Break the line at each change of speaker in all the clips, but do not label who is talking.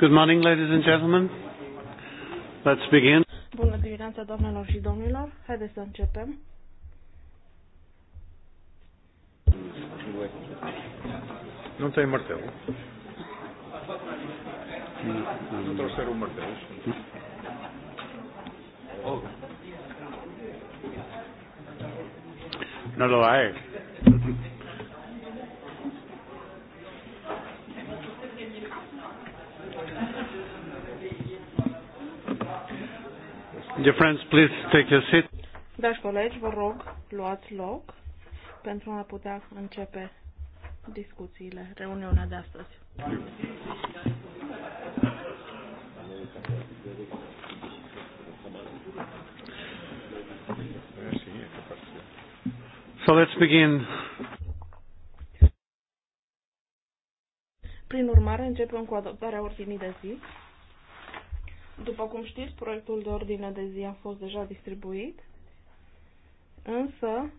Good morning, ladies and gentlemen. Let's begin.
Bună dimineața, doamnelor și domnilor. Haideți să începem.
Nu te-ai mărteu. Nu trebuie să rup mărteu. No lo hay.
Dear friends, please take your seat.
Dragi colegi, vă rog, luați loc pentru a putea începe discuțiile, reuniunea de astăzi.
So let's begin.
Prin urmare, începem cu adoptarea ordinii de zi. După cum știți, proiectul de ordine de zi a fost deja distribuit, însă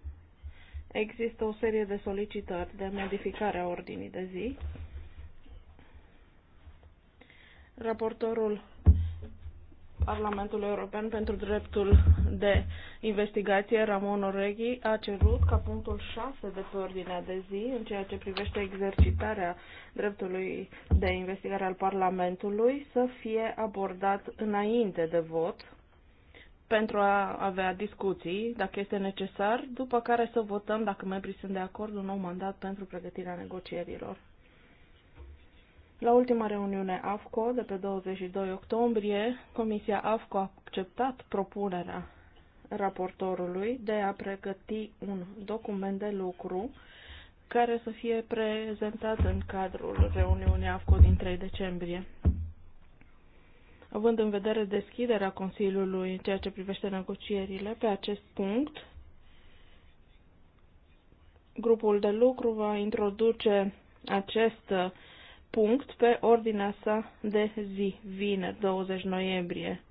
există o serie de solicitări de modificare a ordinii de zi. Raportorul Parlamentul European pentru Dreptul de Investigație, Ramon Oreghi, a cerut ca punctul 6 de pe ordinea de zi, în ceea ce privește exercitarea dreptului de investigare al Parlamentului, să fie abordat înainte de vot pentru a avea discuții, dacă este necesar, după care să votăm dacă membrii sunt de acord un nou mandat pentru pregătirea negocierilor. La ultima reuniune AFCO, de pe 22 octombrie, Comisia AFCO a acceptat propunerea raportorului de a pregăti un document de lucru care să fie prezentat în cadrul reuniunii AFCO din 3 decembrie. Având în vedere deschiderea Consiliului în ceea ce privește negocierile pe acest punct, grupul de lucru va introduce acest punct pe ordinea sa de zi, vineri, 20 noiembrie.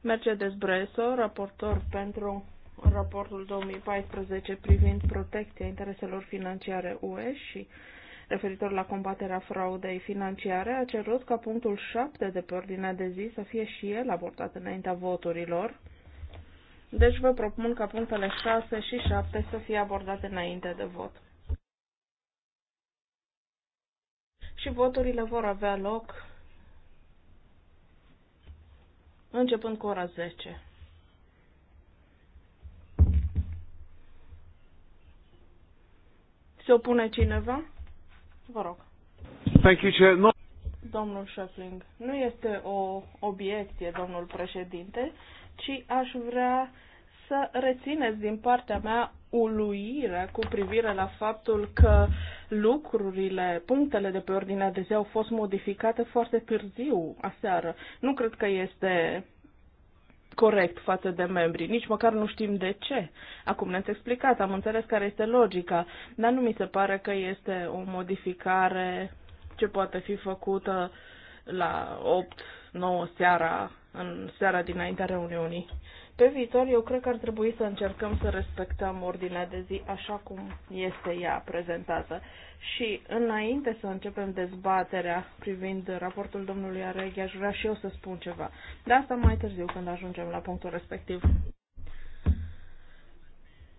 Mercedes Breso, raportor pentru raportul 2014 privind protecția intereselor financiare UE și referitor la combaterea fraudei financiare, a cerut ca punctul 7 de pe ordinea de zi să fie și el abordat înaintea voturilor. Deci vă propun ca punctele 6 și 7 să fie abordate înainte de vot. și voturile vor avea loc începând cu ora 10. Se opune cineva? Vă rog.
Thank you, Chair. No.
Domnul Schöffling, nu este o obiecție, domnul președinte, ci aș vrea să rețineți din partea mea uluire cu privire la faptul că lucrurile, punctele de pe ordinea de zi au fost modificate foarte târziu aseară. Nu cred că este corect față de membri, nici măcar nu știm de ce. Acum ne-ați explicat, am înțeles care este logica, dar nu mi se pare că este o modificare ce poate fi făcută la 8-9 seara, în seara dinaintea reuniunii. Pe viitor, eu cred că ar trebui să încercăm să respectăm ordinea de zi așa cum este ea prezentată. Și înainte să începem dezbaterea privind raportul domnului Areghi, aș vrea și eu să spun ceva. De asta mai târziu, când ajungem la punctul respectiv.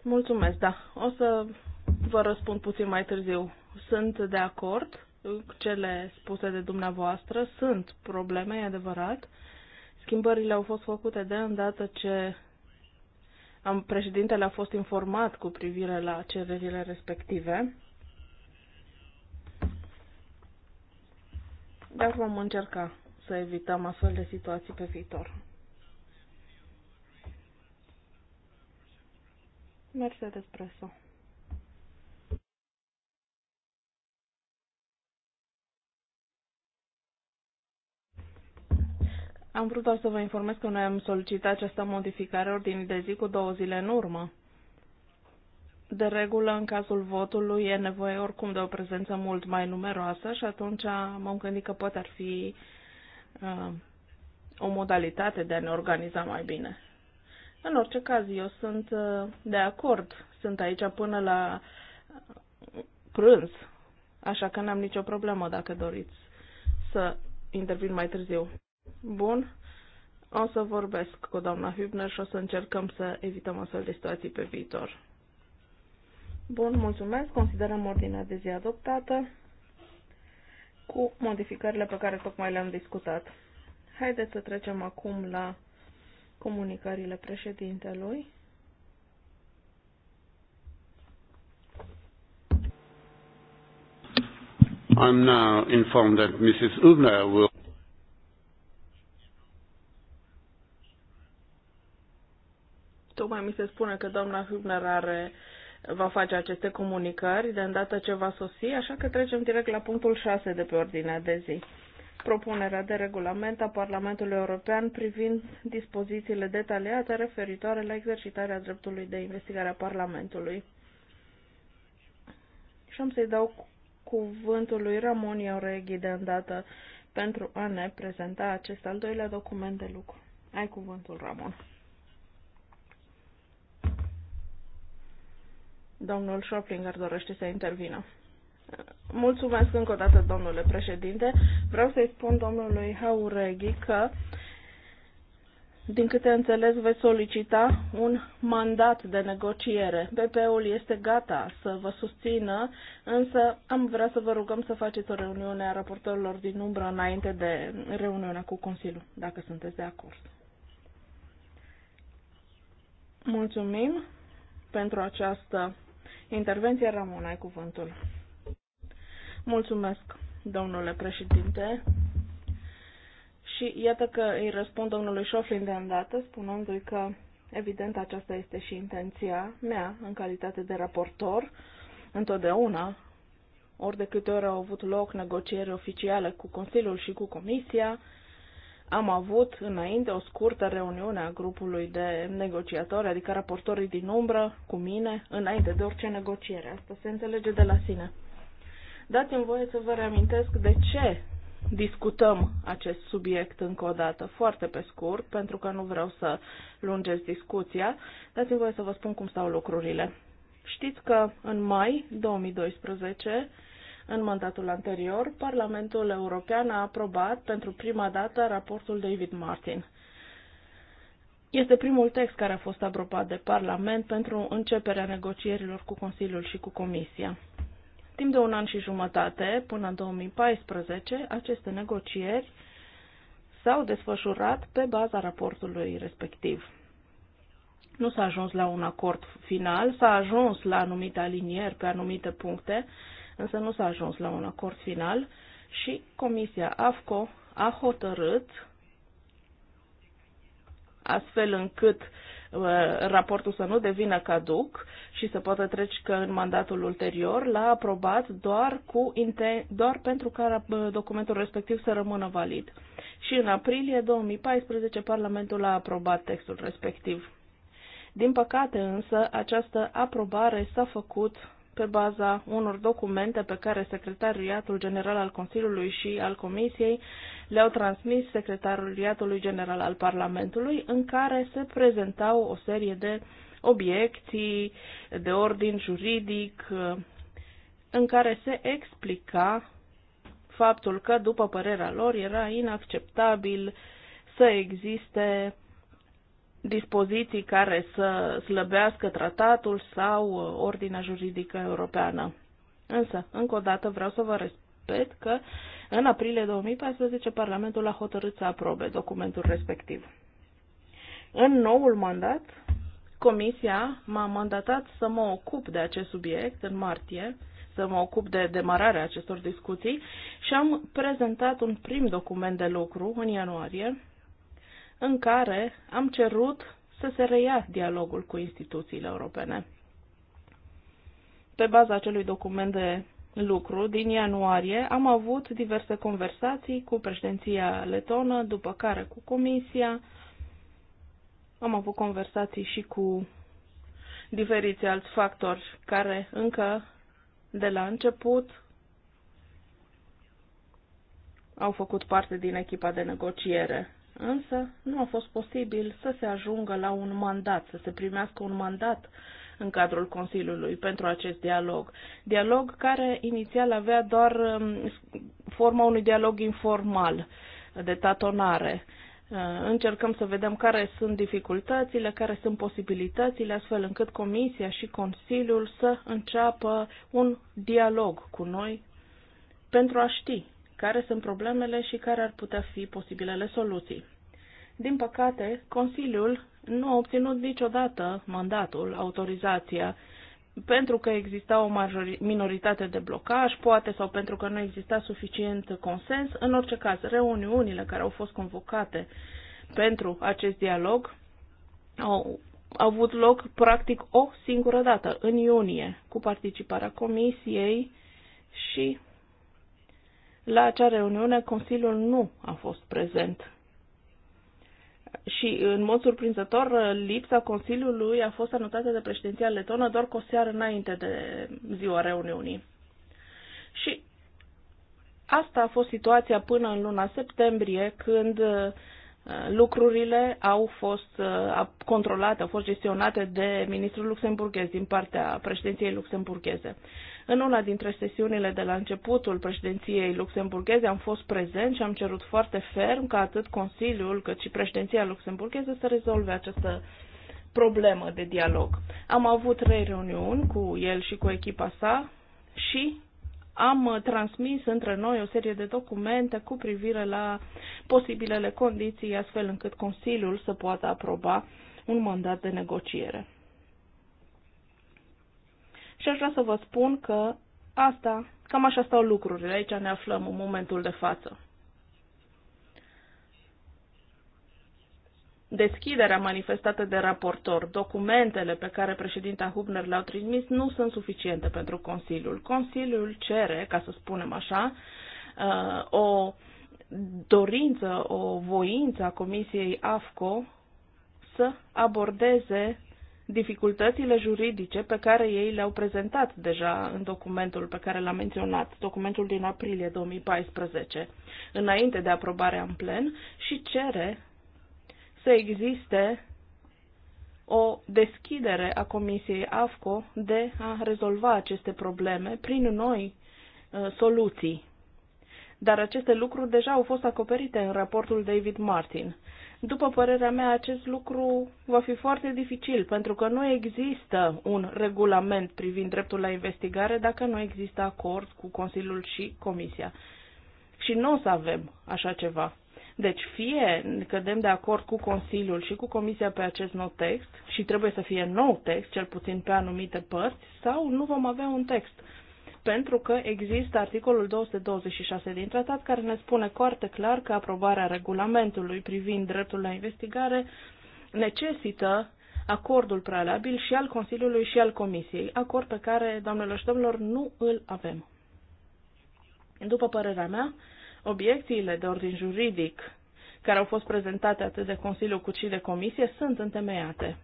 Mulțumesc, da. O să vă răspund puțin mai târziu. Sunt de acord cele spuse de dumneavoastră, sunt probleme, e adevărat, Schimbările au fost făcute de îndată ce am, președintele a fost informat cu privire la cererile respective. Dar vom încerca să evităm astfel de situații pe viitor. Mersedes Preso. Am vrut doar să vă informez că noi am solicitat această modificare ordinii de zi cu două zile în urmă. De regulă, în cazul votului, e nevoie oricum de o prezență mult mai numeroasă și atunci m-am gândit că poate ar fi uh, o modalitate de a ne organiza mai bine. În orice caz, eu sunt uh, de acord. Sunt aici până la uh, prânz, așa că n-am nicio problemă dacă doriți să intervin mai târziu. Bun. O să vorbesc cu doamna Hübner și o să încercăm să evităm astfel de situații pe viitor. Bun, mulțumesc. Considerăm ordinea de zi adoptată cu modificările pe care tocmai le-am discutat. Haideți să trecem acum la comunicările președintelui.
I'm now informed that Mrs. Hübner will
Tocmai mi se spune că doamna Hübner are, va face aceste comunicări de îndată ce va sosi, așa că trecem direct la punctul 6 de pe ordinea de zi. Propunerea de regulament a Parlamentului European privind dispozițiile detaliate referitoare la exercitarea dreptului de investigare a Parlamentului. Și am să-i dau cuvântul lui Ramon Iaureghi de îndată pentru a ne prezenta acest al doilea document de lucru. Ai cuvântul, Ramon. Domnul Schoplinger dorește să intervină. Mulțumesc încă o dată, domnule președinte. Vreau să-i spun domnului Haureghi că, din câte înțeles, veți solicita un mandat de negociere. BP-ul este gata să vă susțină, însă am vrea să vă rugăm să faceți o reuniune a raportorilor din umbră înainte de reuniunea cu Consiliul, dacă sunteți de acord. Mulțumim pentru această Intervenția Ramona, ai cuvântul. Mulțumesc, domnule președinte. Și iată că îi răspund domnului Șoflin de îndată, spunându-i că, evident, aceasta este și intenția mea în calitate de raportor. Întotdeauna, ori de câte ori au avut loc negocieri oficiale cu Consiliul și cu Comisia, am avut înainte o scurtă reuniune a grupului de negociatori, adică raportorii din umbră, cu mine, înainte de orice negociere. Asta se înțelege de la sine. Dați-mi voie să vă reamintesc de ce discutăm acest subiect încă o dată, foarte pe scurt, pentru că nu vreau să lungesc discuția. Dați-mi voie să vă spun cum stau lucrurile. Știți că în mai 2012 în mandatul anterior, Parlamentul European a aprobat pentru prima dată raportul David Martin. Este primul text care a fost aprobat de Parlament pentru începerea negocierilor cu Consiliul și cu Comisia. Timp de un an și jumătate, până în 2014, aceste negocieri s-au desfășurat pe baza raportului respectiv. Nu s-a ajuns la un acord final, s-a ajuns la anumite alinieri pe anumite puncte, însă nu s-a ajuns la un acord final și Comisia AFCO a hotărât astfel încât uh, raportul să nu devină caduc și să poată trece că în mandatul ulterior l-a aprobat doar, cu, doar pentru ca uh, documentul respectiv să rămână valid. Și în aprilie 2014 Parlamentul a aprobat textul respectiv. Din păcate însă, această aprobare s-a făcut pe baza unor documente pe care Secretariatul General al Consiliului și al Comisiei le-au transmis Secretariatului General al Parlamentului, în care se prezentau o serie de obiecții de ordin juridic, în care se explica faptul că, după părerea lor, era inacceptabil să existe dispoziții care să slăbească tratatul sau uh, ordinea juridică europeană. Însă, încă o dată vreau să vă respect că în aprilie 2014 Parlamentul a hotărât să aprobe documentul respectiv. În noul mandat, Comisia m-a mandatat să mă ocup de acest subiect în martie, să mă ocup de demararea acestor discuții și am prezentat un prim document de lucru în ianuarie, în care am cerut să se reia dialogul cu instituțiile europene. Pe baza acelui document de lucru din ianuarie am avut diverse conversații cu președinția letonă, după care cu comisia, am avut conversații și cu diferiți alți factori care încă de la început au făcut parte din echipa de negociere Însă nu a fost posibil să se ajungă la un mandat, să se primească un mandat în cadrul Consiliului pentru acest dialog. Dialog care inițial avea doar um, forma unui dialog informal, de tatonare. Uh, încercăm să vedem care sunt dificultățile, care sunt posibilitățile, astfel încât Comisia și Consiliul să înceapă un dialog cu noi pentru a ști care sunt problemele și care ar putea fi posibilele soluții. Din păcate, Consiliul nu a obținut niciodată mandatul, autorizația, pentru că exista o minoritate de blocaj, poate, sau pentru că nu exista suficient consens. În orice caz, reuniunile care au fost convocate pentru acest dialog au avut loc practic o singură dată, în iunie, cu participarea Comisiei și la acea reuniune, Consiliul nu a fost prezent. Și, în mod surprinzător, lipsa Consiliului a fost anotată de președinția letonă doar cu o seară înainte de ziua reuniunii. Și asta a fost situația până în luna septembrie, când uh, lucrurile au fost uh, controlate, au fost gestionate de ministrul luxemburghez din partea președinției luxemburgheze. În una dintre sesiunile de la începutul președinției luxemburgheze am fost prezent și am cerut foarte ferm ca atât Consiliul cât și președinția luxemburgheză să rezolve această problemă de dialog. Am avut trei reuniuni cu el și cu echipa sa și am transmis între noi o serie de documente cu privire la posibilele condiții, astfel încât Consiliul să poată aproba un mandat de negociere. Și aș vrea să vă spun că asta, cam așa stau lucrurile. Aici ne aflăm în momentul de față. Deschiderea manifestată de raportor, documentele pe care președinta Hubner le-au trimis nu sunt suficiente pentru Consiliul. Consiliul cere, ca să spunem așa, uh, o dorință, o voință a Comisiei AFCO să abordeze dificultățile juridice pe care ei le-au prezentat deja în documentul pe care l-am menționat, documentul din aprilie 2014, înainte de aprobarea în plen, și cere să existe o deschidere a Comisiei AFCO de a rezolva aceste probleme prin noi uh, soluții dar aceste lucruri deja au fost acoperite în raportul David Martin. După părerea mea, acest lucru va fi foarte dificil, pentru că nu există un regulament privind dreptul la investigare dacă nu există acord cu Consiliul și Comisia. Și nu o să avem așa ceva. Deci fie cădem de acord cu Consiliul și cu Comisia pe acest nou text și trebuie să fie nou text, cel puțin pe anumite părți, sau nu vom avea un text pentru că există articolul 226 din tratat care ne spune foarte clar că aprobarea regulamentului privind dreptul la investigare necesită acordul prealabil și al Consiliului și al Comisiei, acord pe care, doamnelor și domnilor, nu îl avem. După părerea mea, obiecțiile de ordin juridic care au fost prezentate atât de Consiliu cât și de Comisie sunt întemeiate.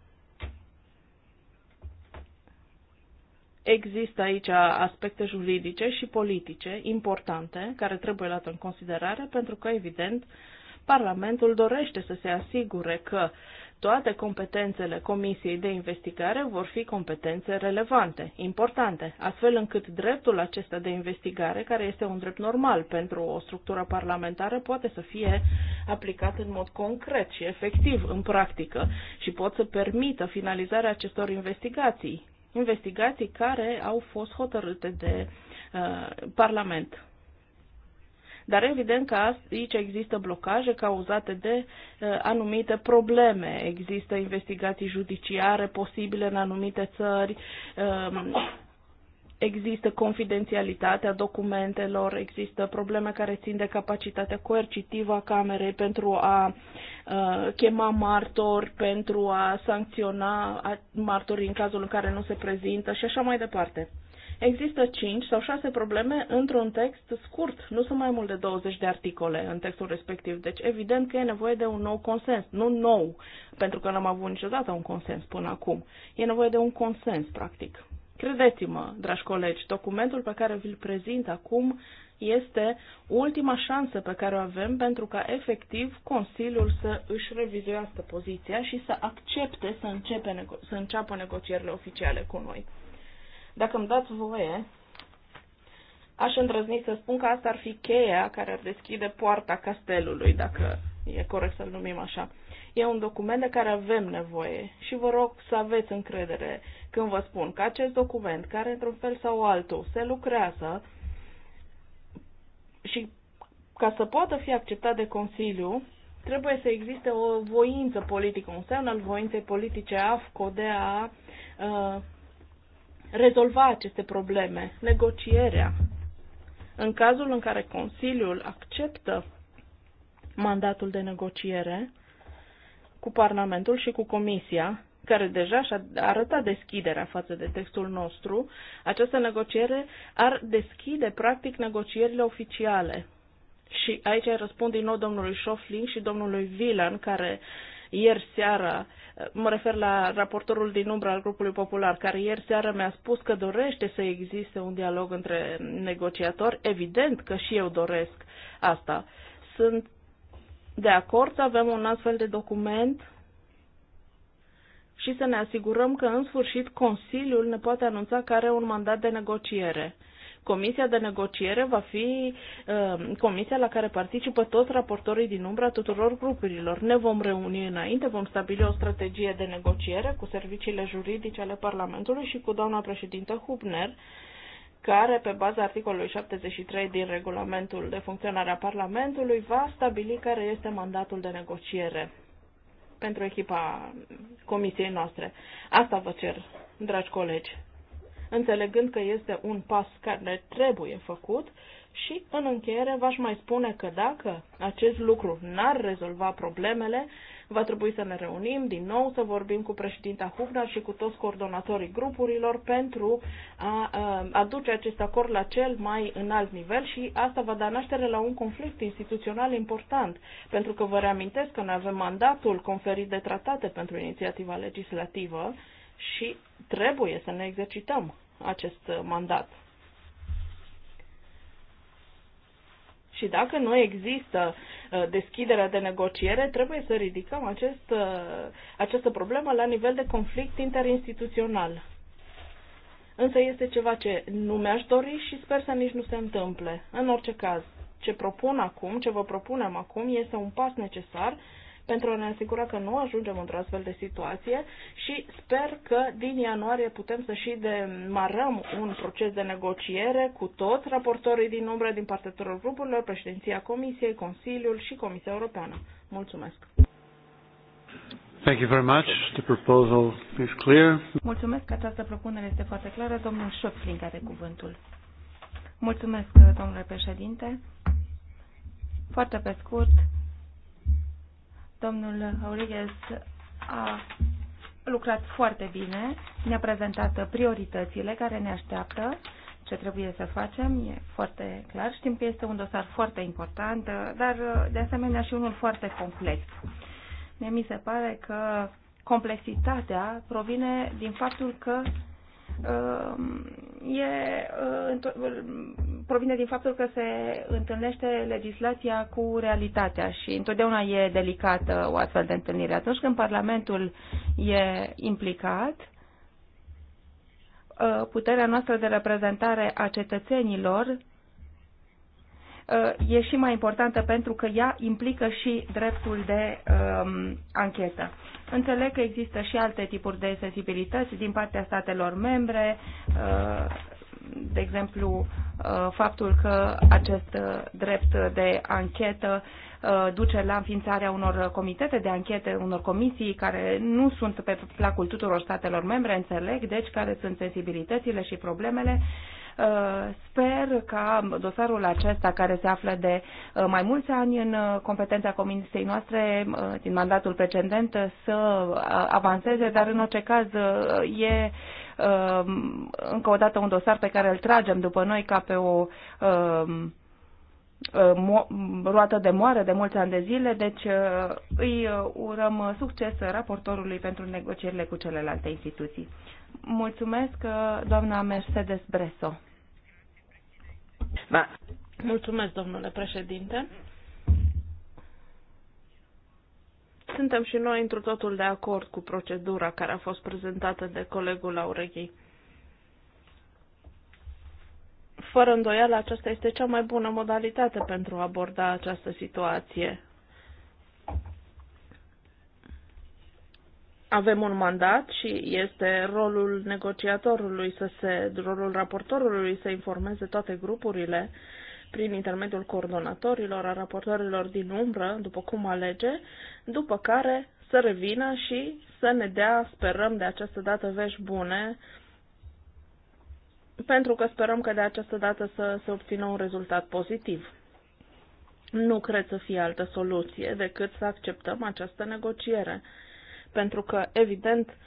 Există aici aspecte juridice și politice importante care trebuie luate în considerare pentru că, evident, Parlamentul dorește să se asigure că toate competențele Comisiei de Investigare vor fi competențe relevante, importante, astfel încât dreptul acesta de investigare, care este un drept normal pentru o structură parlamentară, poate să fie aplicat în mod concret și efectiv în practică și pot să permită finalizarea acestor investigații investigații care au fost hotărâte de uh, Parlament. Dar evident că aici există blocaje cauzate de uh, anumite probleme. Există investigații judiciare posibile în anumite țări. Uh, există confidențialitatea documentelor, există probleme care țin de capacitatea coercitivă a camerei pentru a uh, chema martori, pentru a sancționa martorii în cazul în care nu se prezintă și așa mai departe. Există 5 sau 6 probleme într-un text scurt, nu sunt mai mult de 20 de articole în textul respectiv, deci evident că e nevoie de un nou consens, nu nou, pentru că n-am avut niciodată un consens până acum. E nevoie de un consens, practic. Credeți-mă, dragi colegi, documentul pe care vi-l prezint acum este ultima șansă pe care o avem pentru ca efectiv Consiliul să își revizuiască poziția și să accepte să, începe nego- să înceapă negocierile oficiale cu noi. Dacă îmi dați voie, aș îndrăzni să spun că asta ar fi cheia care ar deschide poarta castelului, dacă e corect să-l numim așa. E un document de care avem nevoie și vă rog să aveți încredere când vă spun că acest document, care într-un fel sau altul se lucrează și ca să poată fi acceptat de Consiliu, trebuie să existe o voință politică, un semn al voinței politice AFCO de a uh, rezolva aceste probleme, negocierea. În cazul în care Consiliul acceptă mandatul de negociere, cu Parlamentul și cu Comisia, care deja și-a arătat deschiderea față de textul nostru, această negociere ar deschide practic negocierile oficiale. Și aici răspund din nou domnului Șoflin și domnului Vilan, care ieri seara, mă refer la raportorul din umbră al grupului popular, care ieri seara mi-a spus că dorește să existe un dialog între negociatori. Evident că și eu doresc asta. Sunt de acord să avem un astfel de document și să ne asigurăm că în sfârșit Consiliul ne poate anunța că are un mandat de negociere. Comisia de negociere va fi uh, comisia la care participă toți raportorii din umbra tuturor grupurilor. Ne vom reuni înainte, vom stabili o strategie de negociere cu serviciile juridice ale Parlamentului și cu doamna președintă Hubner care, pe baza articolului 73 din regulamentul de funcționare a Parlamentului, va stabili care este mandatul de negociere pentru echipa comisiei noastre. Asta vă cer, dragi colegi, înțelegând că este un pas care trebuie făcut și, în încheiere, v-aș mai spune că dacă acest lucru n-ar rezolva problemele, Va trebui să ne reunim din nou, să vorbim cu președinta Hubner și cu toți coordonatorii grupurilor pentru a aduce acest acord la cel mai înalt nivel și asta va da naștere la un conflict instituțional important, pentru că vă reamintesc că noi avem mandatul conferit de tratate pentru inițiativa legislativă și trebuie să ne exercităm acest mandat. Și dacă nu există uh, deschiderea de negociere, trebuie să ridicăm acest, uh, această problemă la nivel de conflict interinstituțional. Însă este ceva ce nu mi-aș dori și sper să nici nu se întâmple. În orice caz, ce propun acum, ce vă propunem acum, este un pas necesar pentru a ne asigura că nu ajungem într-o astfel de situație și sper că din ianuarie putem să și demarăm un proces de negociere cu toți raportorii din umbră din partea tuturor grupurilor, președinția Comisiei, Consiliul și Comisia Europeană.
Mulțumesc!
Thank you very much. The proposal is clear.
Mulțumesc, această propunere este foarte clară. Domnul Șopfling are cuvântul. Mulțumesc, domnule președinte. Foarte pe scurt, Domnul Aurelius a lucrat foarte bine, ne-a prezentat prioritățile care ne așteaptă, ce trebuie să facem, e foarte clar. Știm că este un dosar foarte important, dar de asemenea și unul foarte complex. Mie mi se pare că complexitatea provine din faptul că Ehm, e, eh, provine din faptul că se întâlnește legislația cu realitatea și întotdeauna e delicată o astfel de întâlnire. Atunci când Parlamentul e implicat, eh, puterea noastră de reprezentare a cetățenilor Uh, e și mai importantă pentru că ea implică și dreptul de um, anchetă. Înțeleg că există și alte tipuri de sensibilități din partea statelor membre, uh, de exemplu uh, faptul că acest uh, drept de anchetă duce la înființarea unor comitete de anchete, unor comisii care nu sunt pe placul tuturor statelor membre, înțeleg, deci care sunt sensibilitățile și problemele. Uh, Uh, sper ca dosarul acesta, care se află de uh, mai mulți ani în uh, competența comisiei noastre, din mandatul precedent, să avanseze, dar în orice caz e încă o dată un dosar pe care îl tragem după noi ca pe o roată de moară de mulți ani de zile, deci îi urăm succes raportorului pentru negocierile cu celelalte instituții. Mulțumesc, uh, doamna Mercedes Breso.
Da. Mulțumesc, domnule președinte. Suntem și noi într totul de acord cu procedura care a fost prezentată de colegul Aureghii. Fără îndoială, aceasta este cea mai bună modalitate pentru a aborda această situație avem un mandat și este rolul negociatorului să se, rolul raportorului să informeze toate grupurile prin intermediul coordonatorilor, a raportorilor din umbră, după cum alege, după care să revină și să ne dea, sperăm de această dată, vești bune, pentru că sperăm că de această dată să se obțină un rezultat pozitiv. Nu cred să fie altă soluție decât să acceptăm această negociere pentru că, evident,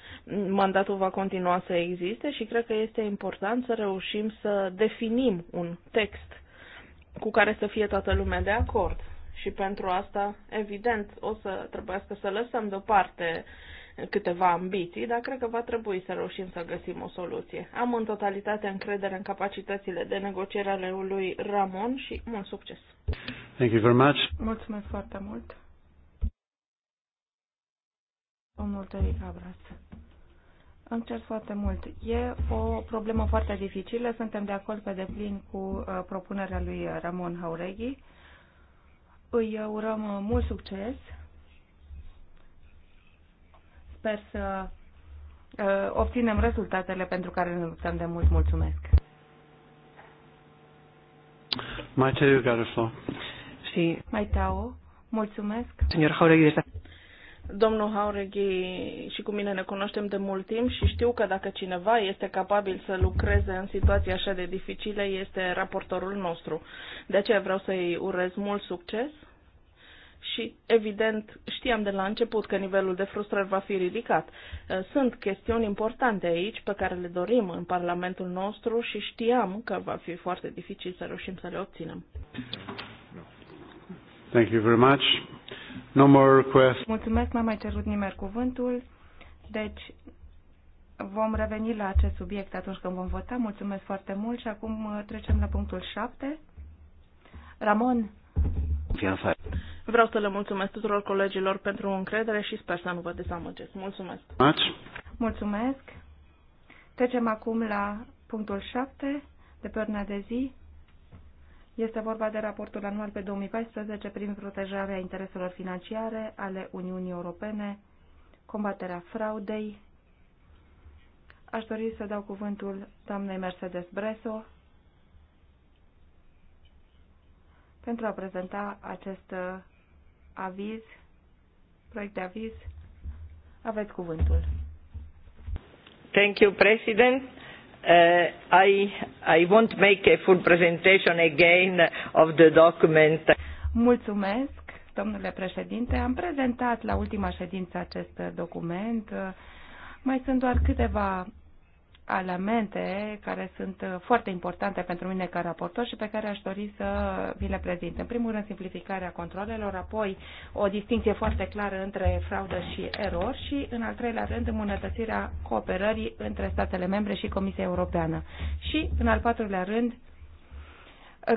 mandatul va continua să existe și cred că este important să reușim să definim un text cu care să fie toată lumea de acord. Și pentru asta, evident, o să trebuiască să lăsăm deoparte câteva ambiții, dar cred că va trebui să reușim să găsim o soluție. Am în totalitate încredere în capacitățile de negociere ale lui Ramon și mult succes! Thank you very much. Mulțumesc foarte mult!
Domnul Teric Abras. Îmi cer foarte mult. E o problemă foarte dificilă. Suntem de acord pe deplin cu uh, propunerea lui Ramon Haureghi. Îi urăm uh, mult succes. Sper să uh, obținem rezultatele pentru care ne luptăm de mult. Mulțumesc.
Mai te Garoflo.
Și mai tau. Mulțumesc.
Señor Jauregui,
Domnul Haureghi și cu mine ne cunoaștem de mult timp și știu că dacă cineva este capabil să lucreze în situații așa de dificile, este raportorul nostru. De aceea vreau să-i urez mult succes și, evident, știam de la început că nivelul de frustrări va fi ridicat. Sunt chestiuni importante aici pe care le dorim în Parlamentul nostru și știam că va fi foarte dificil să reușim
să le obținem.
Thank you very much. No more requests.
Mulțumesc, n am mai cerut nimeni cuvântul. Deci, vom reveni la acest subiect atunci când vom vota. Mulțumesc foarte mult și acum uh, trecem la punctul 7. Ramon. Vreau să le mulțumesc tuturor colegilor
pentru încredere și sper să nu vă dezamăgesc. Mulțumesc.
Much.
Mulțumesc. Trecem acum la punctul 7 de pe ordinea de zi. Este vorba de raportul anual pe 2014 prin protejarea intereselor financiare ale Uniunii Europene, combaterea fraudei. Aș dori să dau cuvântul doamnei Mercedes Breso pentru a prezenta acest uh, aviz, proiect de aviz. Aveți cuvântul. Thank you, President. Uh, I, I won't make a full presentation again of the document. Mulțumesc, domnule președinte. Am prezentat la ultima ședință acest document. Mai sunt doar câteva elemente care sunt uh, foarte importante pentru mine ca raportor și pe care aș dori să vi le prezint. În primul rând, simplificarea controlelor, apoi o distinție foarte clară între fraudă și erori și, în al treilea rând, îmbunătățirea cooperării între statele membre și Comisia Europeană. Și, în al patrulea rând,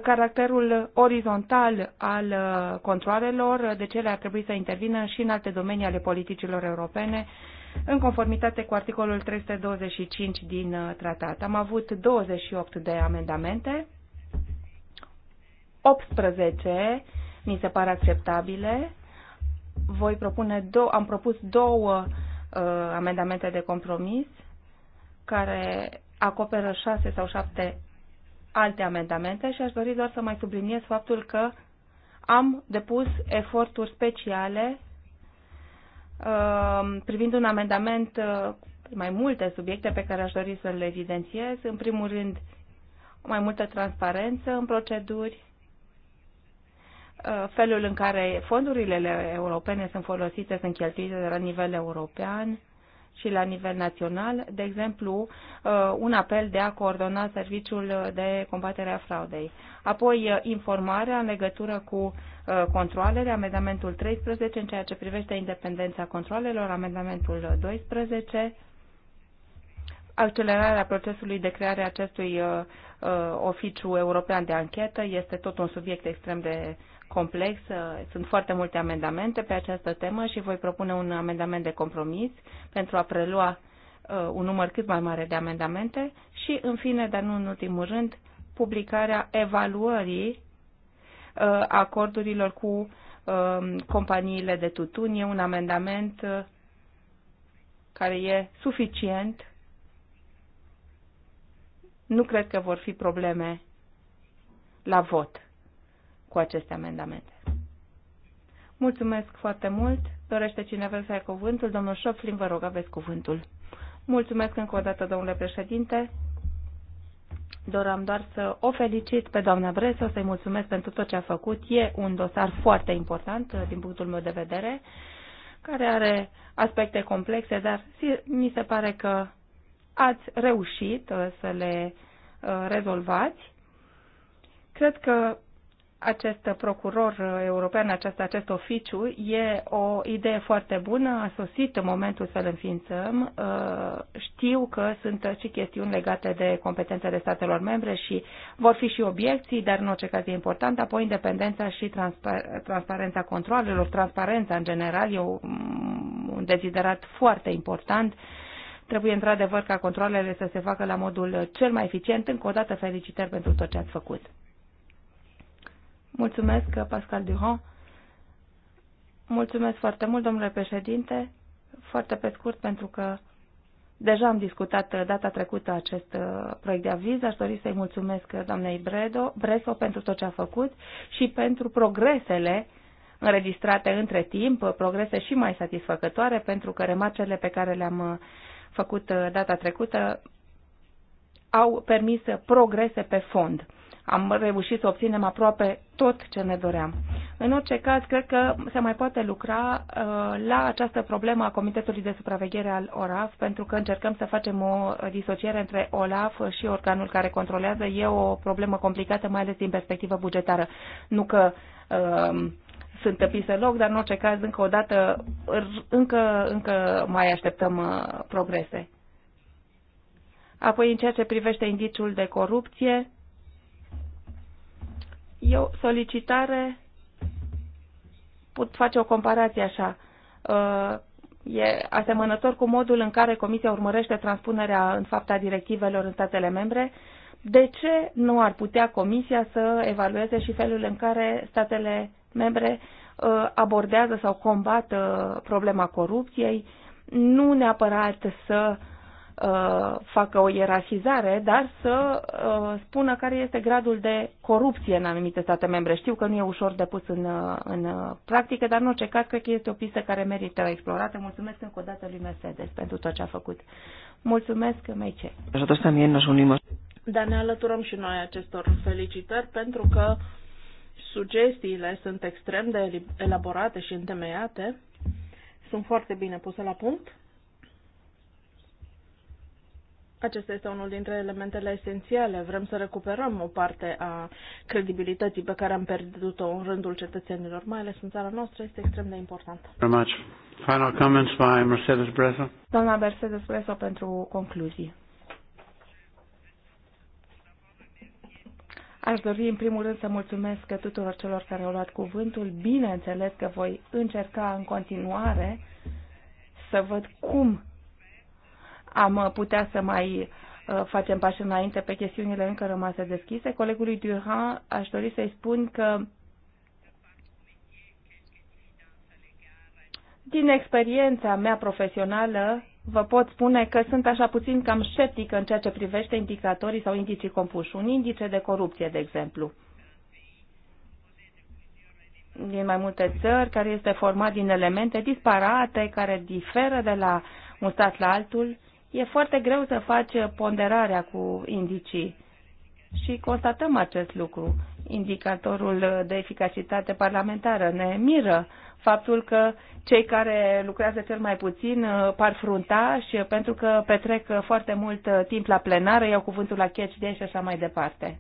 caracterul orizontal al uh, controlelor de ce ar trebui să intervină și în alte domenii ale politicilor europene, în conformitate cu articolul 325 din uh, tratat. Am avut 28 de amendamente, 18 mi se par acceptabile. Voi propune dou- am propus două uh, amendamente de compromis care acoperă șase sau șapte alte amendamente și aș dori doar să mai subliniez faptul că am depus eforturi speciale Um, privind un amendament uh, mai multe subiecte pe care aș dori să le evidențiez. În primul rând, mai multă transparență în proceduri, uh, felul în care fondurile europene sunt folosite, sunt cheltuite la nivel european, și la nivel național, de exemplu, uh, un apel de a coordona serviciul de combatere a fraudei. Apoi, uh, informarea în legătură cu uh, controlele, amendamentul 13 în ceea ce privește independența controlelor, amendamentul 12, accelerarea procesului de creare a acestui oficiu european de anchetă este tot un subiect extrem de complex. Sunt foarte multe amendamente pe această temă și voi propune un amendament de compromis pentru a prelua uh, un număr cât mai mare de amendamente și, în fine, dar nu în ultimul rând, publicarea evaluării uh, acordurilor cu um, companiile de tutun. E un amendament uh, care e suficient. Nu cred că vor fi probleme la vot cu aceste amendamente. Mulțumesc foarte mult. Dorește cineva să ia cuvântul? Domnul Șoflin, vă rog, aveți cuvântul. Mulțumesc încă o dată, domnule președinte. Doram doar să o felicit pe doamna Breso, să-i mulțumesc pentru tot ce a făcut. E un dosar foarte important uh, din punctul meu de vedere, care are aspecte complexe, dar mi se pare că ați reușit uh, să le uh, rezolvați. Cred că acest procuror uh, european, acest, acest oficiu, e o idee foarte bună, a sosit în momentul să-l înființăm. Uh, știu că sunt și chestiuni legate de competențele statelor membre și vor fi și obiecții, dar în orice caz e important. Apoi independența și transpar- transparența controlelor, transparența în general e un deziderat foarte important. Trebuie într-adevăr ca controlele să se facă la modul cel mai eficient. Încă o dată felicitări pentru tot ce ați făcut. Mulțumesc, Pascal Durand. Mulțumesc foarte mult, domnule președinte. Foarte pe scurt, pentru că deja am discutat data trecută acest uh, proiect de aviz. Aș dori să-i mulțumesc doamnei Bredo, Breso pentru tot ce a făcut și pentru progresele înregistrate între timp, progrese și mai satisfăcătoare, pentru că remarcele pe care le-am uh, făcut uh, data trecută au permis progrese pe fond am reușit să obținem aproape tot ce ne doream. În orice caz, cred că se mai poate lucra uh, la această problemă a Comitetului de Supraveghere al OLAF, pentru că încercăm să facem o disociere între OLAF și organul care controlează. E o problemă complicată, mai ales din perspectivă bugetară. Nu că um, sunt tăpise loc, dar în orice caz, încă o dată, încă, încă mai așteptăm uh, progrese. Apoi, în ceea ce privește indiciul de corupție, eu solicitare, pot face o comparație așa, uh, e asemănător cu modul în care Comisia urmărește transpunerea în fapta directivelor în statele membre, de ce nu ar putea Comisia să evalueze și felul în care statele membre uh, abordează sau combat problema corupției, nu neapărat să uh, Uh, facă o ierarhizare, dar să uh, spună care este gradul de corupție în anumite state membre. Știu că nu e ușor de pus în, uh, în uh, practică, dar în orice caz cred că este o pistă care merită explorată. Mulțumesc încă o dată lui Mercedes pentru tot ce a făcut. Mulțumesc, Meice. Dar ne alăturăm și noi acestor felicitări pentru
că sugestiile sunt extrem de elaborate și întemeiate, sunt foarte bine puse la punct acesta este unul dintre elementele esențiale. Vrem să recuperăm o parte a credibilității pe care am pierdut-o în rândul cetățenilor, mai ales în țara noastră, este extrem de important.
Final comments by Mercedes Bresso.
Doamna Mercedes Bresso pentru concluzie. Aș dori în primul rând să mulțumesc tuturor celor care au luat cuvântul. Bineînțeles că voi încerca în continuare să văd cum am putea să mai uh, facem pași înainte pe chestiunile încă rămase deschise. Colegului Durand aș dori să-i spun că din experiența mea profesională vă pot spune că sunt așa puțin cam sceptic în ceea ce privește indicatorii sau indicii compuși. Un indice de corupție, de exemplu, din mai multe țări, care este format din elemente disparate, care diferă de la un stat la altul e foarte greu să faci ponderarea cu indicii. Și constatăm acest lucru. Indicatorul de eficacitate parlamentară ne miră faptul că cei care lucrează cel mai puțin par frunta și pentru că petrec foarte mult timp la plenară, iau cuvântul la catch de și așa mai departe.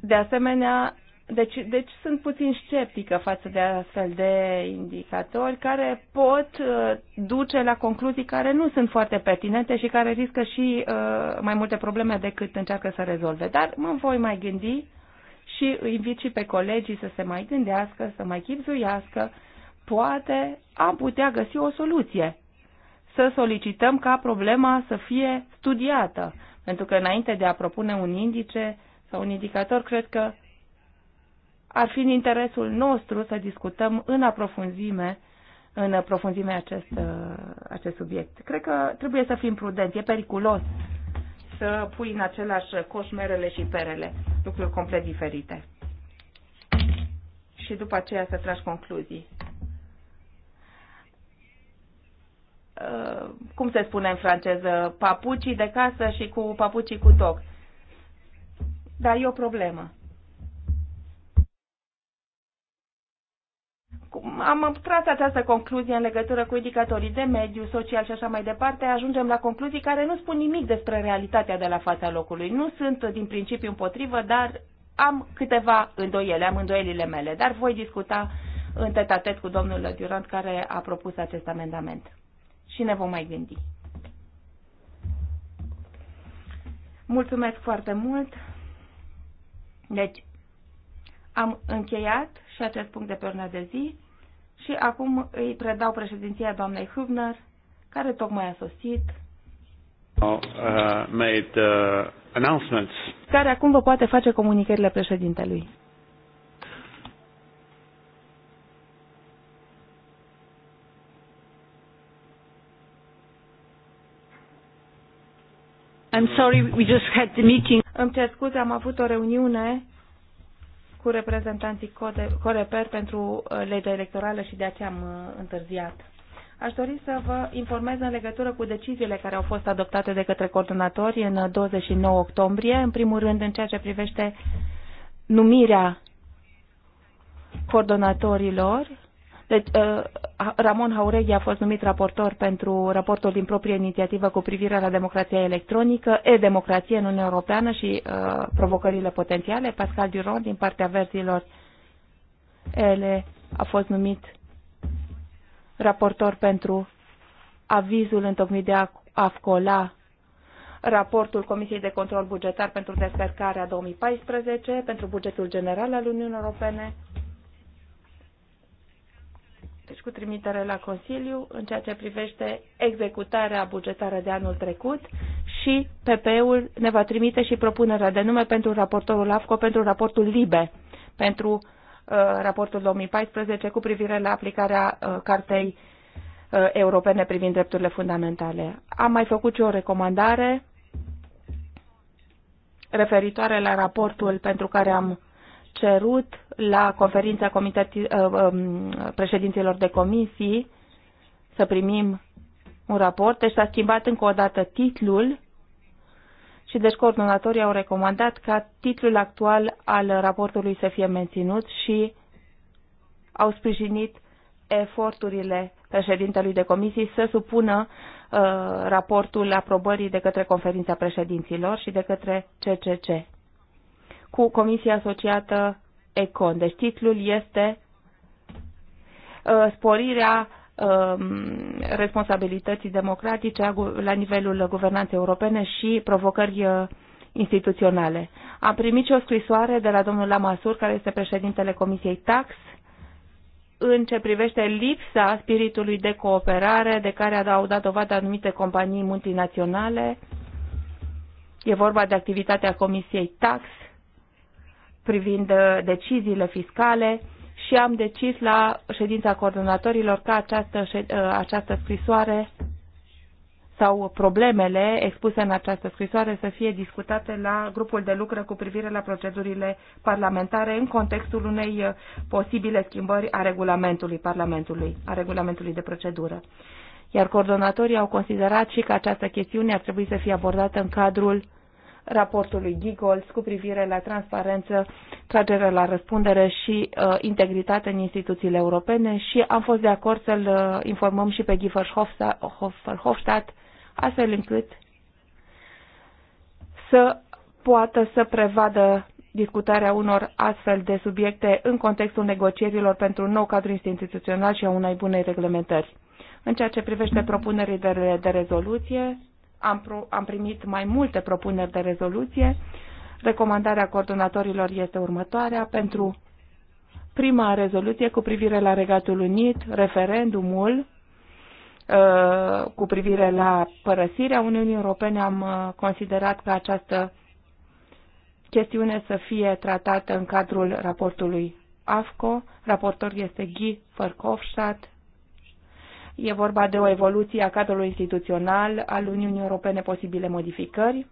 De asemenea, deci, deci sunt puțin sceptică față de astfel de indicatori care pot uh, duce la concluzii care nu sunt foarte pertinente și care riscă și uh, mai multe probleme decât încearcă să rezolve. Dar mă voi mai gândi și invit și pe colegii să se mai gândească, să mai chipzuiască. Poate am putea găsi o soluție. Să solicităm ca problema să fie studiată. Pentru că înainte de a propune un indice sau un indicator, cred că ar fi în interesul nostru să discutăm în aprofunzime în profunzime acest, uh, acest subiect. Cred că trebuie să fim prudenți, e periculos să pui în același coș merele și perele, lucruri complet diferite. Și după aceea să tragi concluzii. Uh, cum se spune în franceză? Papucii de casă și cu papucii cu toc. Dar e o problemă. am tras această concluzie în legătură cu indicatorii de mediu, social și așa mai departe, ajungem la concluzii care nu spun nimic despre realitatea de la fața locului. Nu sunt din principiu împotrivă, dar am câteva îndoiele, am îndoielile mele, dar voi discuta în tetatet cu domnul Durant care a propus acest amendament. Și ne vom mai gândi. Mulțumesc foarte mult. Deci, am încheiat și acest punct de pe urmă de zi. Și acum îi predau președinția doamnei Hübner, care tocmai a sosit.
Uh, made, uh, announcements.
Care acum vă poate face comunicările președintelui. I'm sorry, we just had the meeting. Îmi cer scuze, am avut o reuniune cu reprezentanții Coreper pentru uh, legea electorală și de aceea am uh, întârziat. Aș dori să vă informez în legătură cu deciziile care au fost adoptate de către coordonatori în 29 uh, octombrie, în primul rând în ceea ce privește numirea coordonatorilor deci, uh, Ramon Haureghi a fost numit raportor pentru raportul din proprie inițiativă cu privire la democrația electronică, e-democrație în Uniunea Europeană și uh, provocările potențiale. Pascal Duron, din partea verzilor, ele a fost numit raportor pentru avizul întocmit de Afcola, raportul Comisiei de Control Bugetar pentru descărcarea 2014, pentru bugetul general al Uniunii Europene deci cu trimitere la Consiliu, în ceea ce privește executarea bugetară de anul trecut și PP-ul ne va trimite și propunerea de nume pentru raportorul AFCO, pentru raportul LIBE, pentru uh, raportul 2014 cu privire la aplicarea uh, cartei uh, europene privind drepturile fundamentale. Am mai făcut și o recomandare referitoare la raportul pentru care am cerut la conferința uh, um, președinților de comisii să primim un raport, deci s-a schimbat încă o dată titlul și deci coordonatorii au recomandat ca titlul actual al raportului să fie menținut și au sprijinit eforturile președintelui de comisii să supună uh, raportul aprobării de către conferința președinților și de către CCC cu Comisia Asociată Econ. Deci titlul este uh, Sporirea um, responsabilității democratice la nivelul guvernanței europene și provocări uh, instituționale. Am primit și o scrisoare de la domnul Lamasur, care este președintele Comisiei Tax, în ce privește lipsa spiritului de cooperare de care au dat dovadă anumite companii multinaționale. E vorba de activitatea Comisiei Tax privind uh, deciziile fiscale și am decis la ședința coordonatorilor ca această, uh, această scrisoare sau problemele expuse în această scrisoare să fie discutate la grupul de lucru cu privire la procedurile parlamentare în contextul unei uh, posibile schimbări a regulamentului Parlamentului, a regulamentului de procedură. Iar coordonatorii au considerat și că această chestiune ar trebui să fie abordată în cadrul raportului Giggles cu privire la transparență, tragere la răspundere și uh, integritate în instituțiile europene și am fost de acord să-l uh, informăm și pe Giefer Hofstadt, astfel încât să poată să prevadă discutarea unor astfel de subiecte în contextul negocierilor pentru un nou cadru instituțional și a unei bune reglementări. În ceea ce privește propunerile de rezoluție, am, pro, am primit mai multe propuneri de rezoluție. Recomandarea coordonatorilor este următoarea pentru prima rezoluție cu privire la Regatul Unit, referendumul uh, cu privire la părăsirea Uniunii Europene, am uh, considerat că această chestiune să fie tratată în cadrul raportului AFCO. Raportor este Guy Verhofstadt E vorba de o evoluție a cadrului instituțional al Uniunii Europene, posibile modificări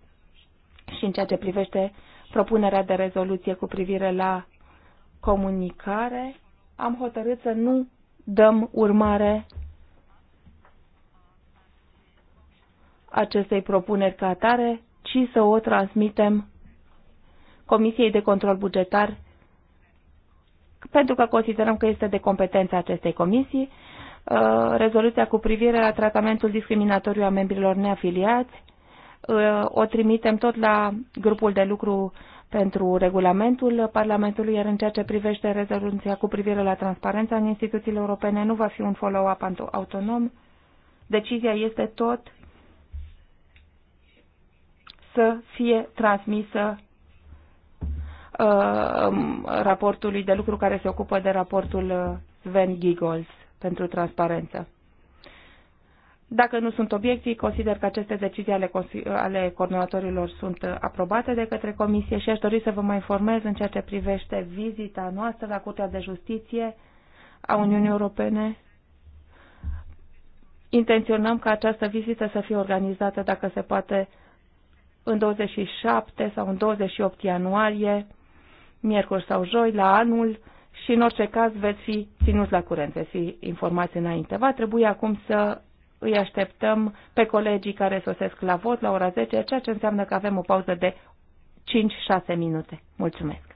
și în ceea ce privește propunerea de rezoluție cu privire la comunicare, am hotărât să nu dăm urmare acestei propuneri ca atare, ci să o transmitem Comisiei de Control Bugetar, pentru că considerăm că este de competența acestei comisii Uh, rezoluția cu privire la tratamentul discriminatoriu a membrilor neafiliați. Uh, o trimitem tot la grupul de lucru pentru regulamentul Parlamentului, iar în ceea ce privește rezoluția cu privire la transparența în instituțiile europene, nu va fi un follow-up autonom. Decizia este tot să fie transmisă uh, raportului de lucru care se ocupă de raportul Sven Giggles pentru transparență. Dacă nu sunt obiecții, consider că aceste decizii ale, ale coordonatorilor sunt uh, aprobate de către Comisie și aș dori să vă mai informez în ceea ce privește vizita noastră la Curtea de Justiție a Uniunii Europene. Intenționăm ca această vizită să fie organizată, dacă se poate, în 27 sau în 28 ianuarie, miercuri sau joi, la anul și în orice caz veți fi ținuți la curent, veți fi informați înainte. Va trebui acum să îi așteptăm pe colegii care sosesc la vot la ora 10, ceea ce înseamnă că avem o pauză de 5-6 minute. Mulțumesc!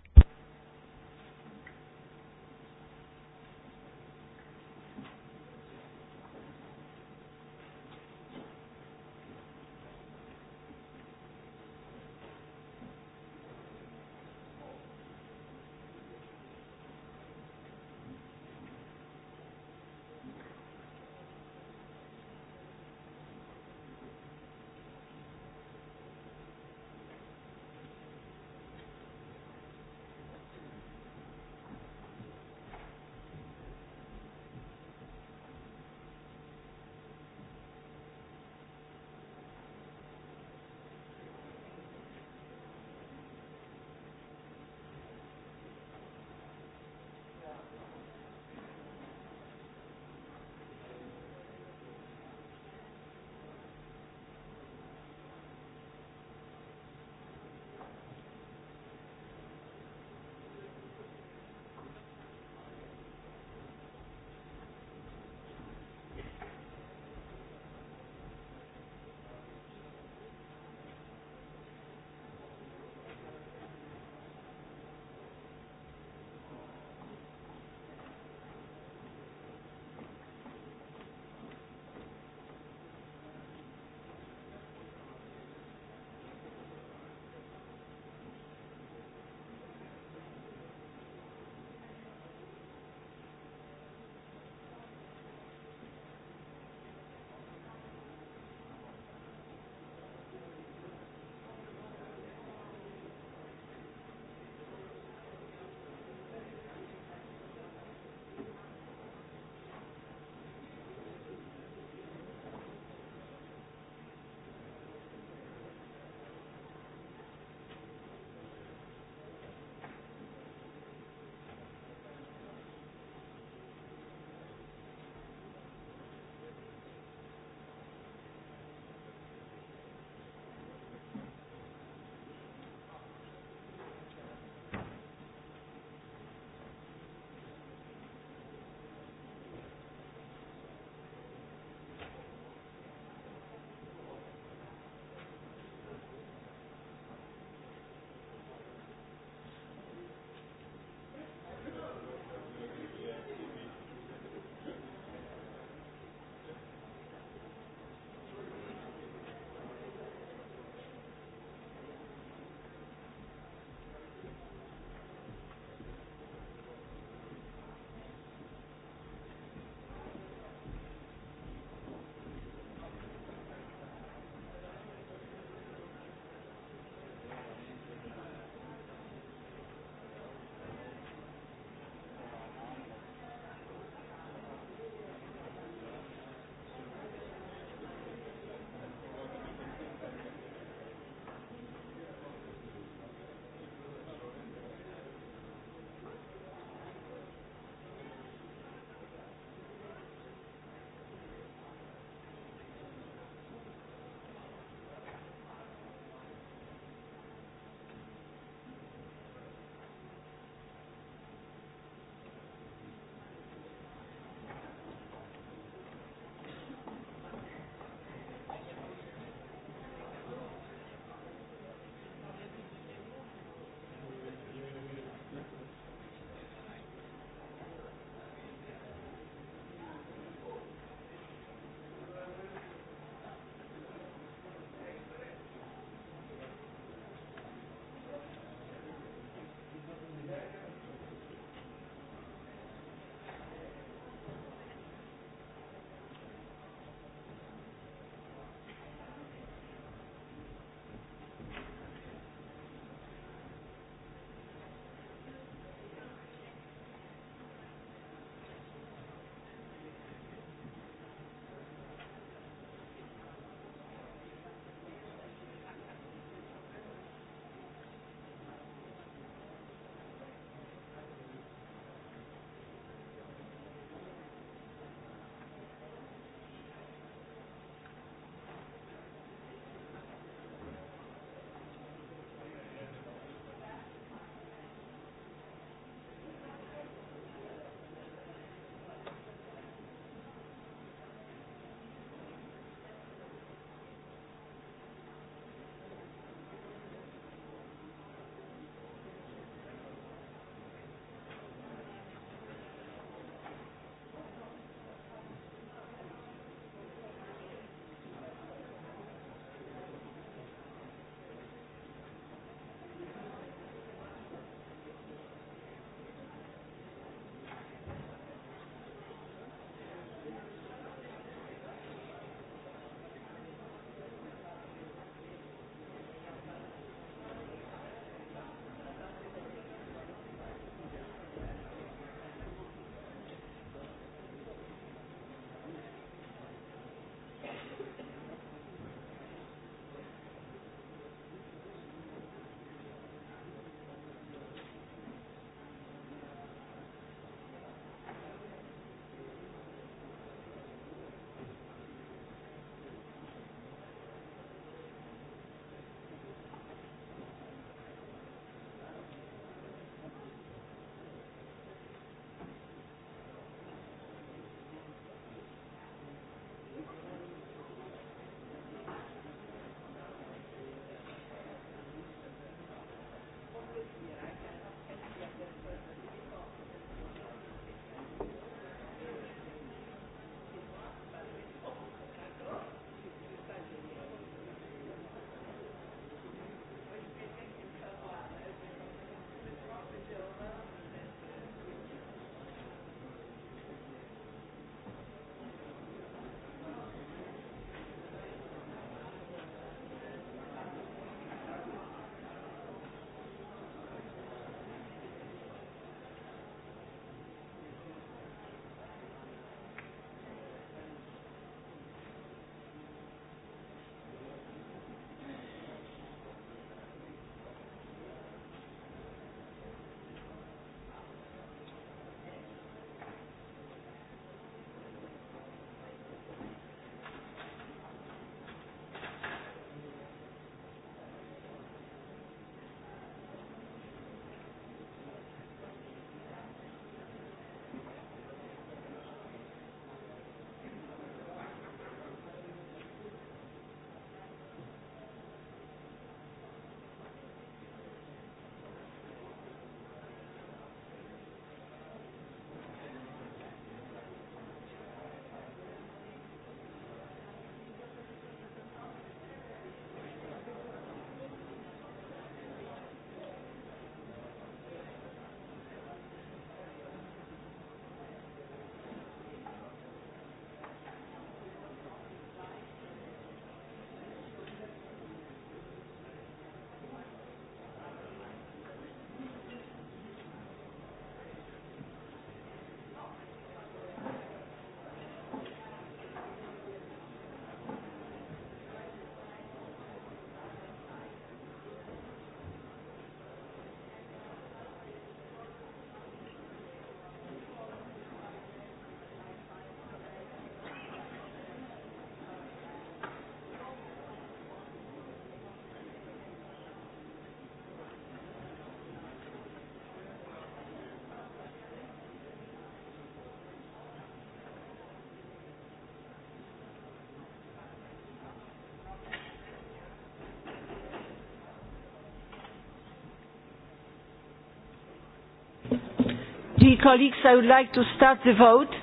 Dear colleagues, I would like to start the vote.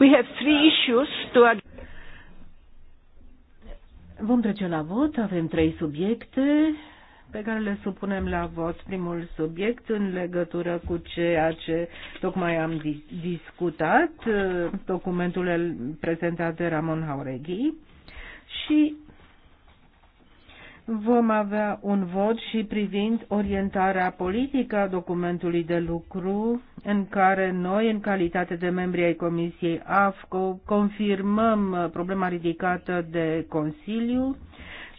We have three issues to Vom trece la vot, avem trei subiecte pe care le supunem la vot. Primul subiect în legătură cu ceea ce tocmai am discutat, documentul prezentat de Ramon Haureghi. vom avea un vot și privind orientarea politică a documentului de lucru, în care noi, în calitate de membri ai Comisiei AFCO, confirmăm problema ridicată de Consiliu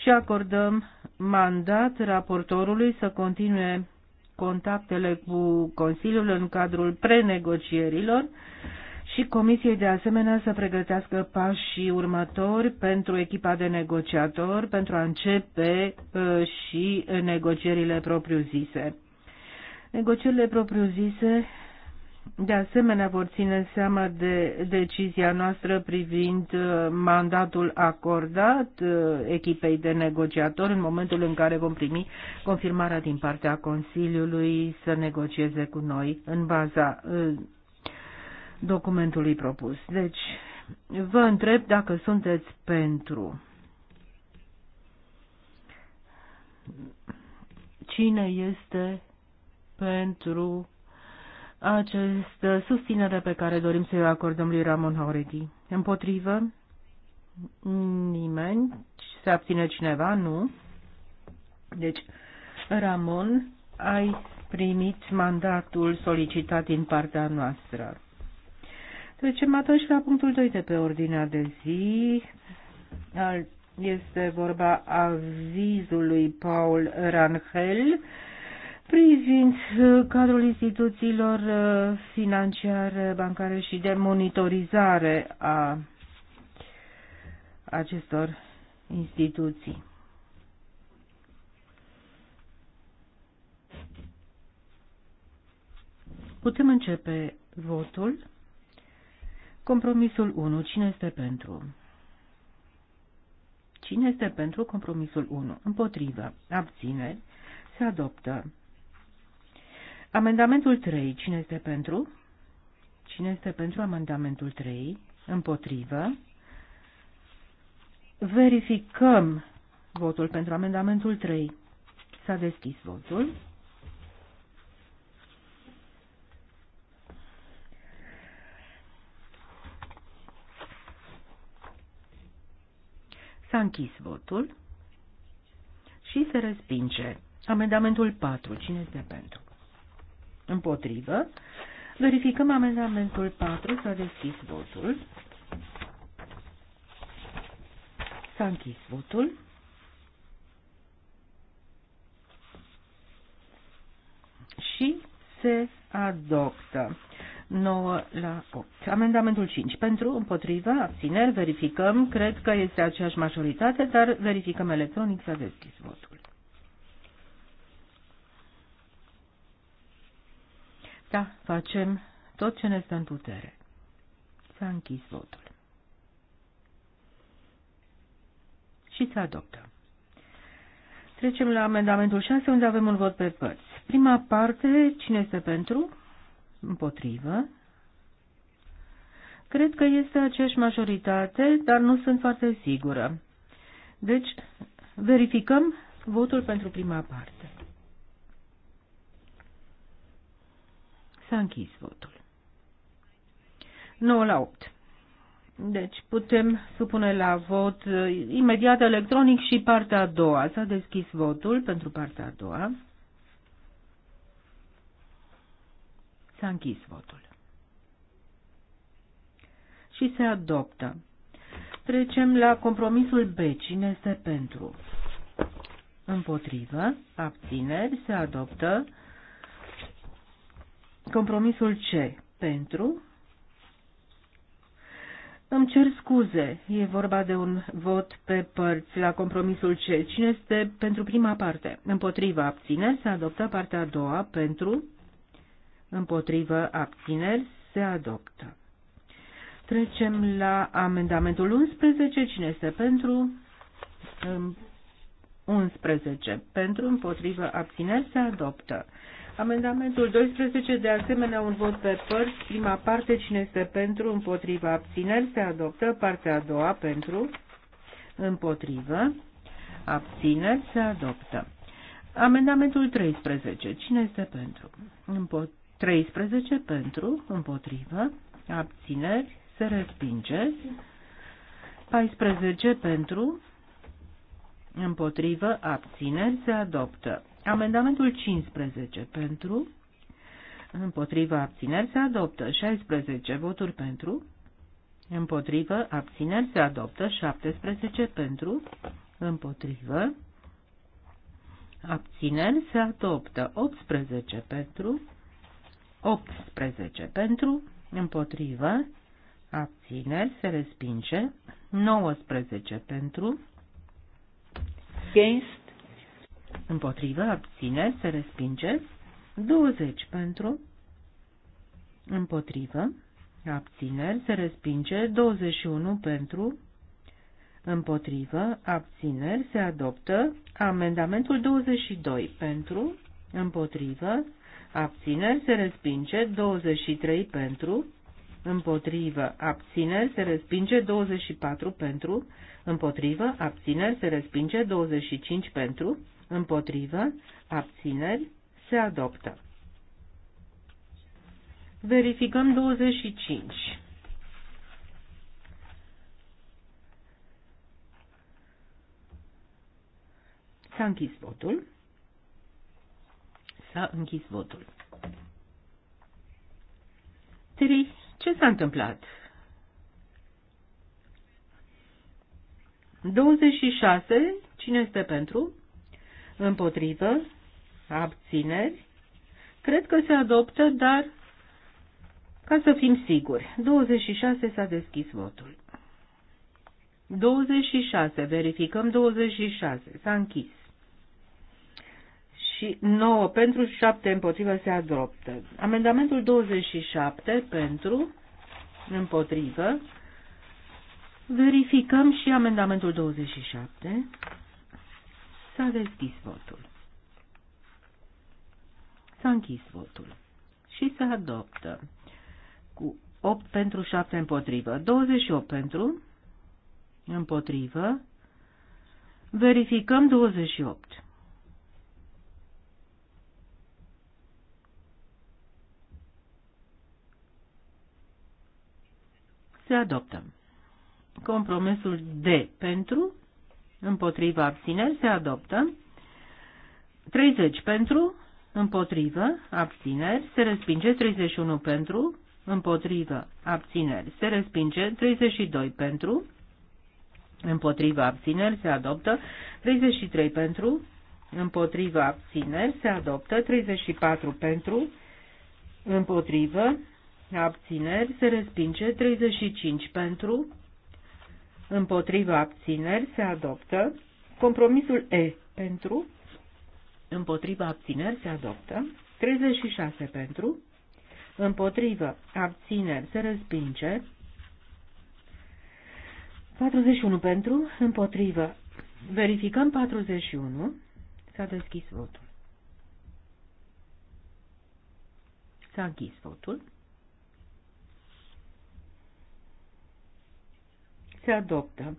și acordăm mandat raportorului să continue contactele cu Consiliul în cadrul prenegocierilor și Comisiei de asemenea să pregătească pașii următori pentru echipa de negociatori pentru a începe uh, și negocierile propriu-zise. Negocierile propriu-zise de asemenea vor ține seama de decizia noastră privind uh, mandatul acordat uh, echipei de negociatori în momentul în care vom primi confirmarea din partea Consiliului să negocieze cu noi în baza documentului propus. Deci, vă întreb dacă sunteți pentru. Cine este pentru această susținere pe care dorim să-i acordăm lui Ramon Haureti? Împotrivă? Nimeni? Se abține cineva? Nu. Deci, Ramon, ai primit mandatul solicitat din partea noastră. Trecem atunci la punctul 2 de pe ordinea de zi. Este vorba avizului Paul Ranhel privind cadrul instituțiilor uh, financiare, bancare și de monitorizare a acestor instituții. Putem începe votul? Compromisul 1. Cine este pentru? Cine este pentru compromisul 1? Împotrivă. Abține. Se adoptă. Amendamentul 3. Cine este pentru? Cine este pentru amendamentul 3? Împotrivă. Verificăm votul pentru amendamentul 3. S-a deschis votul. S-a închis votul și se respinge. Amendamentul 4. Cine este pentru? Împotrivă. Verificăm amendamentul 4. S-a deschis votul. S-a închis votul. Și se adoptă. 9 la 8. Amendamentul 5. Pentru, împotriva, abțineri, verificăm. Cred că este aceeași majoritate, dar verificăm electronic să deschis votul. Da, facem tot ce ne stă în putere. S-a închis votul. Și se adoptă. Trecem la amendamentul 6, unde avem un vot pe părți. Prima parte, cine este pentru? Împotrivă. Cred că este aceeași majoritate, dar nu sunt foarte sigură. Deci, verificăm votul pentru prima parte. S-a închis votul. 9 la 8. Deci putem supune la vot uh, imediat electronic și partea a doua. S-a deschis votul pentru partea a doua. S-a închis votul. Și se adoptă. Trecem la compromisul B. Cine este pentru? Împotrivă. Abțineri. Se adoptă. Compromisul C. Pentru. Îmi cer scuze, e vorba de un vot pe părți la compromisul C. Cine este pentru prima parte? Împotriva abțineri se adoptă partea a doua pentru împotrivă, abțineri, se adoptă. Trecem la amendamentul 11. Cine este pentru? 11. Pentru, împotrivă, abțineri, se adoptă. Amendamentul 12, de asemenea, un vot pe părți. Prima parte, cine este pentru, împotriva, abțineri, se adoptă. Partea a doua, pentru, împotrivă, abțineri, se adoptă. Amendamentul 13, cine este pentru, împotrivă, 13 pentru, împotrivă, abțineri, se respinge. 14 pentru, împotrivă, abțineri, se adoptă. Amendamentul 15 pentru, împotrivă, abțineri, se adoptă. 16 voturi pentru, împotrivă, abțineri, se adoptă. 17 pentru, împotrivă, abțineri, se adoptă. 18 pentru, 18 pentru, împotrivă, abțineri, se respinge, 19 pentru, against, împotrivă, abțineri, se respinge, 20 pentru, împotrivă, abțineri, se respinge, 21 pentru, împotrivă, abțineri, se adoptă, amendamentul 22 pentru, împotrivă, abțineri se respinge, 23 pentru, împotrivă, abțineri se respinge, 24 pentru, împotrivă, abțineri se respinge, 25 pentru, împotrivă, abțineri se adoptă. Verificăm 25. S-a închis votul. S-a închis votul. 3. Ce s-a întâmplat? 26. Cine este pentru? Împotrivă? Abțineri? Cred că se adoptă, dar ca să fim siguri, 26 s-a deschis votul. 26. Verificăm 26. S-a închis și 9 pentru, 7 împotrivă se adoptă. Amendamentul 27 pentru, împotrivă. Verificăm și amendamentul 27. S-a deschis votul. S-a închis votul și se adoptă cu 8 pentru 7 împotrivă, 28 pentru împotrivă, verificăm 28. se adoptă. Compromisul D pentru, împotriva abțineri se adoptă. 30 pentru, împotrivă, abțineri, se respinge 31 pentru, împotrivă, abțineri, se respinge 32 pentru, împotrivă, abțineri, se adoptă 33 pentru, împotrivă, abțineri, se adoptă 34 pentru, împotrivă, abțineri se respinge, 35 pentru, împotriva abțineri se adoptă, compromisul E pentru, împotriva abțineri se adoptă, 36 pentru, împotrivă abțineri se respinge, 41 pentru, împotrivă. Verificăm 41. S-a deschis votul. S-a închis votul. se adoptă.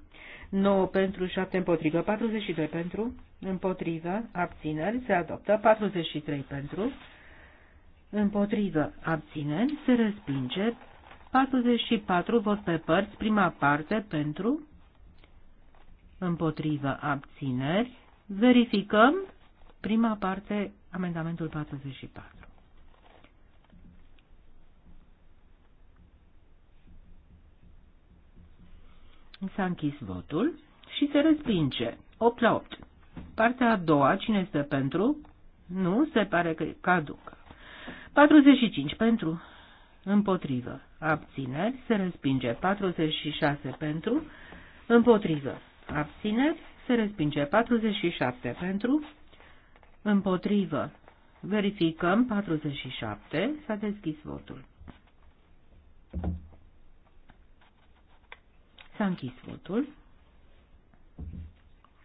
9 pentru, 7 împotrivă, 42 pentru, împotrivă, abțineri, se adoptă, 43 pentru, împotrivă, abțineri, se respinge, 44 vot pe părți, prima parte pentru, împotrivă, abțineri, verificăm prima parte, amendamentul 44. S-a închis votul și se respinge. 8 la 8. Partea a doua, cine este pentru? Nu, se pare că caduc. 45 pentru, împotrivă. Abțineri, se respinge. 46 pentru, împotrivă. Abțineri, se respinge. 47 pentru, împotrivă. Verificăm 47, s-a deschis votul. S-a închis votul.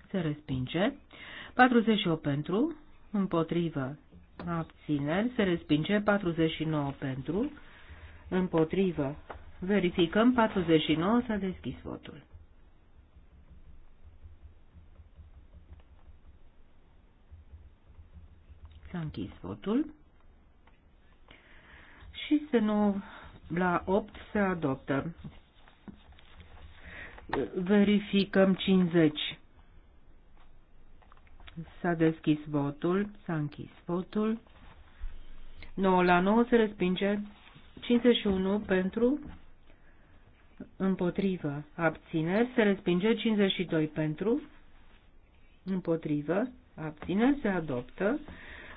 Se respinge. 48 pentru, împotrivă, abțineri. Se respinge. 49 pentru, împotrivă. Verificăm. 49 s-a deschis votul. S-a închis votul și se nu la 8 se adoptă. Verificăm 50. S-a deschis votul, s-a închis votul. 9 la 9 se respinge 51 pentru, împotrivă, abțineri, se respinge 52 pentru, împotrivă, abțineri, se adoptă.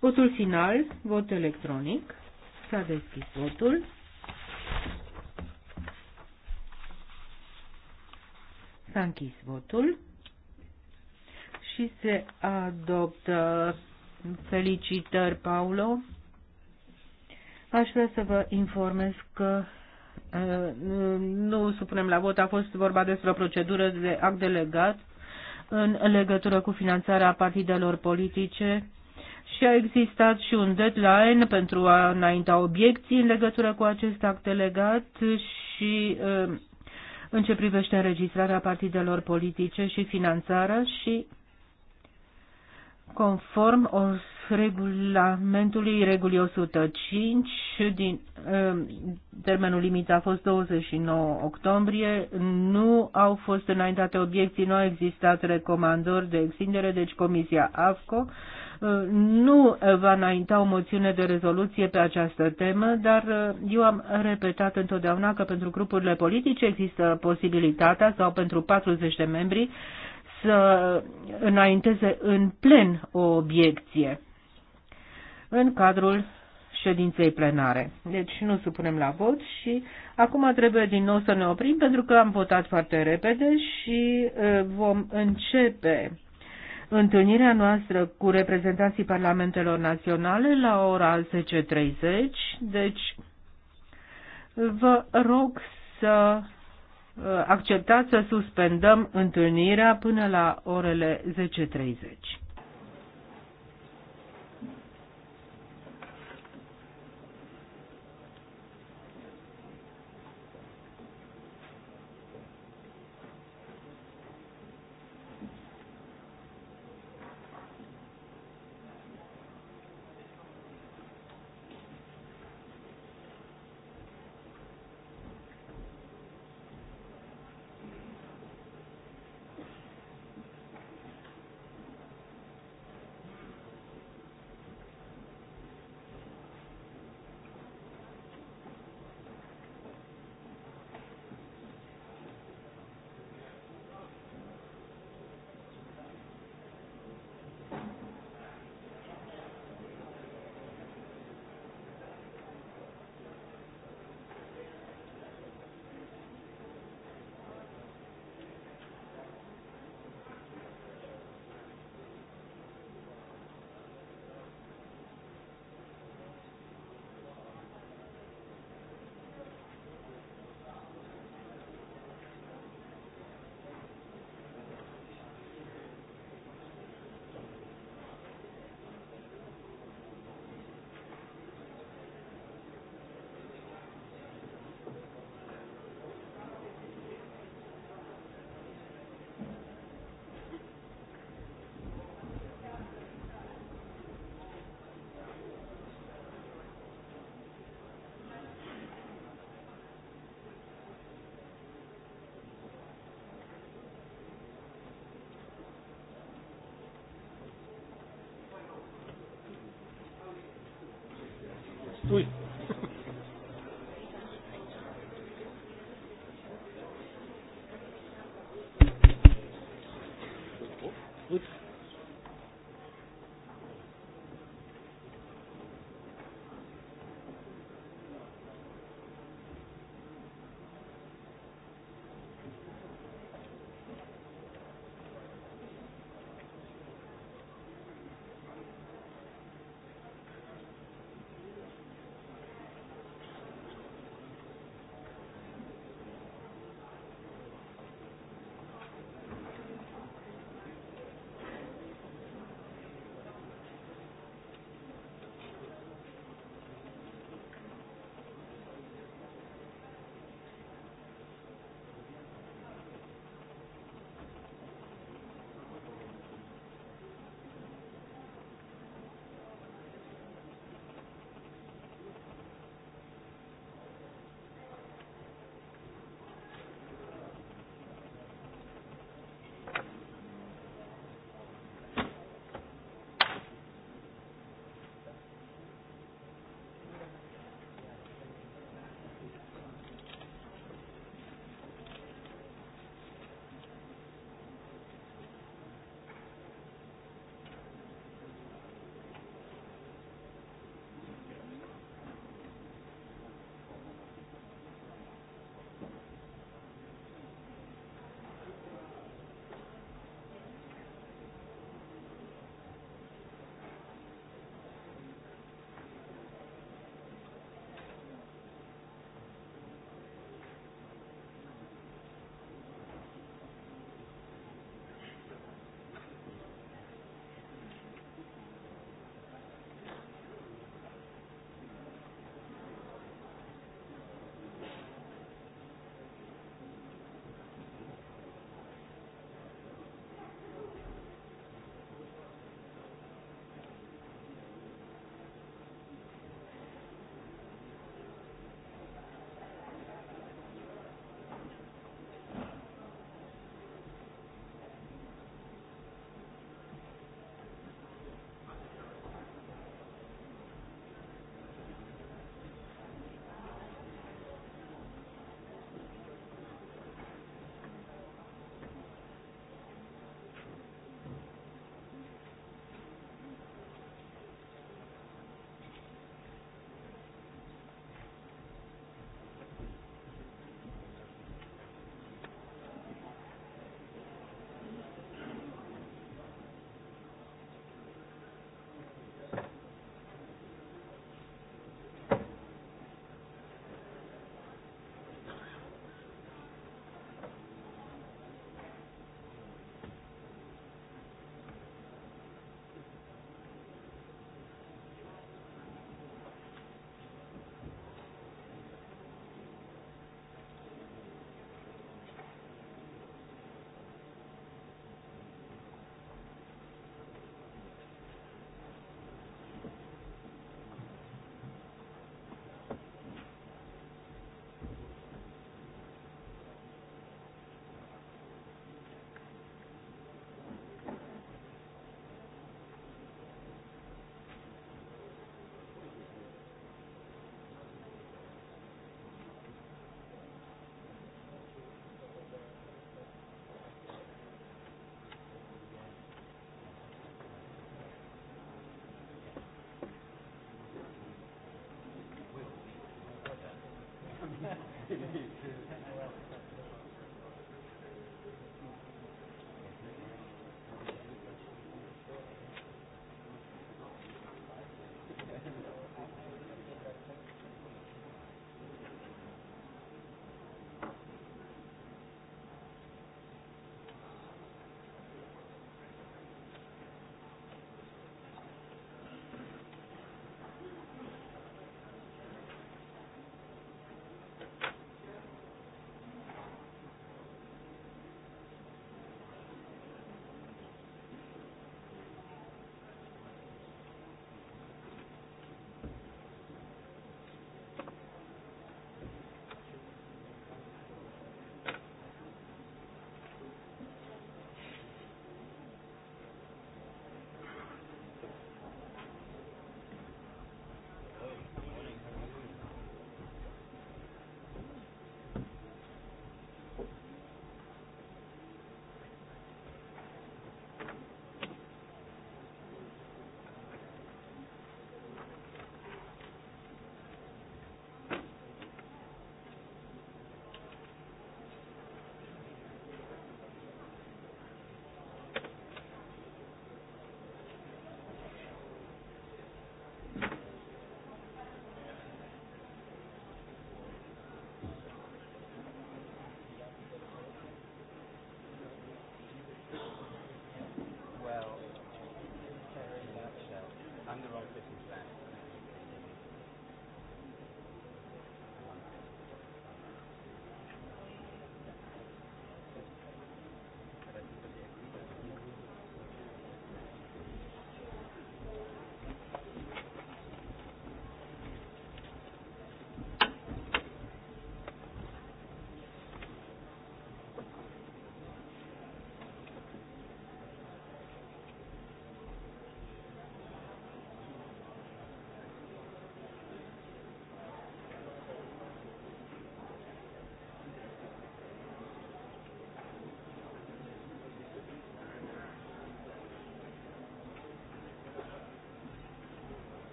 Votul final, vot electronic, s-a deschis votul. S-a închis votul și se adoptă. Felicitări, Paulo. Aș vrea să vă informez că uh, nu supunem la vot, a fost vorba despre o procedură de act delegat în legătură cu finanțarea partidelor politice și a existat și un deadline pentru a înainta obiecții în legătură cu acest act delegat și uh, în ce privește înregistrarea partidelor politice și finanțarea și conform o regulamentului regulii 105 din um, termenul limit a fost 29 octombrie, nu au fost înaintate obiecții, nu au existat recomandări de extindere, deci Comisia AFCO nu va înainta o moțiune de rezoluție pe această temă, dar uh, eu am repetat întotdeauna că pentru grupurile politice există posibilitatea sau pentru 40 de membri să înainteze în plen o obiecție în cadrul ședinței plenare. Deci nu supunem la vot și acum trebuie din nou să ne oprim pentru că am votat foarte repede și uh, vom începe întâlnirea noastră cu reprezentanții parlamentelor naționale la ora 10.30, deci vă rog să uh, acceptați să suspendăm întâlnirea până la orele 10.30.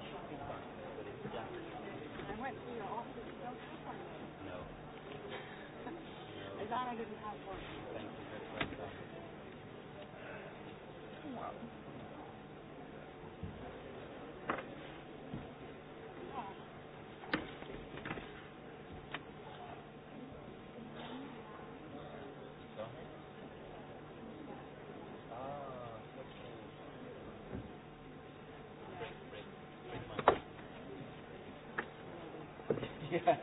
that I didn't have one. Yeah. Uh,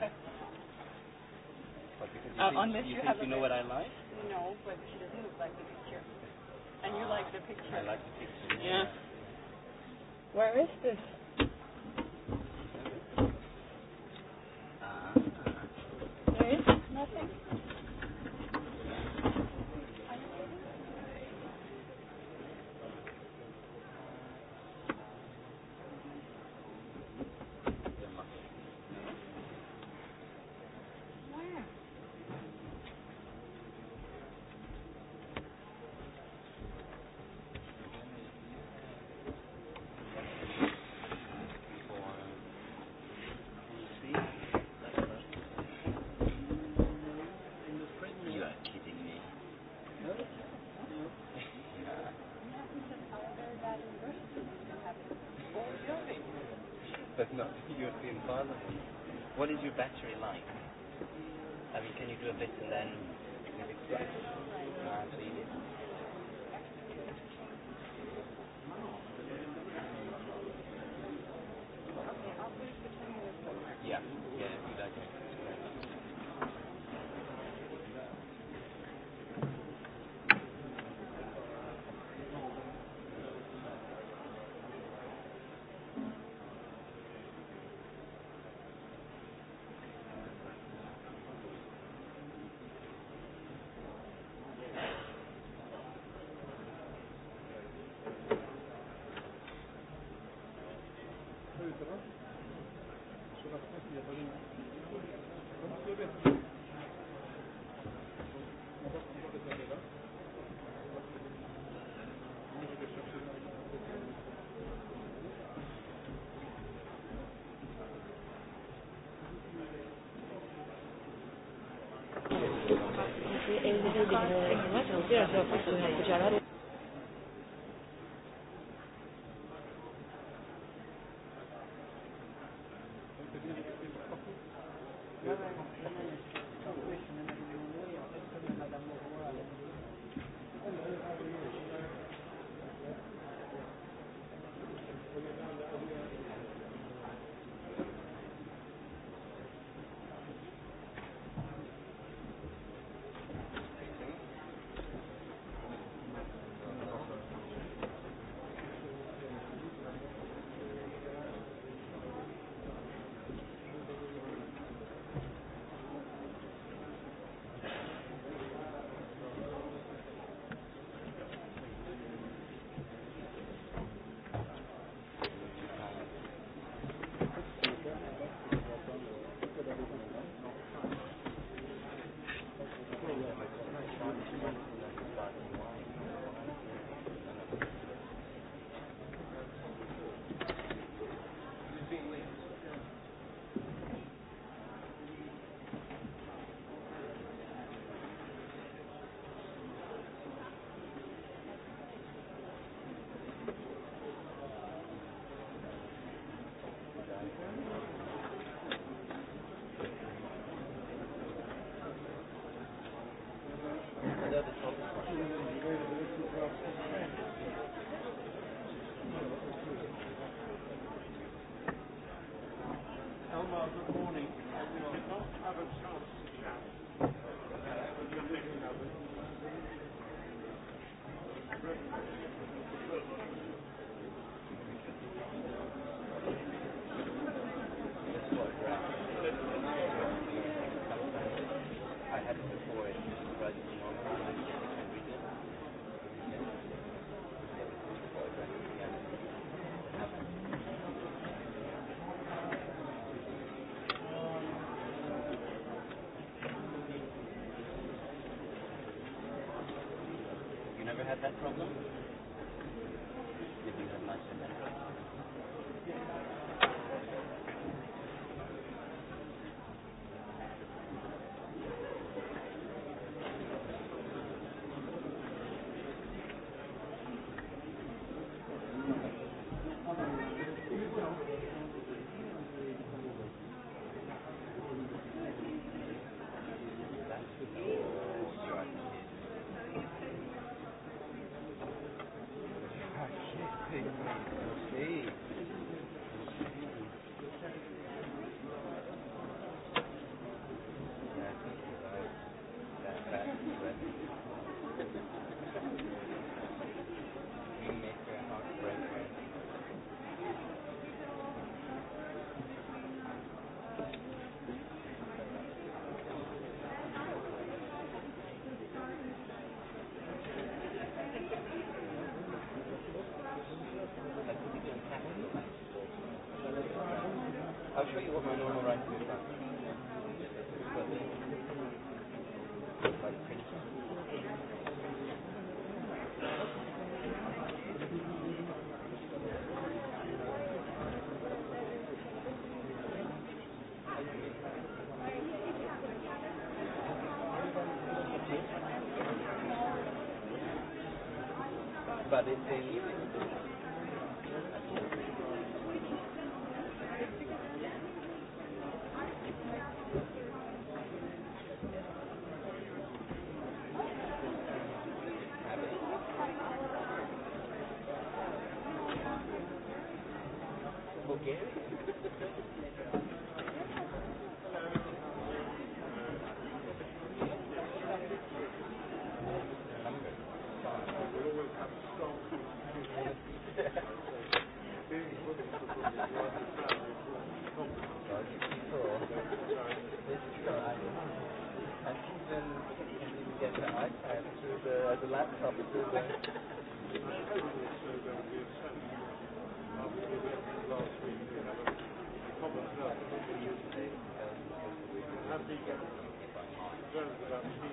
but you uh, think, unless you, you, think you know what I like? No, but she doesn't look like the picture. And you ah. like the picture. I like the picture. Yeah. Where is this? What is your back? Individual. well, good morning. that problem? I'll show you what my normal writing is like. But it's in Thank you.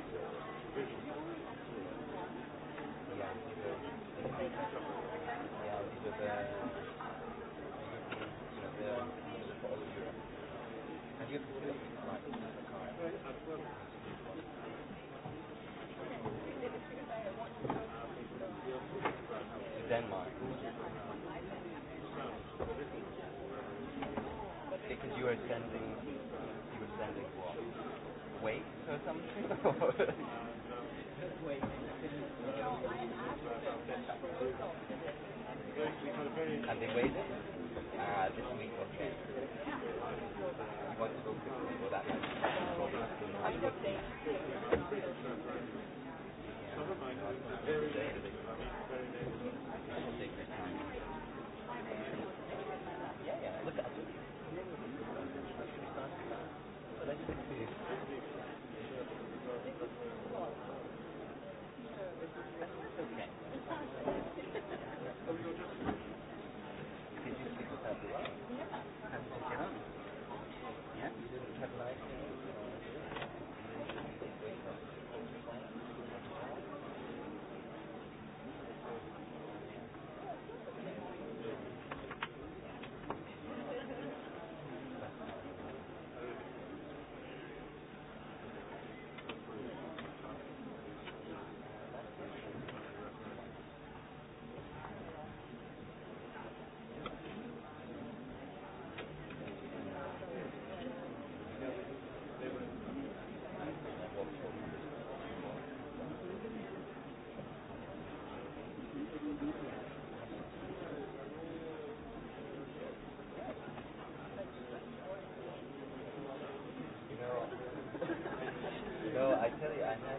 And they wait? Uh, this week, okay. You want to go quickly for that night? I don't think. syariah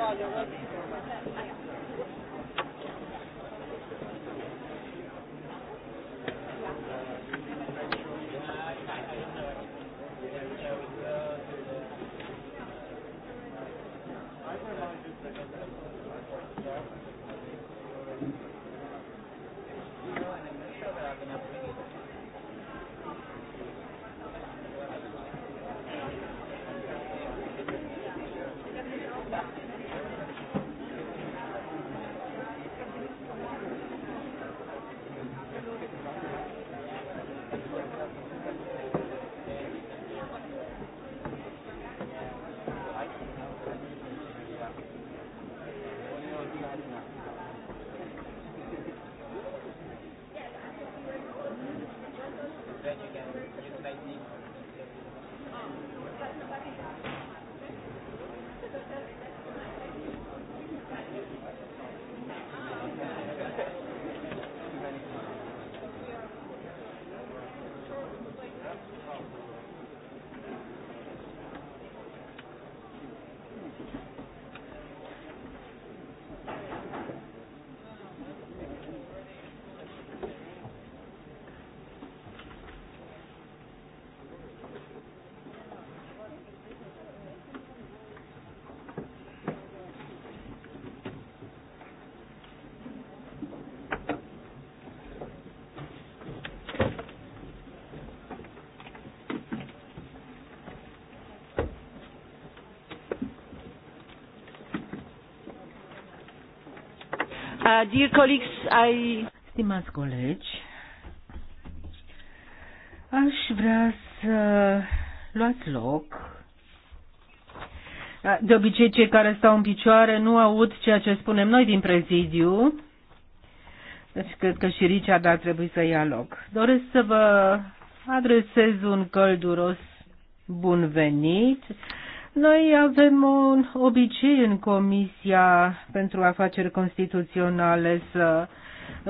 Italia,
Uh, dear colleagues, I... Stimați colegi, aș vrea să luați loc. Uh, de obicei, cei care stau în picioare nu aud ceea ce spunem noi din prezidiu. Deci cred că și Richard da trebuie să ia loc. Doresc să vă adresez un călduros bun venit noi avem un obicei în Comisia pentru Afaceri Constituționale să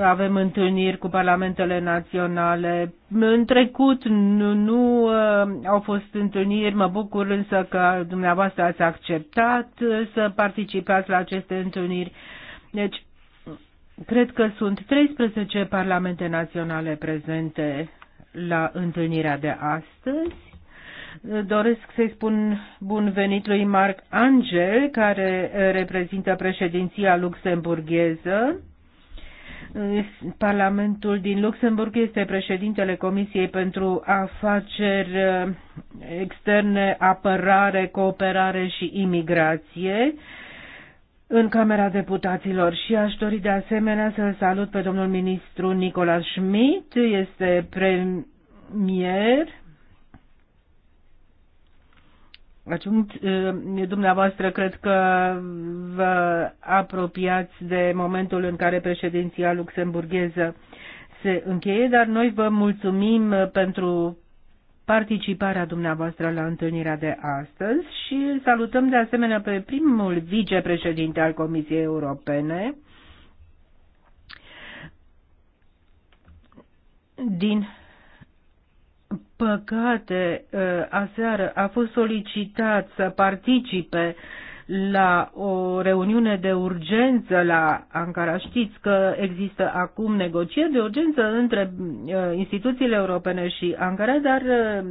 avem întâlniri cu parlamentele naționale. În trecut nu, nu uh, au fost întâlniri, mă bucur însă că dumneavoastră ați acceptat uh, să participați la aceste întâlniri. Deci, cred că sunt 13 parlamente naționale prezente la întâlnirea de astăzi doresc să-i spun bun venit lui Marc Angel, care eh, reprezintă președinția luxemburgheză. Eh, Parlamentul din Luxemburg este președintele Comisiei pentru Afaceri eh, Externe, Apărare, Cooperare și Imigrație în Camera Deputaților și aș dori de asemenea să-l salut pe domnul ministru Nicola Schmidt, este premier atunci, deci, dumneavoastră, cred că vă apropiați de momentul în care președinția luxemburgheză se încheie, dar noi vă mulțumim pentru participarea dumneavoastră la întâlnirea de astăzi și salutăm de asemenea pe primul vicepreședinte al Comisiei Europene din păcate, ă, aseară a fost solicitat să participe la o reuniune de urgență la Ankara. Știți că există acum negocieri de urgență între ă, instituțiile europene și Ankara, dar ă,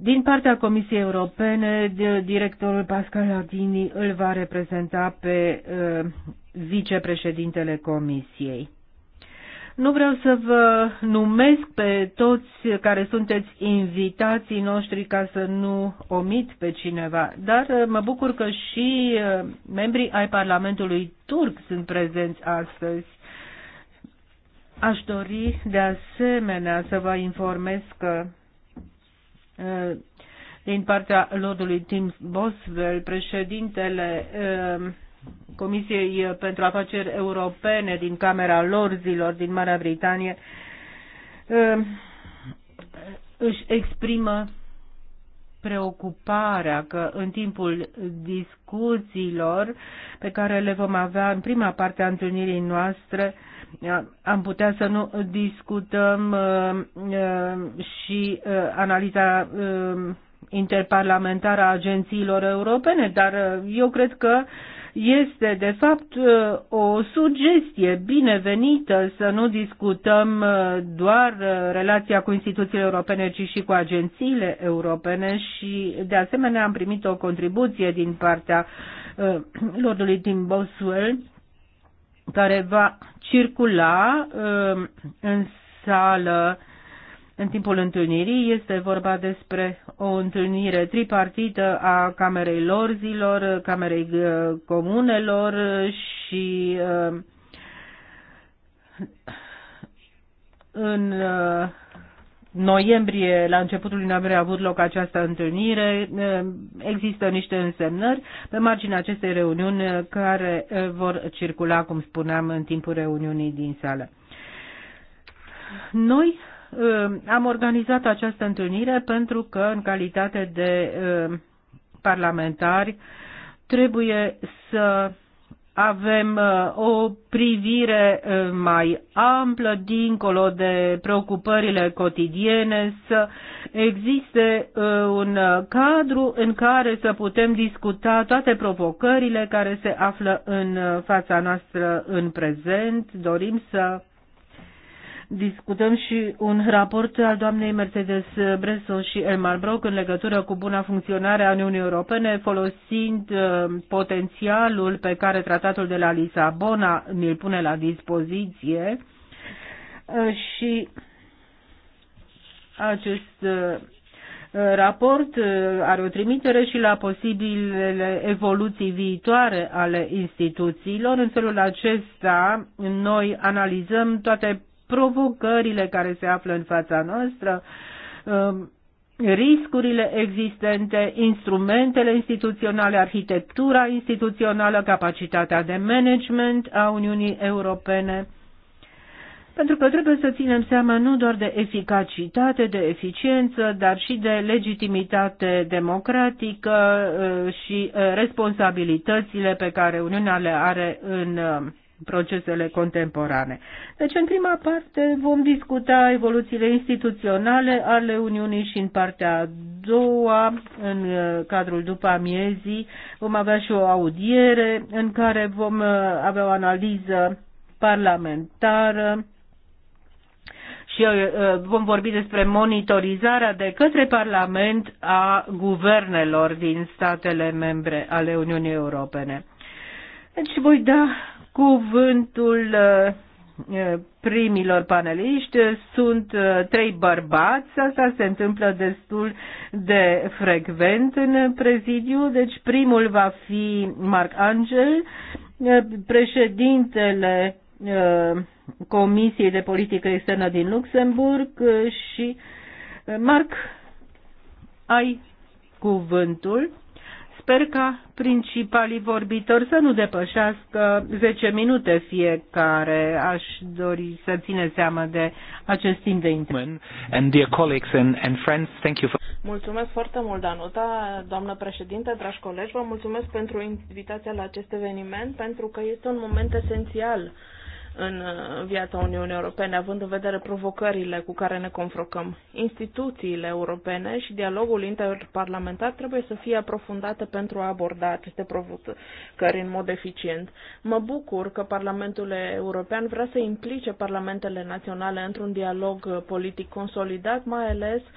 din partea Comisiei Europene, directorul Pascal Ardini îl va reprezenta pe vicepreședintele Comisiei. Nu vreau să vă numesc pe toți care sunteți invitații noștri ca să nu omit pe cineva, dar uh, mă bucur că și uh, membrii ai Parlamentului turc sunt prezenți astăzi. Aș dori de asemenea să vă informez că uh, din partea Lordului Tim Boswell, președintele Comisiei eh, pentru Afaceri Europene din Camera Lorzilor din Marea Britanie eh, își exprimă preocuparea că în timpul discuțiilor pe care le vom avea în prima parte a întâlnirii noastre, eh, am putea să nu discutăm și analiza interparlamentară a agențiilor europene, dar eu cred că este de fapt uh, o sugestie binevenită să nu discutăm uh, doar uh, relația cu instituțiile europene, ci și cu agențiile europene și de asemenea am primit o contribuție din partea Lordului Tim Boswell care va circula în sală în timpul întâlnirii. Este vorba despre o întâlnire tripartită a Camerei Lorzilor, Camerei uh, Comunelor și uh, în uh, noiembrie, la începutul lui noiembrie a avut loc această întâlnire. Există niște însemnări pe marginea acestei reuniuni care vor circula, cum spuneam, în timpul reuniunii din sală. Noi Ehm, am organizat această întâlnire pentru că, în calitate de ehm, parlamentari, trebuie să avem eh, o privire eh, mai amplă, dincolo de preocupările cotidiene, să existe eh, un cadru în care să putem discuta toate provocările care se află în fața noastră în prezent. Dorim să Discutăm și un raport al doamnei Mercedes Bresso și Elmar Brock în legătură cu buna funcționare a Uniunii Europene, folosind uh, potențialul pe care tratatul de la Lisabona ne-l pune la dispoziție uh, și acest uh, raport are o trimitere și la posibilele evoluții viitoare ale instituțiilor. În felul acesta, noi analizăm toate provocările care se află în fața noastră, um, riscurile existente, instrumentele instituționale, arhitectura instituțională, capacitatea de management a Uniunii Europene. Pentru că trebuie să ținem seama nu doar de eficacitate, de eficiență, dar și de legitimitate democratică uh, și uh, responsabilitățile pe care Uniunea le are în uh, procesele contemporane. Deci, în prima parte, vom discuta evoluțiile instituționale ale Uniunii și în partea a doua, în uh, cadrul după amiezii, vom avea și o audiere în care vom uh, avea o analiză parlamentară și uh, vom vorbi despre monitorizarea de către Parlament a guvernelor din statele membre ale Uniunii Europene. Deci voi da cuvântul uh, uh, primilor paneliști sunt uh, trei bărbați, asta se întâmplă destul de frecvent în prezidiu, deci primul va fi Marc Angel, președintele Comisiei de Politică Externă din Luxemburg și Marc, ai cuvântul. Sper ca principalii vorbitori să nu depășească 10 minute fiecare. Aș dori să ține seama de acest timp de intervenție.
Mulțumesc foarte mult, Danuta, doamnă președinte, dragi colegi, vă mulțumesc pentru invitația la acest eveniment, pentru că este un moment esențial în uh, viața Uniunii Europene, având în vedere provocările cu care ne confruntăm. Instituțiile europene și dialogul interparlamentar trebuie să fie aprofundate pentru a aborda aceste provocări în mod eficient. Mă bucur că Parlamentul European vrea să implice parlamentele naționale într-un dialog politic consolidat, mai ales uh,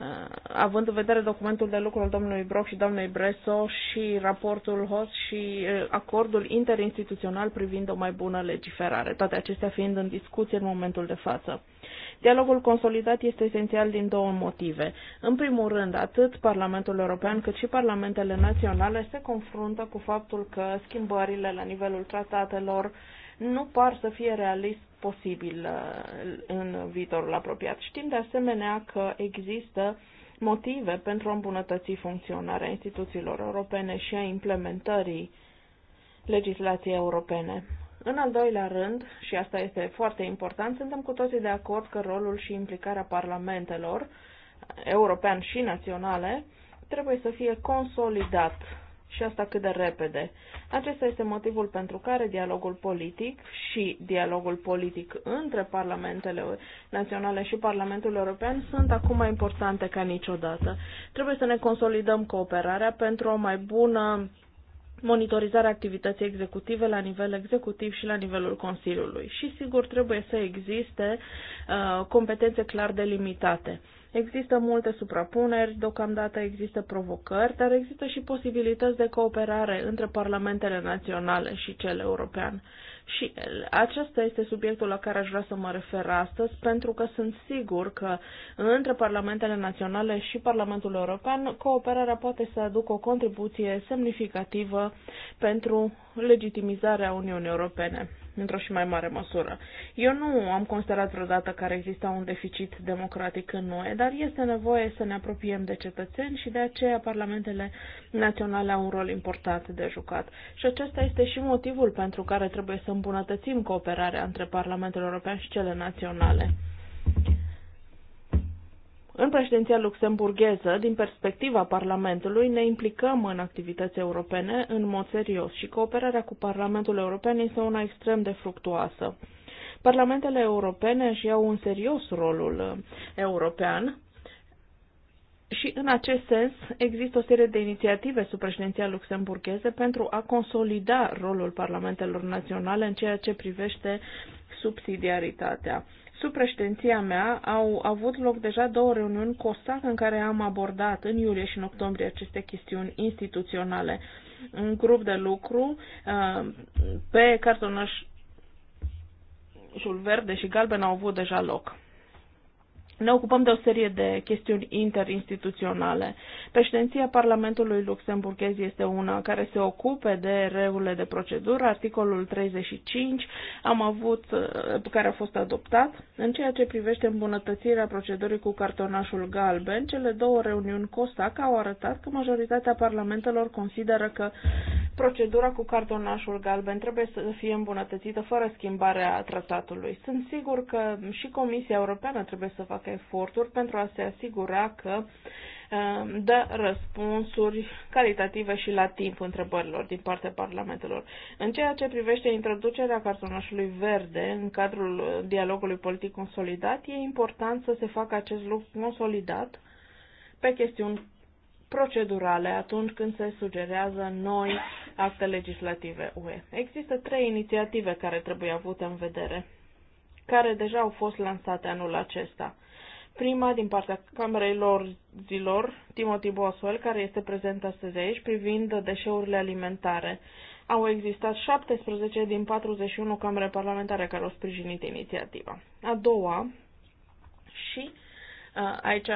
Uh, având în vedere documentul de lucru al domnului Brock și doamnei Breso și raportul HOS și uh, acordul interinstituțional privind o mai bună legiferare, toate acestea fiind în discuție în momentul de față. Dialogul consolidat este esențial din două motive. În primul rând, atât Parlamentul European cât și Parlamentele naționale se confruntă cu faptul că schimbările la nivelul tratatelor nu par să fie realist, posibil uh, în viitorul apropiat. Știm de asemenea că există motive pentru a îmbunătăți funcționarea instituțiilor europene și a implementării legislației europene. În al doilea rând, și asta este foarte important, suntem cu toții de acord că rolul și implicarea parlamentelor, european și naționale, trebuie să fie consolidat și asta cât de repede. Acesta este motivul pentru care dialogul politic și dialogul politic între parlamentele naționale și Parlamentul European sunt acum mai importante ca niciodată. Trebuie să ne consolidăm cooperarea pentru o mai bună monitorizarea activității executive la nivel executiv și la nivelul Consiliului. Și, sigur, trebuie să existe uh, competențe clar delimitate. Uh, Există multe suprapuneri, deocamdată există provocări, dar există și posibilități de cooperare între parlamentele naționale și cel european. Și acesta este subiectul la care aș vrea să mă refer astăzi, pentru că sunt sigur că între parlamentele naționale și Parlamentul European cooperarea poate să aducă o contribuție semnificativă pentru legitimizarea Uniunii Europene într-o și mai mare măsură. Eu nu am considerat vreodată că ar exista un deficit democratic în noi, dar este nevoie să ne apropiem de cetățeni și de aceea parlamentele naționale au un rol important de jucat. Și acesta este și motivul pentru care trebuie să îmbunătățim cooperarea între Parlamentul European și cele naționale. În președinția luxemburgheză, din perspectiva Parlamentului, ne implicăm în activități europene în mod serios și cooperarea cu Parlamentul European este una extrem de fructuoasă. Parlamentele europene își iau un serios rolul european și în acest sens există o serie de inițiative sub președinția luxemburgheză pentru a consolida rolul parlamentelor naționale în ceea ce privește subsidiaritatea. Sub președinția mea au avut loc deja două reuniuni OSAC în care am abordat în iulie și în octombrie aceste chestiuni instituționale. Un grup de lucru uh, pe cartonașul verde și galben au avut deja loc ne ocupăm de o serie de chestiuni interinstituționale. Președinția Parlamentului luxemburghez este una care se ocupe de regulile de procedură, articolul 35 am avut, uh, care a fost adoptat. În ceea ce privește îmbunătățirea procedurii cu cartonașul galben, cele două reuniuni COSAC au arătat că majoritatea parlamentelor consideră că procedura cu cartonașul galben trebuie să fie îmbunătățită fără schimbarea tratatului. Sunt sigur că și Comisia Europeană trebuie să facă eforturi pentru a se asigura că um, dă răspunsuri calitative și la timp întrebărilor din partea parlamentelor. În ceea ce privește introducerea cartonașului verde în cadrul dialogului politic consolidat, e important să se facă acest lucru consolidat pe chestiuni procedurale atunci când se sugerează noi acte legislative UE. Există trei inițiative care trebuie avute în vedere, care deja au fost lansate anul acesta. Prima din partea Camerei zilor, Timothy Boswell, care este prezent astăzi aici, privind deșeurile alimentare. Au existat 17 din 41 camere parlamentare care au sprijinit inițiativa. A doua și Aici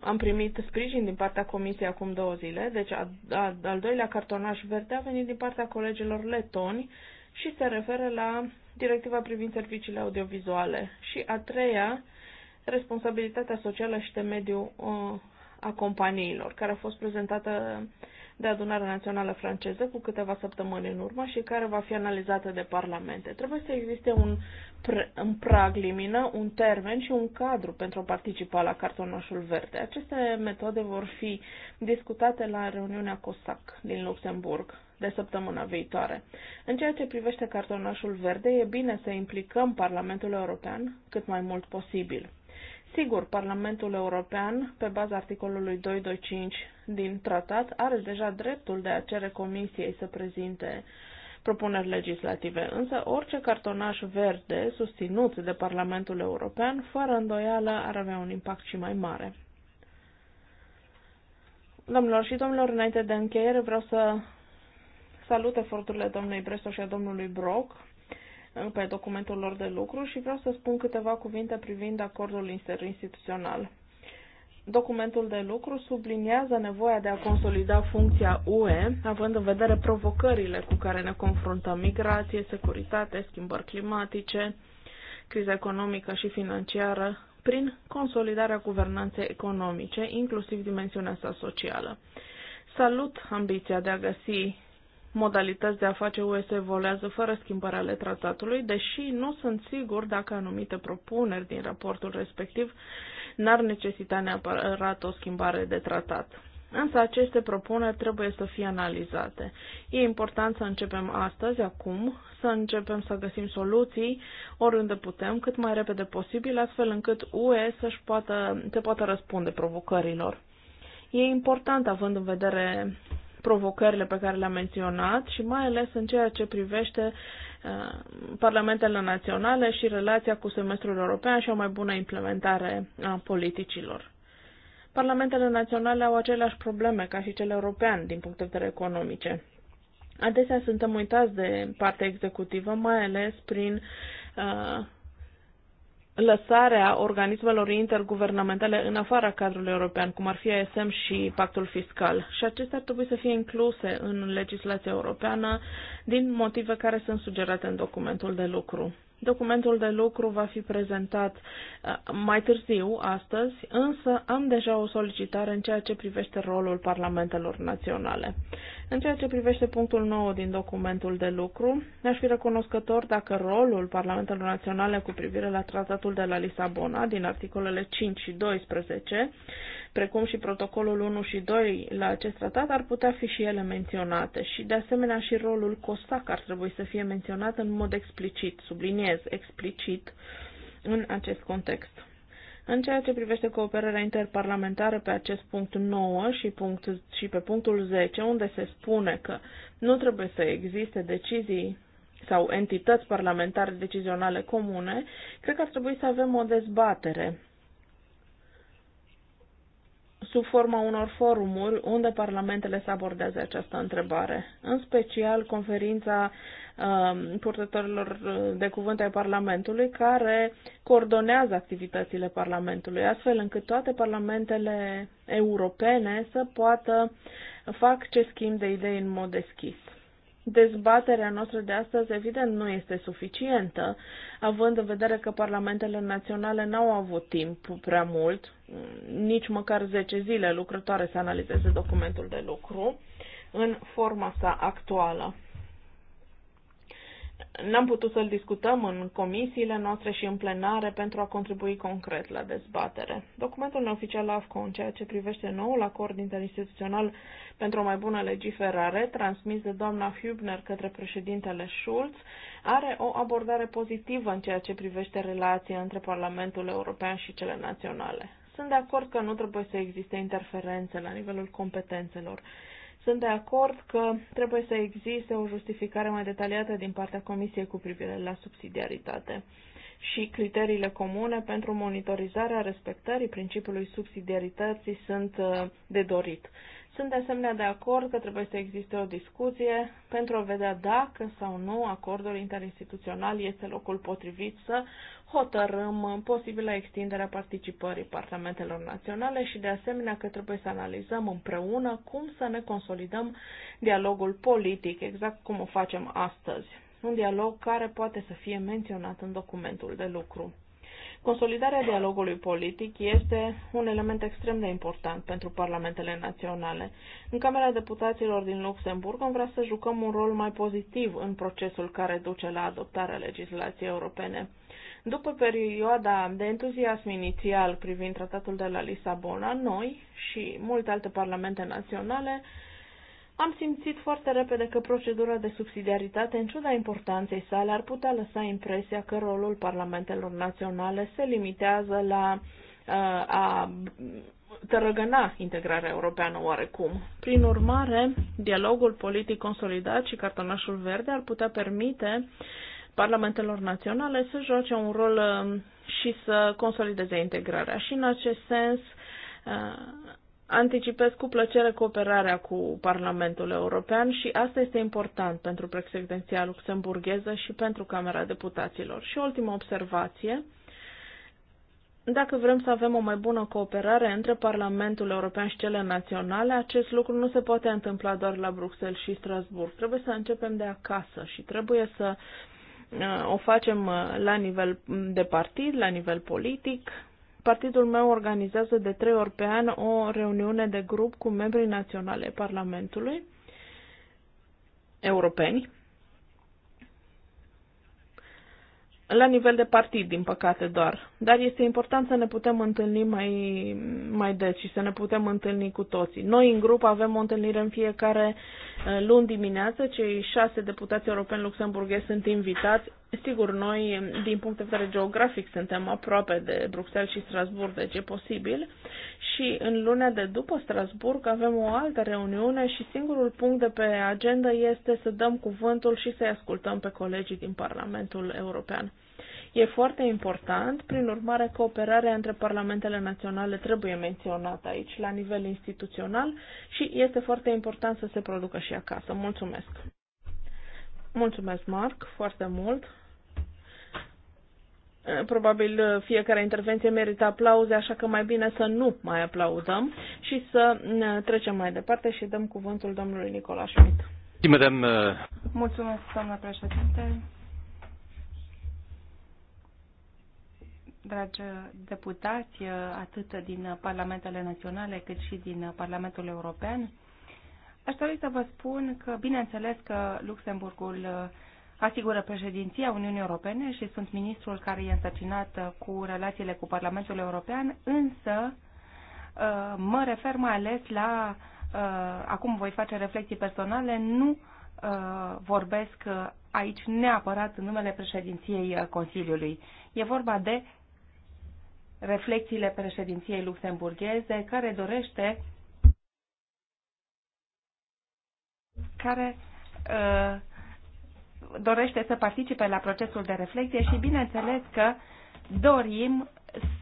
am primit sprijin din partea comisiei acum două zile, deci a, a, al doilea cartonaș verde a venit din partea colegilor letoni și se referă la directiva privind serviciile audiovizuale. Și a treia responsabilitatea socială și de mediu uh, a companiilor, care a fost prezentată de adunarea națională franceză cu câteva săptămâni în urmă și care va fi analizată de parlamente. Trebuie să existe un, pr- un prag limină, un termen și un cadru pentru a participa la cartonașul verde. Aceste metode vor fi discutate la reuniunea COSAC din Luxemburg de săptămâna viitoare. În ceea ce privește cartonașul verde, e bine să implicăm Parlamentul European cât mai mult posibil. Sigur, Parlamentul European, pe baza articolului 225 din tratat, are deja dreptul de a cere Comisiei să prezinte propuneri legislative, însă orice cartonaș verde susținut de Parlamentul European, fără îndoială, ar avea un impact și mai mare. Domnilor și domnilor, înainte de încheiere vreau să salut eforturile domnului Bresto și a domnului Brock pe documentul lor de lucru și vreau să spun câteva cuvinte privind acordul interinstituțional. Documentul de lucru subliniază nevoia de a consolida funcția UE, având în vedere provocările cu care ne confruntăm migrație, securitate, schimbări climatice, criza economică și financiară, prin consolidarea guvernanței economice, inclusiv dimensiunea sa socială. Salut ambiția de a găsi modalități de a face UE se evoluează fără schimbări ale tratatului, deși nu sunt sigur dacă anumite propuneri din raportul respectiv n-ar necesita neapărat o schimbare de tratat. Însă aceste propuneri trebuie să fie analizate. E important să începem astăzi, acum, să începem să găsim soluții oriunde putem, cât mai repede posibil, astfel încât UE să-și poată, poată răspunde provocărilor. E important, având în vedere provocările pe care le-am menționat și mai ales în ceea ce privește uh, parlamentele naționale și relația cu semestrul european și o mai bună implementare a politicilor. Parlamentele naționale au aceleași probleme ca și cele european din punct de vedere economice. Adesea suntem uitați de partea executivă, mai ales prin uh, lăsarea organismelor interguvernamentale în afara cadrului european, cum ar fi ASM și pactul fiscal. Și acestea ar trebui să fie incluse în legislația europeană din motive care sunt sugerate în documentul de lucru. Documentul de lucru va fi prezentat uh, mai târziu, astăzi, însă am deja o solicitare în ceea ce privește rolul parlamentelor naționale. În ceea ce privește punctul 9 din documentul de lucru, aș fi recunoscător dacă rolul parlamentelor naționale cu privire la tratatul de la Lisabona, din articolele 5 și 12, precum și protocolul 1 și 2 la acest tratat, ar putea fi și ele menționate și, de asemenea, și rolul COSAC ar trebui să fie menționat în mod explicit, subliniez, explicit, în acest context. În ceea ce privește cooperarea interparlamentară pe acest punct 9 și, punct, și pe punctul 10, unde se spune că nu trebuie să existe decizii sau entități parlamentare decizionale comune, cred că ar trebui să avem o dezbatere sub forma unor forumuri unde parlamentele să abordeze această întrebare, în special conferința um, uh, purtătorilor de cuvânt ai Parlamentului, care coordonează activitățile Parlamentului, astfel încât toate parlamentele europene să poată fac ce schimb de idei în mod deschis. Dezbaterea noastră de astăzi, evident, nu este suficientă, având în vedere că parlamentele naționale n-au avut timp prea mult nici măcar 10 zile lucrătoare să analizeze documentul de lucru în forma sa actuală. N-am putut să-l discutăm în comisiile noastre și în plenare pentru a contribui concret la dezbatere. Documentul neoficial AFCO în ceea ce privește noul acord interinstituțional pentru o mai bună legiferare, transmis de doamna Hübner către președintele Schulz, are o abordare pozitivă în ceea ce privește relația între Parlamentul European și cele naționale. Sunt de acord că nu trebuie să existe interferențe la nivelul competențelor. Sunt de acord că trebuie să existe o justificare mai detaliată din partea Comisiei cu privire la subsidiaritate și criteriile comune pentru monitorizarea respectării principiului subsidiarității sunt uh, de dorit. Sunt de asemenea de acord că trebuie să existe o discuție pentru a vedea dacă sau nu acordul interinstituțional este locul potrivit să hotărâm posibilă extinderea participării parlamentelor naționale și de asemenea că trebuie să analizăm împreună cum să ne consolidăm dialogul politic, exact cum o facem astăzi. Un dialog care poate să fie menționat în documentul de lucru. Consolidarea dialogului politic este un element extrem de important pentru parlamentele naționale. În Camera Deputaților din Luxemburg am vrea să jucăm un rol mai pozitiv în procesul care duce la adoptarea legislației europene. După perioada de entuziasm inițial privind tratatul de la Lisabona, noi și multe alte parlamente naționale am simțit foarte repede că procedura de subsidiaritate, în ciuda importanței sale, ar putea lăsa impresia că rolul parlamentelor naționale se limitează la uh, a tărăgăna integrarea europeană oarecum. Prin urmare, dialogul politic consolidat și cartonașul verde ar putea permite parlamentelor naționale să joace un rol uh, și să consolideze integrarea. Și în acest sens, uh, Anticipez cu plăcere cooperarea cu Parlamentul European și asta este important pentru președinția luxemburgheză și pentru Camera Deputaților. Și ultima observație. Dacă vrem să avem o mai bună cooperare între Parlamentul European și cele naționale, acest lucru nu se poate întâmpla doar la Bruxelles și Strasburg. Trebuie să începem de acasă și trebuie să uh, o facem uh, la nivel mm, de partid, la nivel politic, Partidul meu organizează de trei ori pe an o reuniune de grup cu membrii naționale Parlamentului europeni la nivel de partid, din păcate doar. Dar este important să ne putem întâlni mai, mai des și să ne putem întâlni cu toții. Noi în grup avem o întâlnire în fiecare uh, luni dimineață. Cei șase deputați europeni luxemburghezi sunt invitați. Sigur, noi, din punct de vedere geografic, suntem aproape de Bruxelles și Strasburg, deci e posibil. Și în lunea de după Strasburg avem o altă reuniune și singurul punct de pe agenda este să dăm cuvântul și să-i ascultăm pe colegii din Parlamentul European. E foarte important, prin urmare, cooperarea între parlamentele naționale trebuie menționată aici, la nivel instituțional, și este foarte important să se producă și acasă. Mulțumesc! Mulțumesc, Marc, foarte mult! Probabil fiecare intervenție merită aplauze, așa că mai bine să nu mai aplaudăm și să trecem mai departe și dăm cuvântul domnului Nicola Schmidt. Mulțumesc,
doamna președinte. dragi deputați, atât din Parlamentele Naționale cât și din Parlamentul European, aș dori să vă spun că, bineînțeles, că Luxemburgul asigură președinția Uniunii Europene și sunt ministrul care e însărcinat cu relațiile cu Parlamentul European, însă uh, mă refer mai ales la, uh, acum voi face reflexii personale, nu uh, vorbesc aici neapărat în numele președinției Consiliului. E vorba de reflecțiile președinției luxemburgheze care dorește care uh, dorește să participe la procesul de reflecție și bineînțeles că dorim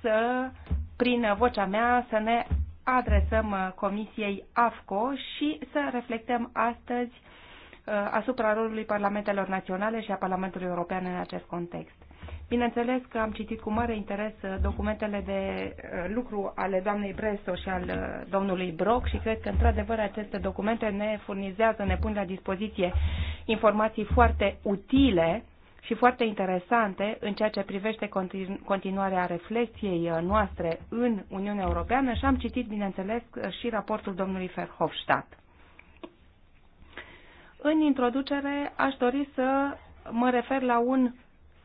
să, prin vocea mea, să ne adresăm uh, Comisiei AFCO și să reflectăm astăzi uh, asupra rolului Parlamentelor Naționale și a Parlamentului European în acest context. Bineînțeles că am citit cu mare interes uh, documentele de uh, lucru ale doamnei Bresso și al uh, domnului Brock și cred că, într-adevăr, aceste documente ne furnizează, ne pun la dispoziție informații foarte utile și foarte interesante în ceea ce privește continuarea reflexiei noastre în Uniunea Europeană și am citit, bineînțeles, și raportul domnului Verhofstadt. În introducere aș dori să mă refer la un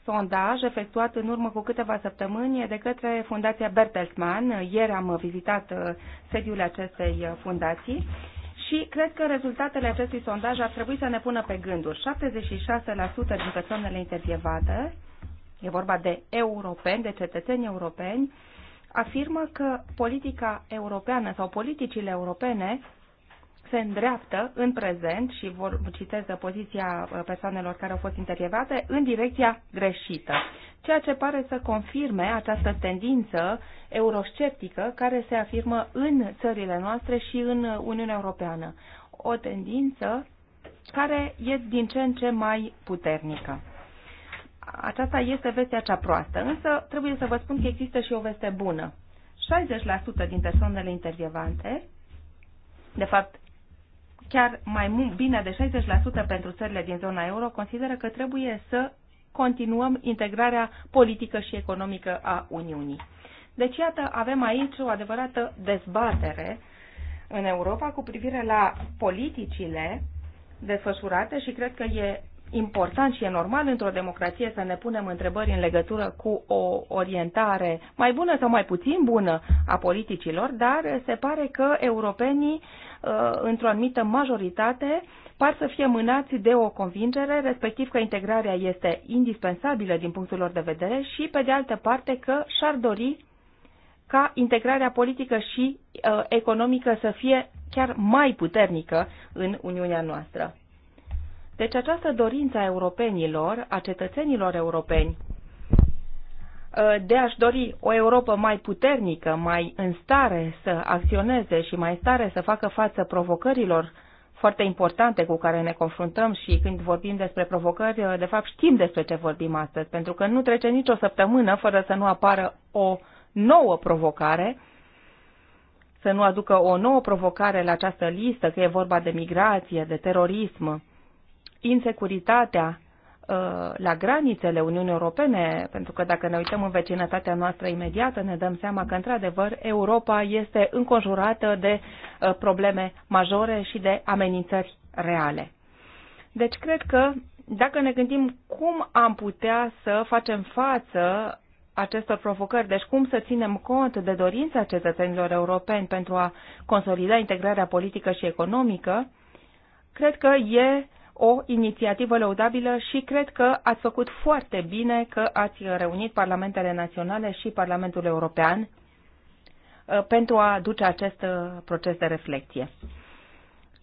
sondaj efectuat în urmă cu câteva săptămâni de către Fundația Bertelsmann. Ieri am vizitat uh, sediul acestei uh, fundații și cred că rezultatele acestui sondaj ar trebui să ne pună pe gânduri. 76% din persoanele intervievate, e vorba de europeni, de cetățeni europeni, afirmă că politica europeană sau politicile europene se îndreaptă în prezent și vor citez poziția uh, persoanelor care au fost intervievate în direcția greșită, ceea ce pare să confirme această tendință eurosceptică care se afirmă în țările noastre și în Uniunea Europeană. O tendință care e din ce în ce mai puternică. Aceasta este vestea cea proastă, însă trebuie să vă spun că există și o veste bună. 60% din persoanele intervievante de fapt chiar mai bine de 60% pentru țările din zona euro, consideră că trebuie să continuăm integrarea politică și economică a Uniunii. Deci, iată, avem aici o adevărată dezbatere în Europa cu privire la politicile desfășurate și cred că e important și e normal într-o democrație să ne punem întrebări în legătură cu o orientare mai bună sau mai puțin bună a politicilor, dar se pare că europenii Uh, într-o anumită majoritate par să fie mânați de o convingere, respectiv că integrarea este indispensabilă din punctul lor de vedere și, pe de altă parte, că și-ar dori ca integrarea politică și uh, economică să fie chiar mai puternică în Uniunea noastră. Deci această dorință a europenilor, a cetățenilor europeni Uh, de a-și dori o Europa mai puternică, mai în stare să acționeze și mai în stare să facă față provocărilor foarte importante cu care ne confruntăm și când vorbim despre provocări, uh, de fapt știm despre ce vorbim astăzi, pentru că nu trece nicio săptămână fără să nu apară o nouă provocare, să nu aducă o nouă provocare la această listă, că e vorba de migrație, de terorism, insecuritatea, Uh, la granițele Uniunii Europene, pentru că dacă ne uităm în vecinătatea noastră imediată, ne dăm seama că, într-adevăr, Europa este înconjurată de uh, probleme majore și de amenințări reale. Deci, cred că dacă ne gândim cum am putea să facem față acestor provocări, deci cum să ținem cont de dorința cetățenilor europeni pentru a consolida integrarea politică și economică, cred că e o inițiativă lăudabilă și cred că ați făcut foarte bine că ați reunit Parlamentele Naționale și Parlamentul European uh, pentru a duce acest uh, proces de reflexie.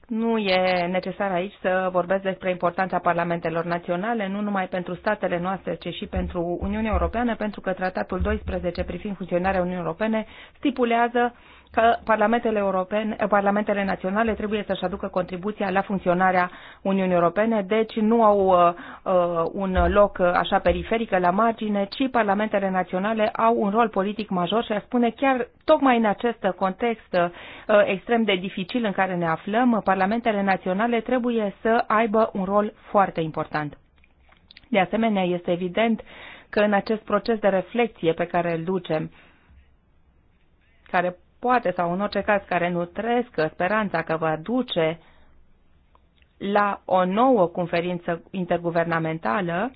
Nu e necesar aici să vorbesc despre importanța parlamentelor naționale, nu numai pentru statele noastre, ci și pentru Uniunea Europeană, pentru că Tratatul 12 privind funcționarea Uniunii Europene stipulează uh, că parlamentele, europene, parlamentele naționale trebuie să-și aducă contribuția la funcționarea Uniunii Europene, deci nu au uh, uh un loc așa periferic la margine, ci parlamentele naționale au un rol politic major și a spune chiar tocmai în acest context uh, extrem de dificil în care ne aflăm, parlamentele naționale trebuie să aibă un rol foarte important. De asemenea, este evident că în acest proces de reflexie pe care îl ducem, care poate sau în orice caz care nu trăiesc speranța că va duce la o nouă conferință interguvernamentală,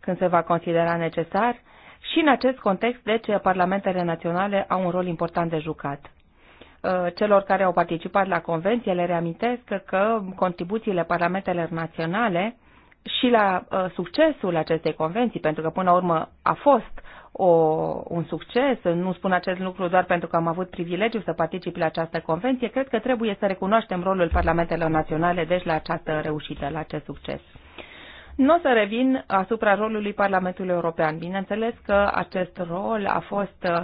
când se va considera necesar, și în acest context, deci, parlamentele naționale au un rol important de jucat. Uh, celor care au participat la convenție le reamintesc că contribuțiile parlamentelor naționale și la uh, succesul acestei convenții, pentru că până la urmă a fost o, un succes. Nu spun acest lucru doar pentru că am avut privilegiu să particip la această convenție. Cred că trebuie să recunoaștem rolul parlamentelor naționale, deci la această reușită, la acest succes. Nu o să revin asupra rolului Parlamentului European. Bineînțeles că acest rol a fost uh,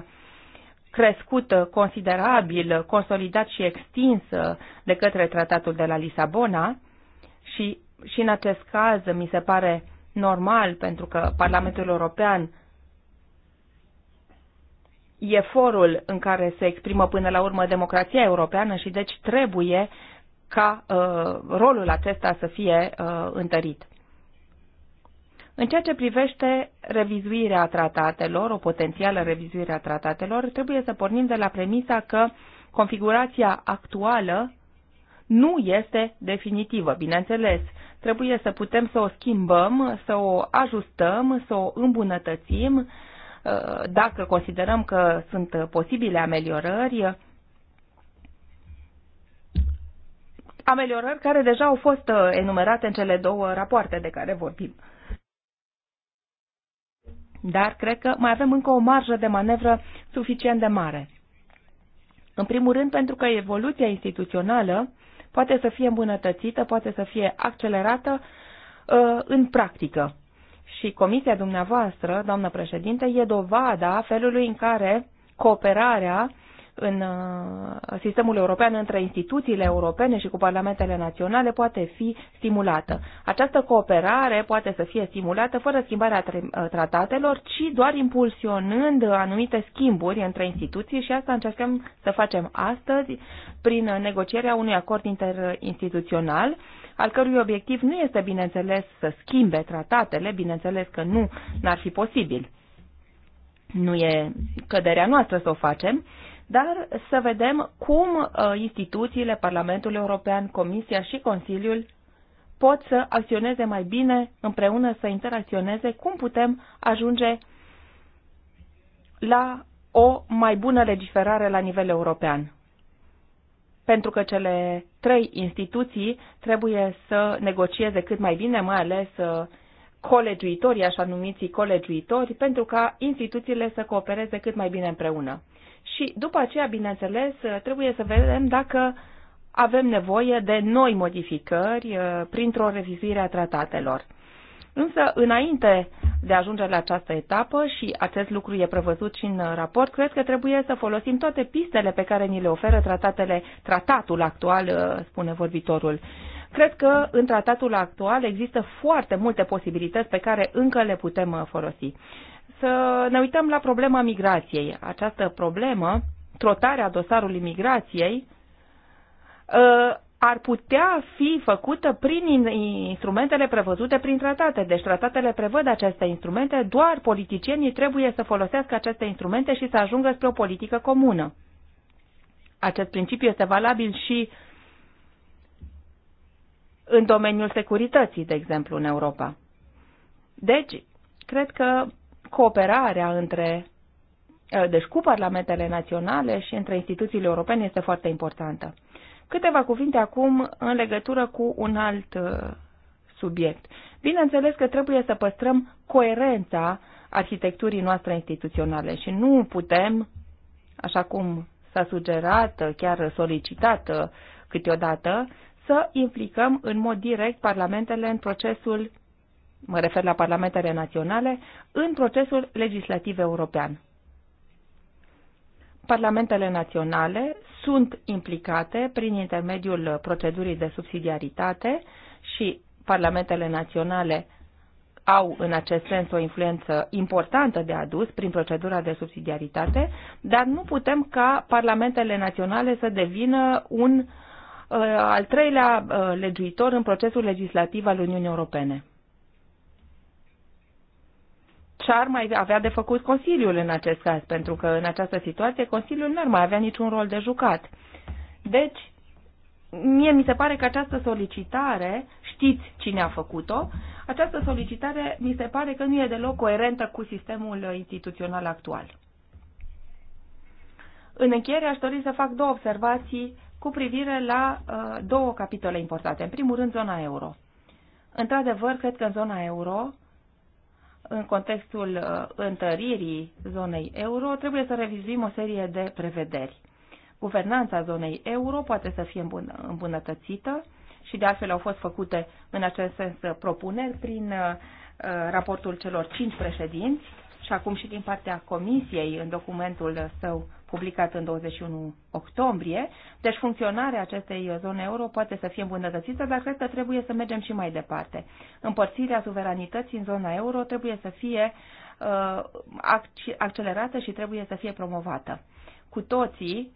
crescut uh, considerabil, consolidat și extins uh, de către tratatul de la Lisabona și, și în acest caz mi se pare normal pentru că Parlamentul European e forul în care se exprimă până la urmă democrația europeană și deci trebuie ca uh, rolul acesta să fie uh, întărit. În ceea ce privește revizuirea tratatelor, o potențială revizuire a tratatelor, trebuie să pornim de la premisa că configurația actuală nu este definitivă, bineînțeles. Trebuie să putem să o schimbăm, să o ajustăm, să o îmbunătățim, uh, Uh, dacă considerăm că sunt posibile ameliorări, ameliorări care deja au fost uh, enumerate în cele două rapoarte de care vorbim. Dar cred că mai avem încă o marjă de manevră suficient de mare. În primul rând pentru că evoluția instituțională poate să fie îmbunătățită, poate să fie accelerată uh, în practică și comisia dumneavoastră, doamnă președinte, e dovada felului în care cooperarea în uh, sistemul european între instituțiile europene și cu parlamentele naționale poate fi stimulată. Această cooperare poate să fie stimulată fără schimbarea uh, tratatelor, ci doar impulsionând anumite schimburi între instituții și asta încercăm să facem astăzi prin negocierea unui acord interinstituțional al cărui obiectiv nu este, bineînțeles, să schimbe tratatele, bineînțeles că nu n-ar fi posibil. Nu e căderea noastră să o facem, dar să vedem cum uh, instituțiile, Parlamentul European, Comisia și Consiliul pot să acționeze mai bine împreună, să interacționeze, cum putem ajunge la o mai bună legiferare la nivel european pentru că cele trei instituții trebuie să negocieze cât mai bine, mai ales uh, colegiuitorii, așa numiții colegiuitori, pentru ca instituțiile să coopereze cât mai bine împreună. Și după aceea, bineînțeles, uh, trebuie să vedem dacă avem nevoie de noi modificări uh, printr-o revizuire a tratatelor. Însă, înainte de a ajunge la această etapă și acest lucru e prevăzut și în raport, cred că trebuie să folosim toate pistele pe care ni le oferă tratatele, tratatul actual, uh, spune vorbitorul. Cred că în tratatul actual există foarte multe posibilități pe care încă le putem uh, folosi. Să ne uităm la problema migrației. Această problemă, trotarea dosarului migrației, uh, ar putea fi făcută prin instrumentele prevăzute prin tratate. Deci tratatele prevăd aceste instrumente, doar politicienii trebuie să folosească aceste instrumente și să ajungă spre o politică comună. Acest principiu este valabil și în domeniul securității, de exemplu, în Europa. Deci, cred că cooperarea între, eh, deci cu parlamentele naționale și între instituțiile europene este foarte importantă. Câteva cuvinte acum în legătură cu un alt uh, subiect. Bineînțeles că trebuie să păstrăm coerența arhitecturii noastre instituționale și nu putem, așa cum s-a sugerat, chiar solicitat uh, câteodată, să implicăm în mod direct parlamentele în procesul, mă refer la parlamentele naționale, în procesul legislativ european parlamentele naționale sunt implicate prin intermediul procedurii de subsidiaritate și parlamentele naționale au în acest sens o influență importantă de adus prin procedura de subsidiaritate, dar nu putem ca parlamentele naționale să devină un uh, al treilea uh, legiuitor în procesul legislativ al Uniunii Europene ce ar mai avea de făcut Consiliul în acest caz, pentru că în această situație Consiliul nu ar mai avea niciun rol de jucat. Deci, mie mi se pare că această solicitare, știți cine a făcut-o, această solicitare mi se pare că nu e deloc coerentă cu sistemul instituțional actual. În încheiere aș dori să fac două observații cu privire la uh, două capitole importante. În primul rând, zona euro. Într-adevăr, cred că în zona euro în contextul uh, întăririi zonei euro, trebuie să revizuim o serie de prevederi. Guvernanța zonei euro poate să fie îmbunătățită și de altfel au fost făcute în acest sens uh, propuneri prin uh, raportul celor cinci președinți și acum și din partea Comisiei în documentul său publicat în 21 octombrie. Deci funcționarea acestei zone euro poate să fie îmbunătățită, dar cred că trebuie să mergem și mai departe. Împărțirea suveranității în zona euro trebuie să fie uh, accelerată și trebuie să fie promovată. Cu toții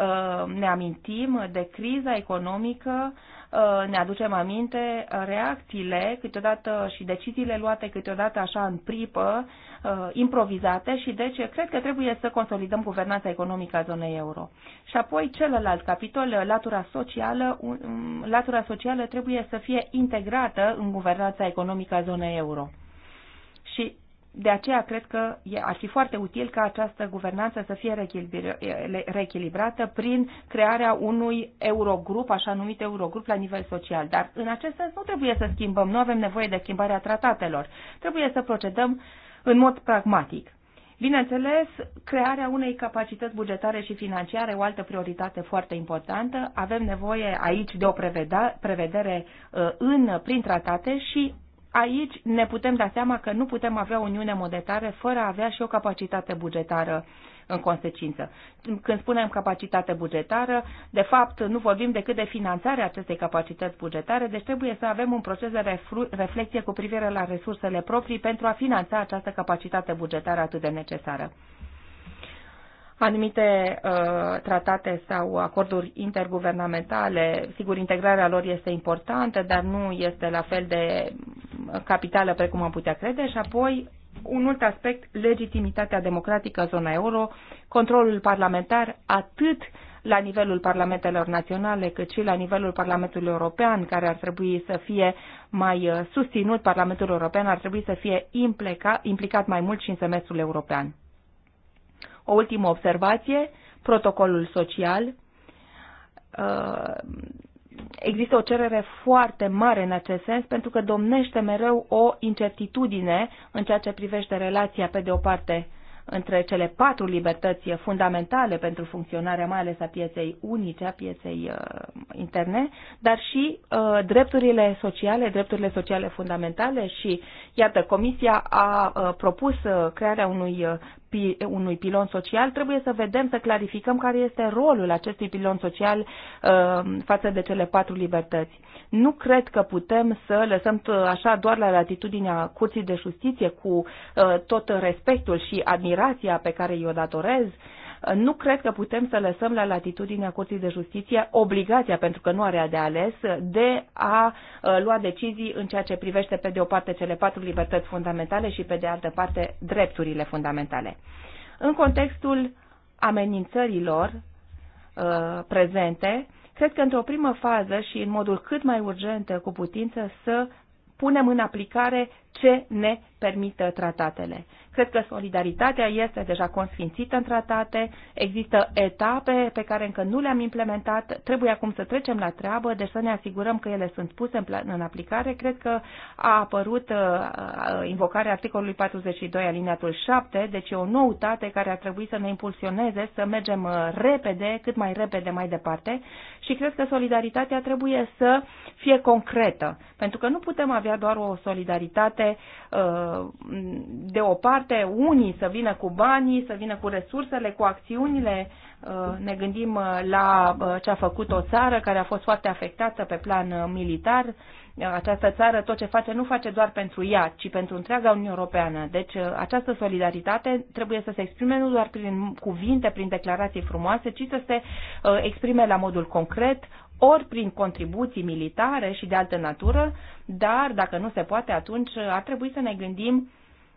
Uh, ne amintim de criza economică, uh, ne aducem aminte uh, reacțiile câteodată și deciziile luate câteodată așa în pripă, improvizate și deci cred că trebuie să consolidăm guvernanța economică a zonei euro. Și apoi celălalt capitol, latura socială, um, latura socială trebuie să fie integrată în guvernanța economică a zonei euro. Și de aceea cred că ar fi foarte util ca această guvernanță să fie reechilibrată prin crearea unui eurogrup, așa numit eurogrup la nivel social. Dar în acest sens nu trebuie să schimbăm, nu avem nevoie de schimbarea tratatelor. Trebuie să procedăm în mod pragmatic. Bineînțeles, crearea unei capacități bugetare și financiare, o altă prioritate foarte importantă. Avem nevoie aici de o prevedere uh, în, prin tratate și aici ne putem da seama că nu putem avea o uniune monetară fără a avea și o capacitate bugetară în consecință. Când spunem capacitate bugetară, de fapt nu vorbim decât de finanțarea acestei capacități bugetare, deci trebuie să avem un proces de reflexie cu privire la resursele proprii pentru a finanța această capacitate bugetară atât de necesară anumite uh, tratate sau acorduri interguvernamentale, sigur, integrarea lor este importantă, dar nu este la fel de capitală precum am putea crede și apoi un alt aspect, legitimitatea democratică a zona euro, controlul parlamentar atât la nivelul parlamentelor naționale, cât și la nivelul Parlamentului European, care ar trebui să fie mai uh, susținut, Parlamentul European ar trebui să fie implicat, implicat mai mult și în semestrul european. O ultimă observație, protocolul social. Uh, există o cerere foarte mare în acest sens pentru că domnește mereu o incertitudine în ceea ce privește relația, pe de o parte, între cele patru libertăți fundamentale pentru funcționarea mai ales a pieței unice, a pieței uh, interne, dar și uh, drepturile sociale, drepturile sociale fundamentale și, iată, Comisia a uh, propus uh, crearea unui uh, unui pilon social, trebuie să vedem, să clarificăm care este rolul acestui pilon social uh, față de cele patru libertăți. Nu cred că putem să lăsăm așa doar la latitudinea Curții de Justiție cu uh, tot respectul și admirația pe care i-o datorez uh, nu cred că putem să lăsăm la latitudinea Curții de Justiție obligația, pentru că nu are de ales, de a uh, lua decizii în ceea ce privește, pe de o parte, cele patru libertăți fundamentale și, pe de altă parte, drepturile fundamentale. În contextul amenințărilor uh, prezente, cred că într-o primă fază și în modul cât mai urgent cu putință să punem în aplicare ce ne permită tratatele. Cred că solidaritatea este deja consfințită în tratate, există etape pe care încă nu le-am implementat, trebuie acum să trecem la treabă, deci să ne asigurăm că ele sunt puse în, aplicare. Cred că a apărut uh, uh, invocarea articolului 42 alineatul 7, deci e o noutate care ar trebui să ne impulsioneze să mergem uh, repede, cât mai repede mai departe și cred că solidaritatea trebuie să fie concretă, pentru că nu putem avea doar o solidaritate Uh, de o parte unii să vină cu banii, să vină cu resursele, cu acțiunile. Uh, ne gândim uh, la ce a făcut o țară care a fost foarte afectată pe plan militar. Această țară tot ce face nu face doar pentru ea, ci pentru întreaga Uniune Europeană. Deci această solidaritate trebuie să se exprime nu doar prin cuvinte, prin declarații frumoase, ci să se exprime la modul concret ori prin contribuții militare și de altă natură, dar dacă nu se poate, atunci ar trebui să ne gândim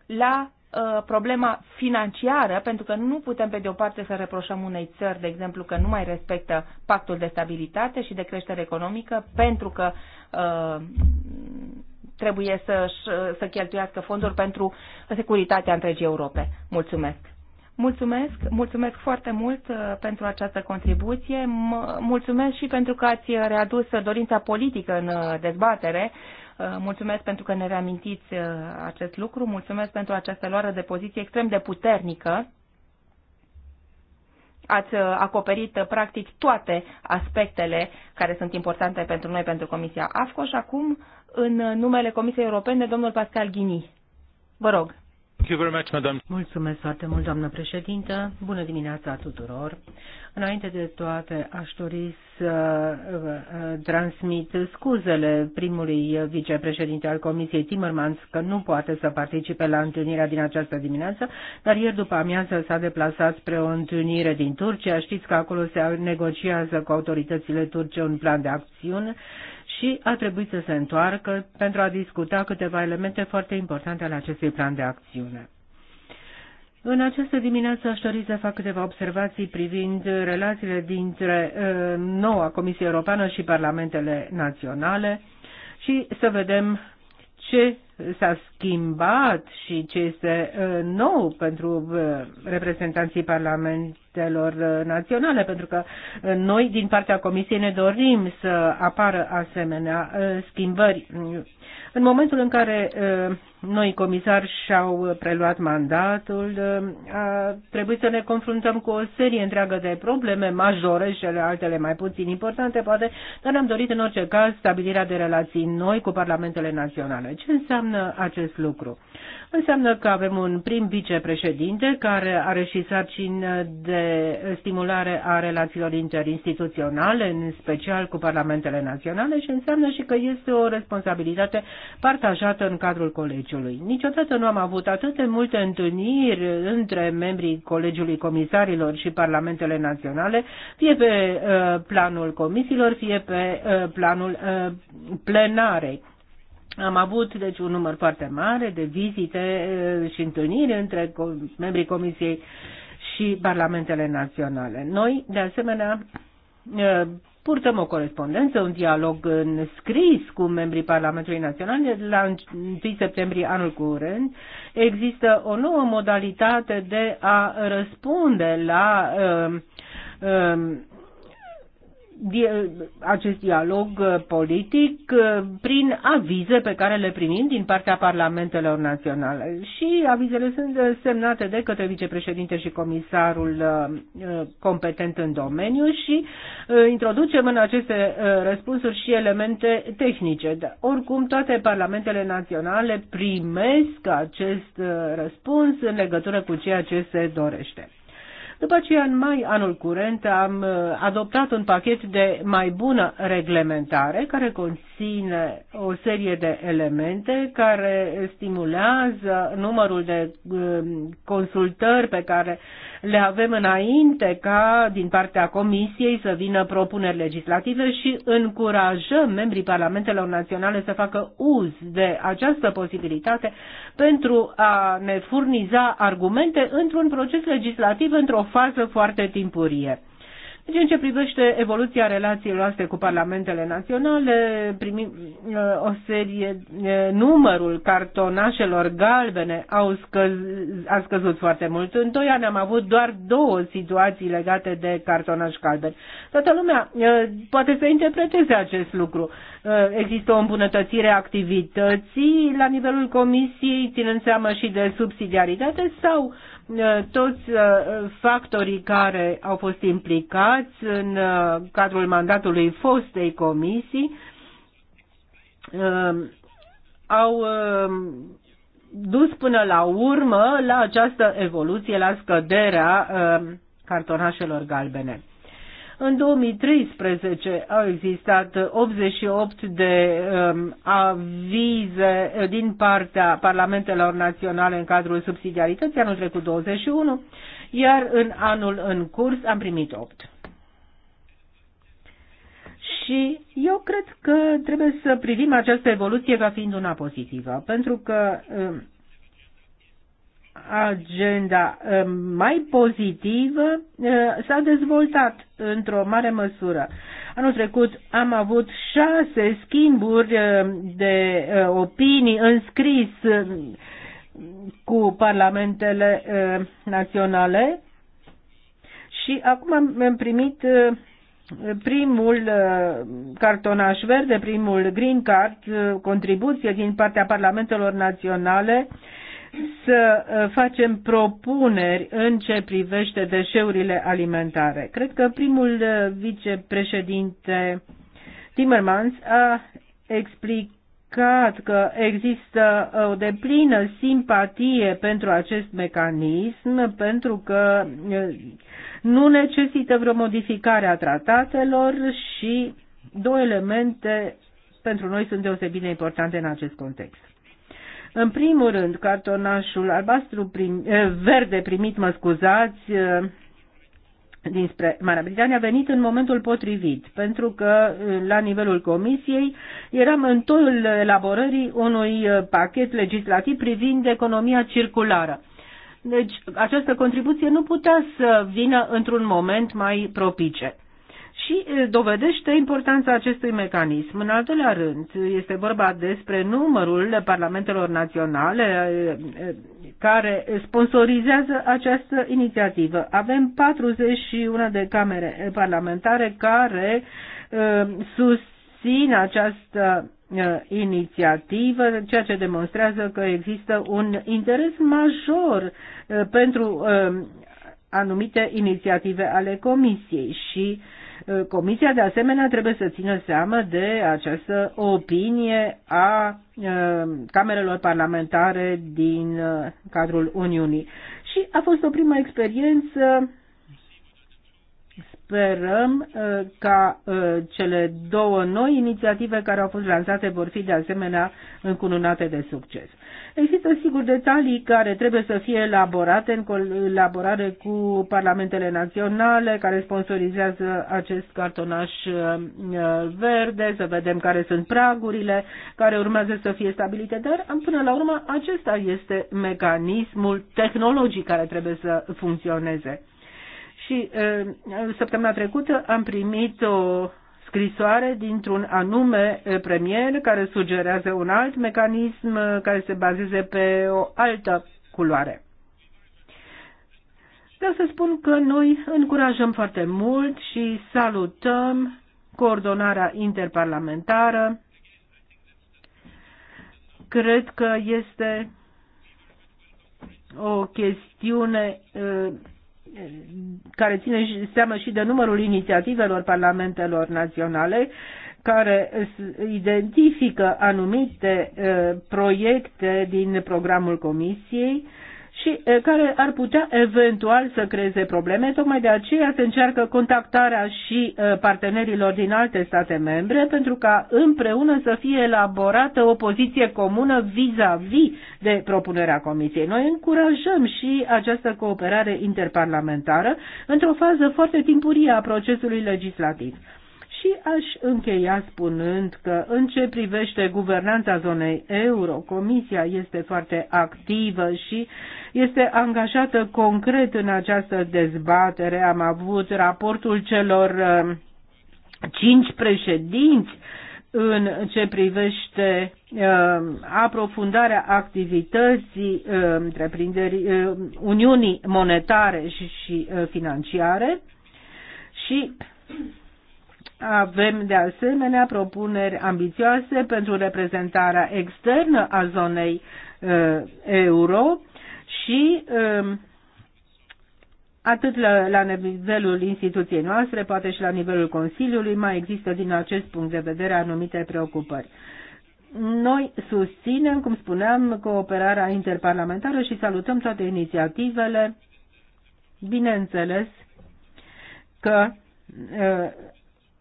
la uh, problema financiară, pentru că nu putem pe de o parte să reproșăm unei țări, de exemplu, că nu mai respectă pactul de stabilitate și de creștere economică, pentru că uh, trebuie să, să cheltuiască fonduri pentru securitatea întregii Europe. Mulțumesc! Mulțumesc, mulțumesc foarte mult uh, pentru această contribuție. Mulțumesc și pentru că ați readus dorința politică în uh, dezbatere. Uh, mulțumesc pentru că ne reamintiți acest lucru. Mulțumesc pentru această luare de poziție extrem de puternică. Ați acoperit practic toate aspectele care sunt importante pentru noi, pentru Comisia AFCO și acum, în numele Comisiei Europene, domnul Pascal Ghini. Vă rog.
Mulțumesc foarte mult, doamnă președintă. Bună dimineața tuturor. Înainte de toate, aș dori să uh, transmit scuzele primului vicepreședinte al Comisiei Timmermans că nu poate să participe la întâlnirea din această dimineață, dar ieri după amiază s-a deplasat spre o întâlnire din Turcia. Știți că acolo se negociază cu autoritățile turce un plan de acțiune și a trebuit să se întoarcă pentru a discuta câteva elemente foarte importante ale acestui plan de acțiune. În această dimineață aș dori să fac câteva observații privind relațiile dintre uh, noua Comisie Europeană și Parlamentele Naționale și să vedem ce s-a schimbat și ce este uh, nou pentru uh, reprezentanții parlamentelor uh, naționale, pentru că noi din partea Comisiei ne dorim să apară asemenea schimbări în momentul în care uh, noi comisari și-au preluat mandatul, uh, a trebuit să ne confruntăm cu o serie întreagă de probleme majore și altele mai puțin importante, poate, dar am dorit în orice caz stabilirea de relații noi cu parlamentele naționale. Ce înseamnă acest lucru? Înseamnă că avem un prim vicepreședinte care are și sarcini de stimulare a relațiilor interinstituționale, în special cu parlamentele naționale și înseamnă și că este o responsabilitate partajată în cadrul colegiului. Niciodată nu am avut atât de multe întâlniri între membrii Colegiului Comisarilor și parlamentele naționale, fie pe uh, planul comisiilor, fie pe uh, planul uh, plenarei. Am avut deci un număr foarte mare de vizite și întâlniri între membrii Comisiei și parlamentele naționale. Noi, de asemenea, purtăm o corespondență, un dialog în scris cu membrii Parlamentului Național. La 1 septembrie anul curent există o nouă modalitate de a răspunde la uh, uh, acest dialog uh, politic uh, prin avize pe care le primim din partea parlamentelor naționale. Și avizele sunt uh, semnate de către vicepreședinte și comisarul competent în domeniu și introducem în aceste răspunsuri și elemente tehnice. Oricum, toate parlamentele naționale primesc acest răspuns în legătură cu ceea ce se dorește. După aceea, în mai anul curent, am uh, adoptat un pachet de mai bună reglementare care conține conține o serie de elemente care stimulează numărul de um, consultări pe care le avem înainte ca din partea Comisiei să vină propuneri legislative și încurajăm membrii Parlamentelor Naționale să facă uz de această posibilitate pentru a ne furniza argumente într-un proces legislativ într-o fază foarte timpurie. Deci, în ce privește evoluția relațiilor noastre cu parlamentele naționale, primim uh, o serie, uh, numărul cartonașelor galbene au scăz, a scăzut foarte mult. În doi ani am avut doar două situații legate de cartonaș galben. Toată lumea uh, poate să interpreteze acest lucru. Există o îmbunătățire a activității la nivelul comisiei, ținând seama și de subsidiaritate, sau Ă, toți ă, factorii care au fost implicați în ă, cadrul mandatului fostei comisii au dus până la urmă la această evoluție, la scăderea cartonașelor galbene. În 2013 au existat 88 de um, avize din partea parlamentelor naționale în cadrul subsidiarității, anul trecut 21, iar în anul în curs am primit 8. Și eu cred că trebuie să privim această evoluție ca fiind una pozitivă, pentru că um, agenda uh, mai pozitivă uh, s-a dezvoltat într-o mare măsură. Anul trecut am avut șase schimburi uh, de opinii înscris cu parlamentele naționale și acum am primit primul cartonaș verde, primul green card, contribuție din partea parlamentelor naționale să ă, facem propuneri în ce privește deșeurile alimentare. Cred că primul ă, vicepreședinte Timmermans a explicat că există ă, o deplină simpatie pentru acest mecanism, pentru că nu necesită vreo modificare a tratatelor și două elemente pentru noi sunt deosebit de importante în acest context. În primul rând, cartonașul albastru prim, eh, verde primit, mă scuzați, eh, dinspre Marea Britanie a venit în momentul potrivit, pentru că eh, la nivelul Comisiei eram în toiul elaborării unui pachet legislativ privind economia circulară. Deci această contribuție nu putea să vină într-un moment mai propice și dovedește importanța acestui mecanism. În al doilea rând, este vorba despre numărul parlamentelor naționale eh, eh, care sponsorizează această inițiativă. Avem 41 de camere parlamentare care eh, susțin această inițiativă, ceea ce demonstrează că există un interes major pentru anumite inițiative ale Comisiei și Comisia, de asemenea, trebuie să țină seamă de această opinie a camerelor parlamentare din cadrul Uniunii. Și a fost o primă experiență sperăm ca cele două noi inițiative care au fost lansate vor fi de asemenea încununate de succes. Există sigur detalii care trebuie să fie elaborate în colaborare cu parlamentele naționale care sponsorizează acest cartonaș uh, uh, verde, să vedem care sunt pragurile care urmează să fie stabilite, dar până la urmă acesta este mecanismul tehnologic care trebuie să funcționeze. Și uh, săptămâna trecută am primit o scrisoare dintr-un anume eh, premier care sugerează un alt mecanism eh, care se bazeze pe o altă culoare. Vreau să spun că noi încurajăm foarte mult și salutăm coordonarea interparlamentară. Cred că este o chestiune eh, care ține seama și de numărul inițiativelor parlamentelor naționale, care identifică anumite uh, proiecte din programul Comisiei și care ar putea eventual să creeze probleme. Tocmai de aceea se încearcă contactarea și partenerilor din alte state membre pentru ca împreună să fie elaborată o poziție comună vis-a-vis -vis de propunerea Comisiei. Noi încurajăm și această cooperare interparlamentară într-o fază foarte timpurie a procesului legislativ. Și aș încheia spunând că în ce privește guvernanța zonei euro, Comisia este foarte activă și este angajată concret în această dezbatere. Am avut raportul celor uh, cinci președinți în ce privește uh, aprofundarea activității uh, uh, Uniunii Monetare și, și uh, Financiare și avem de asemenea propuneri ambițioase pentru reprezentarea externă a zonei uh, euro și uh, atât la, la nivelul instituției noastre, poate și la nivelul Consiliului, mai există din acest punct de vedere anumite preocupări. Noi susținem, cum spuneam, cooperarea interparlamentară și salutăm toate inițiativele. Bineînțeles că uh,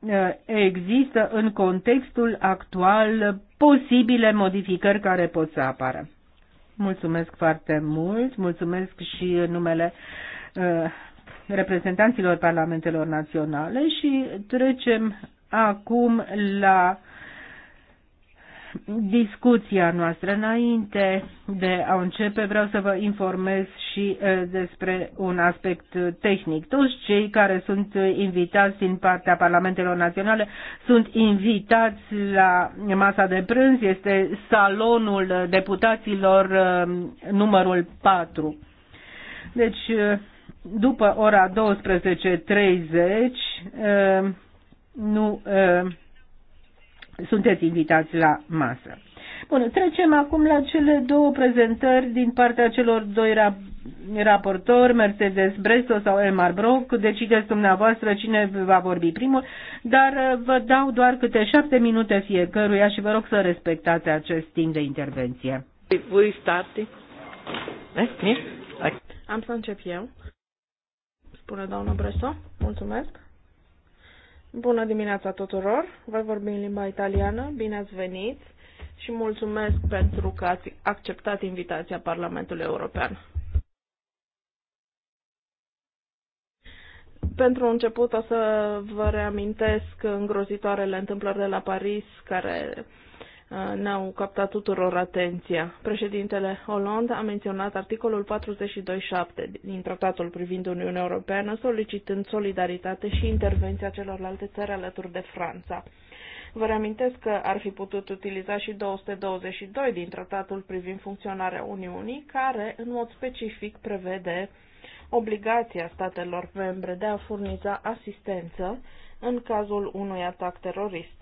Eh, există în contextul actual posibile modificări care pot să apară. Mulțumesc foarte mult, mulțumesc și în numele eh, reprezentanților parlamentelor naționale și trecem acum la discuția noastră. Înainte de a începe, vreau să vă informez și despre un aspect tehnic. Toți cei care sunt invitați din partea Parlamentelor Naționale sunt invitați la masa de prânz, este salonul deputaților numărul 4. Deci, după ora 12.30, nu sunteți invitați la masă. Bun, trecem acum la cele două prezentări din partea celor doi rap- raportori, Mercedes Bresto sau Elmar Brock. Decideți dumneavoastră cine va vorbi primul, dar uh, vă dau doar câte șapte minute fiecăruia și vă rog să respectați acest timp de intervenție. Voi starte. Eh,
Am să încep eu. Spune doamna Bresto. Mulțumesc. Bună dimineața tuturor! Voi vorbi în limba italiană. Bine ați venit și mulțumesc pentru că ați acceptat invitația Parlamentului European. Pentru început o să vă reamintesc îngrozitoarele întâmplări de la Paris care Uh, ne-au captat tuturor atenția. Președintele Hollande a menționat articolul 42.7 din tratatul privind Uniunea Europeană, solicitând solidaritate și intervenția celorlalte țări alături de Franța. Vă reamintesc că ar fi putut utiliza și 222 din tratatul privind funcționarea Uniunii, care în mod specific prevede obligația statelor membre de a furniza asistență în cazul unui atac terorist.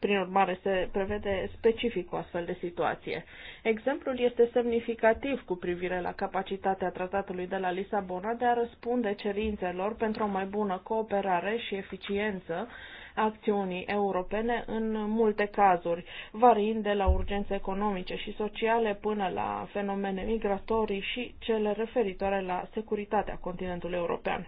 Prin urmare, se prevede specific o astfel de situație. Exemplul este semnificativ cu privire la capacitatea tratatului de la Lisabona de a răspunde cerințelor pentru o mai bună cooperare și eficiență acțiunii europene în multe cazuri, variind de la urgențe economice și sociale până la fenomene migratorii și cele referitoare la securitatea continentului european.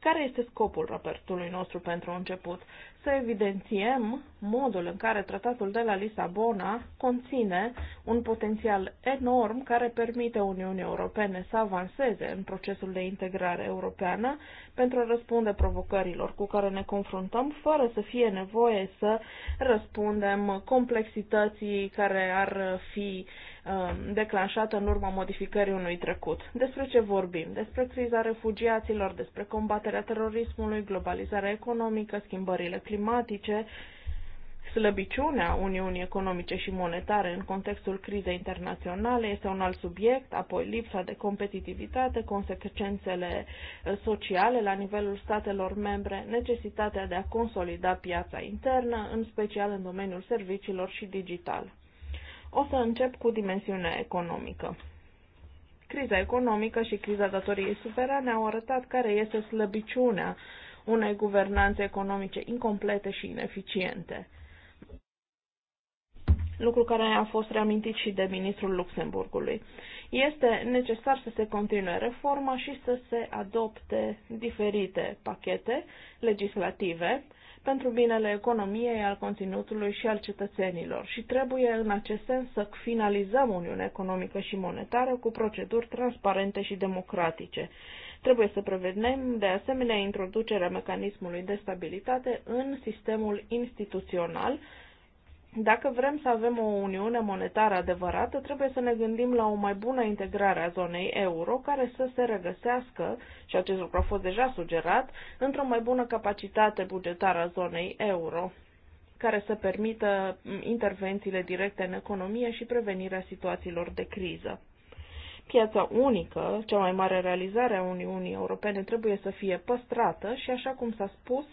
Care este scopul raportului nostru pentru început? Să evidențiem modul în care tratatul de la Lisabona conține un potențial enorm care permite Uniunii Europene să avanseze în procesul de integrare europeană pentru a răspunde provocărilor cu care ne confruntăm, fără să fie nevoie să răspundem complexității care ar fi uh, Um, declanșată în urma modificării unui trecut. Despre ce vorbim? Despre criza refugiaților, despre combaterea terorismului, globalizarea economică, schimbările climatice, slăbiciunea Uniunii Economice și Monetare în contextul crizei internaționale este un alt subiect, apoi lipsa de competitivitate, consecințele uh, sociale la nivelul statelor membre, necesitatea de a consolida piața internă, în special în domeniul serviciilor și digital. O să încep cu dimensiunea economică. Criza economică și criza datoriei suverane au arătat care este slăbiciunea unei guvernanțe economice incomplete și ineficiente. Lucru care a fost reamintit și de ministrul Luxemburgului. Este necesar să se continue reforma și să se adopte diferite pachete legislative pentru binele economiei, al conținutului și al cetățenilor și trebuie în acest sens să finalizăm Uniunea Economică și Monetară cu proceduri transparente și democratice. Trebuie să prevenim de asemenea introducerea mecanismului de stabilitate în sistemul instituțional, dacă vrem să avem o uniune monetară adevărată, trebuie să ne gândim la o mai bună integrare a zonei euro, care să se regăsească, și acest lucru a fost deja sugerat, într-o mai bună capacitate bugetară a zonei euro, care să permită intervențiile directe în economie și prevenirea situațiilor de criză. Piața unică, cea mai mare realizare a Uniunii Europene, trebuie să fie păstrată și, așa cum s-a spus,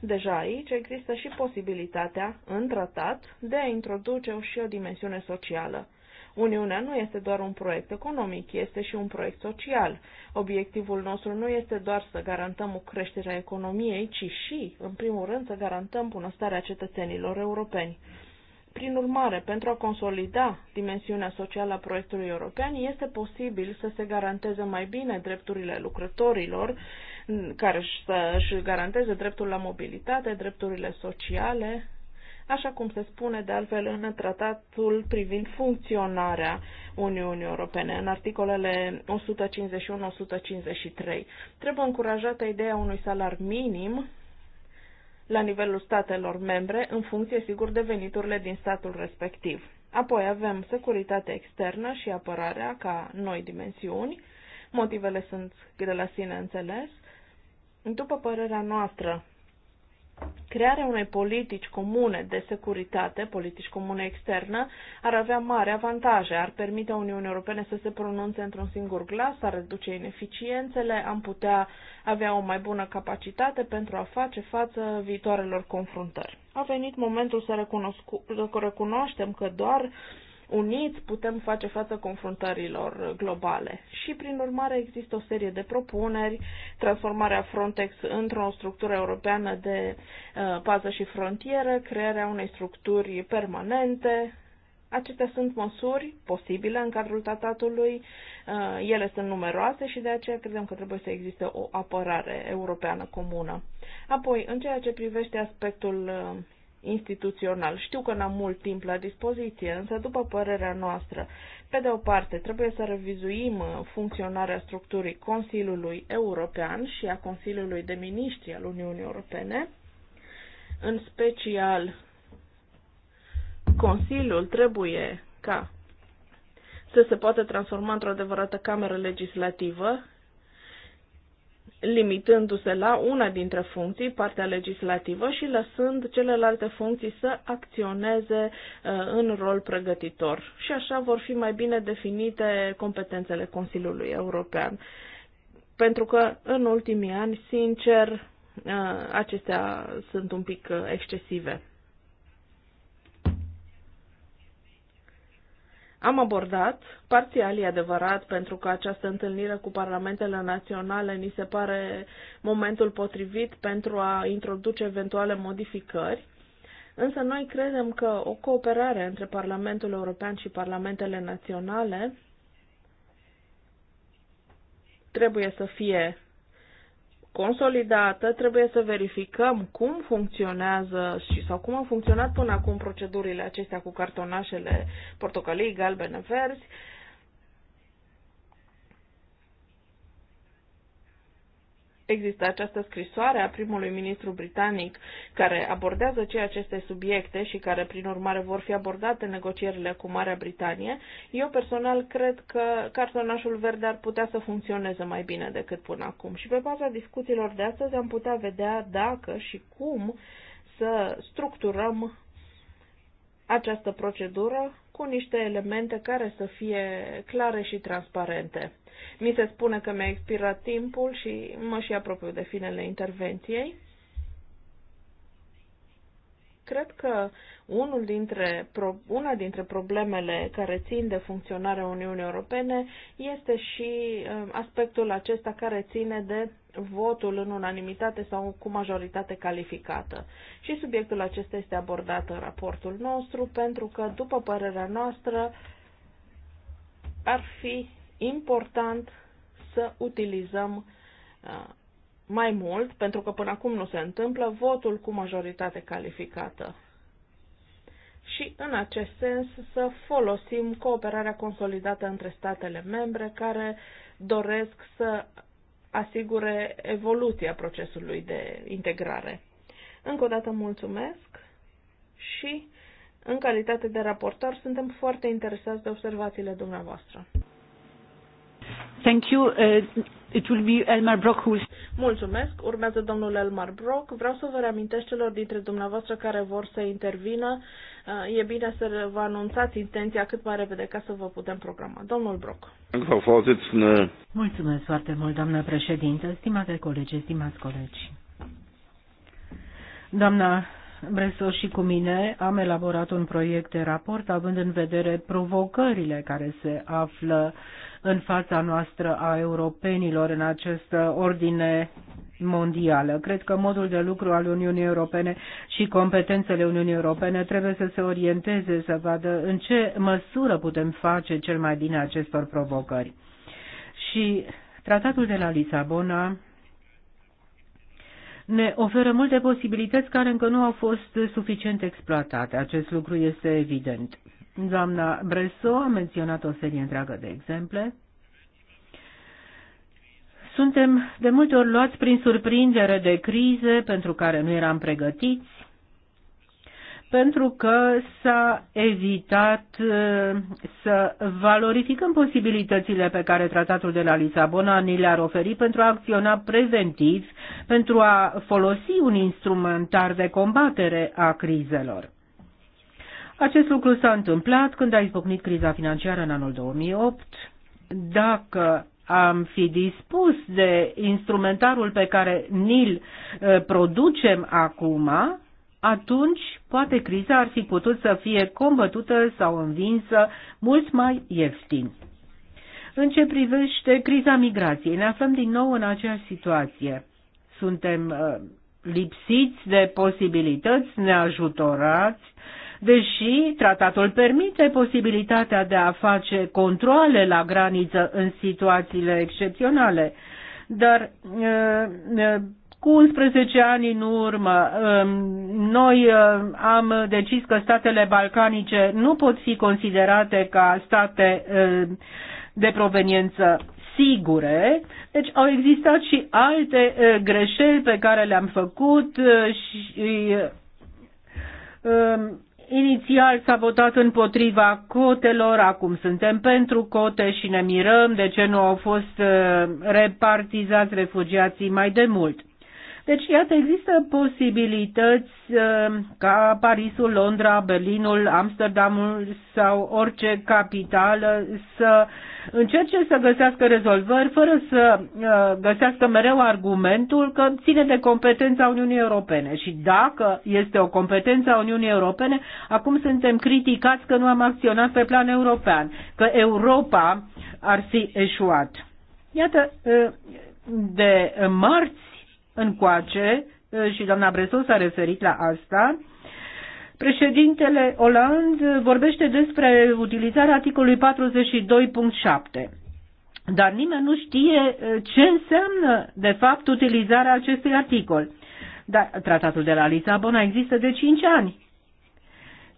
Deja aici există și posibilitatea, în tratat, de a introduce și o dimensiune socială. Uniunea nu este doar un proiect economic, este și un proiect social. Obiectivul nostru nu este doar să garantăm o creștere a economiei, ci și, în primul rând, să garantăm bunăstarea cetățenilor europeni. Prin urmare, pentru a consolida dimensiunea socială a proiectului european, este posibil să se garanteze mai bine drepturile lucrătorilor care să își garanteze dreptul la mobilitate, drepturile sociale, așa cum se spune de altfel în tratatul privind funcționarea Uniunii Europene, în articolele 151-153. Trebuie încurajată ideea unui salar minim la nivelul statelor membre, în funcție, sigur, de veniturile din statul respectiv. Apoi avem securitatea externă și apărarea ca noi dimensiuni. Motivele sunt de la sine înțeles. După părerea noastră, crearea unei politici comune de securitate, politici comune externă, ar avea mari avantaje, ar permite Uniunii Europene să se pronunțe într-un singur glas, ar reduce ineficiențele, am putea avea o mai bună capacitate pentru a face față viitoarelor confruntări. A venit momentul să recunoaștem că doar uniți putem face față confruntărilor globale. Și, prin urmare, există o serie de propuneri, transformarea Frontex într-o structură europeană de uh, pază și frontieră, crearea unei structuri permanente. Acestea sunt măsuri posibile în cadrul tratatului, uh, ele sunt numeroase și de aceea credem că trebuie să existe o apărare europeană comună. Apoi, în ceea ce privește aspectul uh, instituțional. Știu că n-am mult timp la dispoziție, însă, după părerea noastră, pe de o parte, trebuie să revizuim funcționarea structurii Consiliului European și a Consiliului de Ministri al Uniunii Europene, în special Consiliul trebuie ca să se poată transforma într-o adevărată cameră legislativă, limitându-se la una dintre funcții, partea legislativă, și lăsând celelalte funcții să acționeze uh, în rol pregătitor. Și așa vor fi mai bine definite competențele Consiliului European. Pentru că în ultimii ani, sincer, uh, acestea sunt un pic uh, excesive. Am abordat, parțial e adevărat, pentru că această întâlnire cu parlamentele naționale ni se pare momentul potrivit pentru a introduce eventuale modificări, însă noi credem că o cooperare între Parlamentul European și parlamentele naționale trebuie să fie consolidată, trebuie să verificăm cum funcționează și sau cum au funcționat până acum procedurile acestea cu cartonașele portocalii, galbene, verzi există această scrisoare a primului ministru britanic care abordează ceea aceste subiecte și care, prin urmare, vor fi abordate în negocierile cu Marea Britanie, eu personal cred că cartonașul verde ar putea să funcționeze mai bine decât până acum. Și pe baza discuțiilor de astăzi am putea vedea dacă și cum să structurăm această procedură cu niște elemente care să fie clare și transparente. Mi se spune că mi-a expirat timpul și mă și apropiu de finele intervenției. Cred că unul dintre, una dintre problemele care țin de funcționarea Uniunii Europene este și um, aspectul acesta care ține de votul în unanimitate sau cu majoritate calificată. Și subiectul acesta este abordat în raportul nostru pentru că, după părerea noastră, ar fi important să utilizăm uh, mai mult, pentru că până acum nu se întâmplă, votul cu majoritate calificată. Și, în acest sens, să folosim cooperarea consolidată între statele membre care doresc să asigure evoluția procesului de integrare. Încă o dată mulțumesc și, în calitate de raportor, suntem foarte interesați de observațiile dumneavoastră.
Thank you. Uh, it will be Elmar Brock who...
Mulțumesc. Urmează domnul Elmar Brock. Vreau să vă reamintesc celor dintre dumneavoastră care vor să intervină Eh, e bine să vă anunțați intenția cât mai repede ca să vă putem programa. Domnul Broc.
Mulțumesc foarte mult, doamnă președintă, stimate colegi, stimați colegi. Doamna Bresor și cu mine am elaborat un proiect de raport având în vedere provocările care se află uh, în fața noastră a europenilor în această ordine mondială. Cred că modul de lucru al Uniunii Europene și competențele Uniunii Europene trebuie să se orienteze, să vadă în ce măsură putem face cel mai bine acestor provocări. Și tratatul de la Lisabona ne oferă multe posibilități care încă nu au fost suficient exploatate. Acest lucru este evident. Doamna Bresso a menționat o serie întreagă de exemple. Suntem de multe ori luați prin surprindere de crize pentru care nu eram pregătiți, pentru că s-a evitat uh, să valorificăm posibilitățile pe care tratatul de la Lisabona ni le-ar oferi pentru a acționa preventiv, pentru a folosi un instrumentar de combatere a crizelor. Acest lucru s-a întâmplat când a izbucnit criza financiară în anul 2008. Dacă am fi dispus de instrumentarul pe care ni-l ă, producem acum, atunci poate criza ar fi putut să fie combătută sau învinsă mult mai ieftin. În ce privește criza migrației, ne aflăm din nou în aceeași situație. Suntem ă, lipsiți de posibilități neajutorați deși tratatul permite posibilitatea de a face controle la graniță în situațiile excepționale. Dar cu 11 ani în urmă, noi am decis că statele balcanice nu pot fi considerate ca state de proveniență sigure. Deci au existat și alte greșeli pe care le-am făcut și Inițial s-a votat împotriva cotelor, acum suntem pentru cote și ne mirăm de ce nu au fost uh, repartizați refugiații mai de mult. Deci, iată, există posibilități uh, ca Parisul, Londra, Berlinul, Amsterdamul sau orice capitală să încerce să găsească rezolvări fără să uh, găsească mereu argumentul că ține de competența Uniunii Europene. Și dacă este o competență a Uniunii Europene, acum suntem criticați că nu am acționat pe plan european, că Europa ar fi eșuat. Iată, uh, de marți încoace uh, și doamna Bresu s-a referit la asta, președintele Oland vorbește despre utilizarea articolului 42.7. Dar nimeni nu știe uh, ce înseamnă, de fapt, utilizarea acestui articol. Dar tratatul de la Lisabona există de 5 ani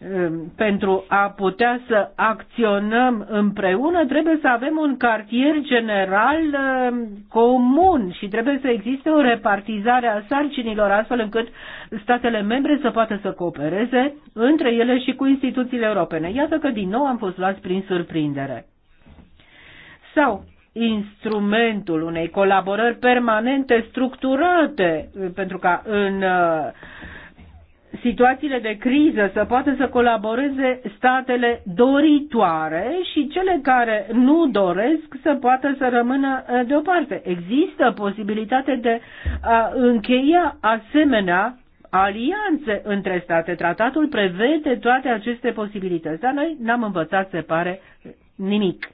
Ehm, pentru a putea să acționăm împreună, trebuie să avem un cartier general ehm, comun și trebuie să existe o repartizare a sarcinilor astfel încât statele membre să poată să coopereze între ele și cu instituțiile europene. Iată că din nou am fost luați prin surprindere. Sau instrumentul unei colaborări permanente structurate pentru ca în uh, situațiile de criză să poată să colaboreze statele doritoare și cele care nu doresc să poată să rămână uh, deoparte. Există posibilitate de a încheia asemenea alianțe între state. Tratatul prevede toate aceste posibilități, dar noi n-am învățat, se pare, nimic.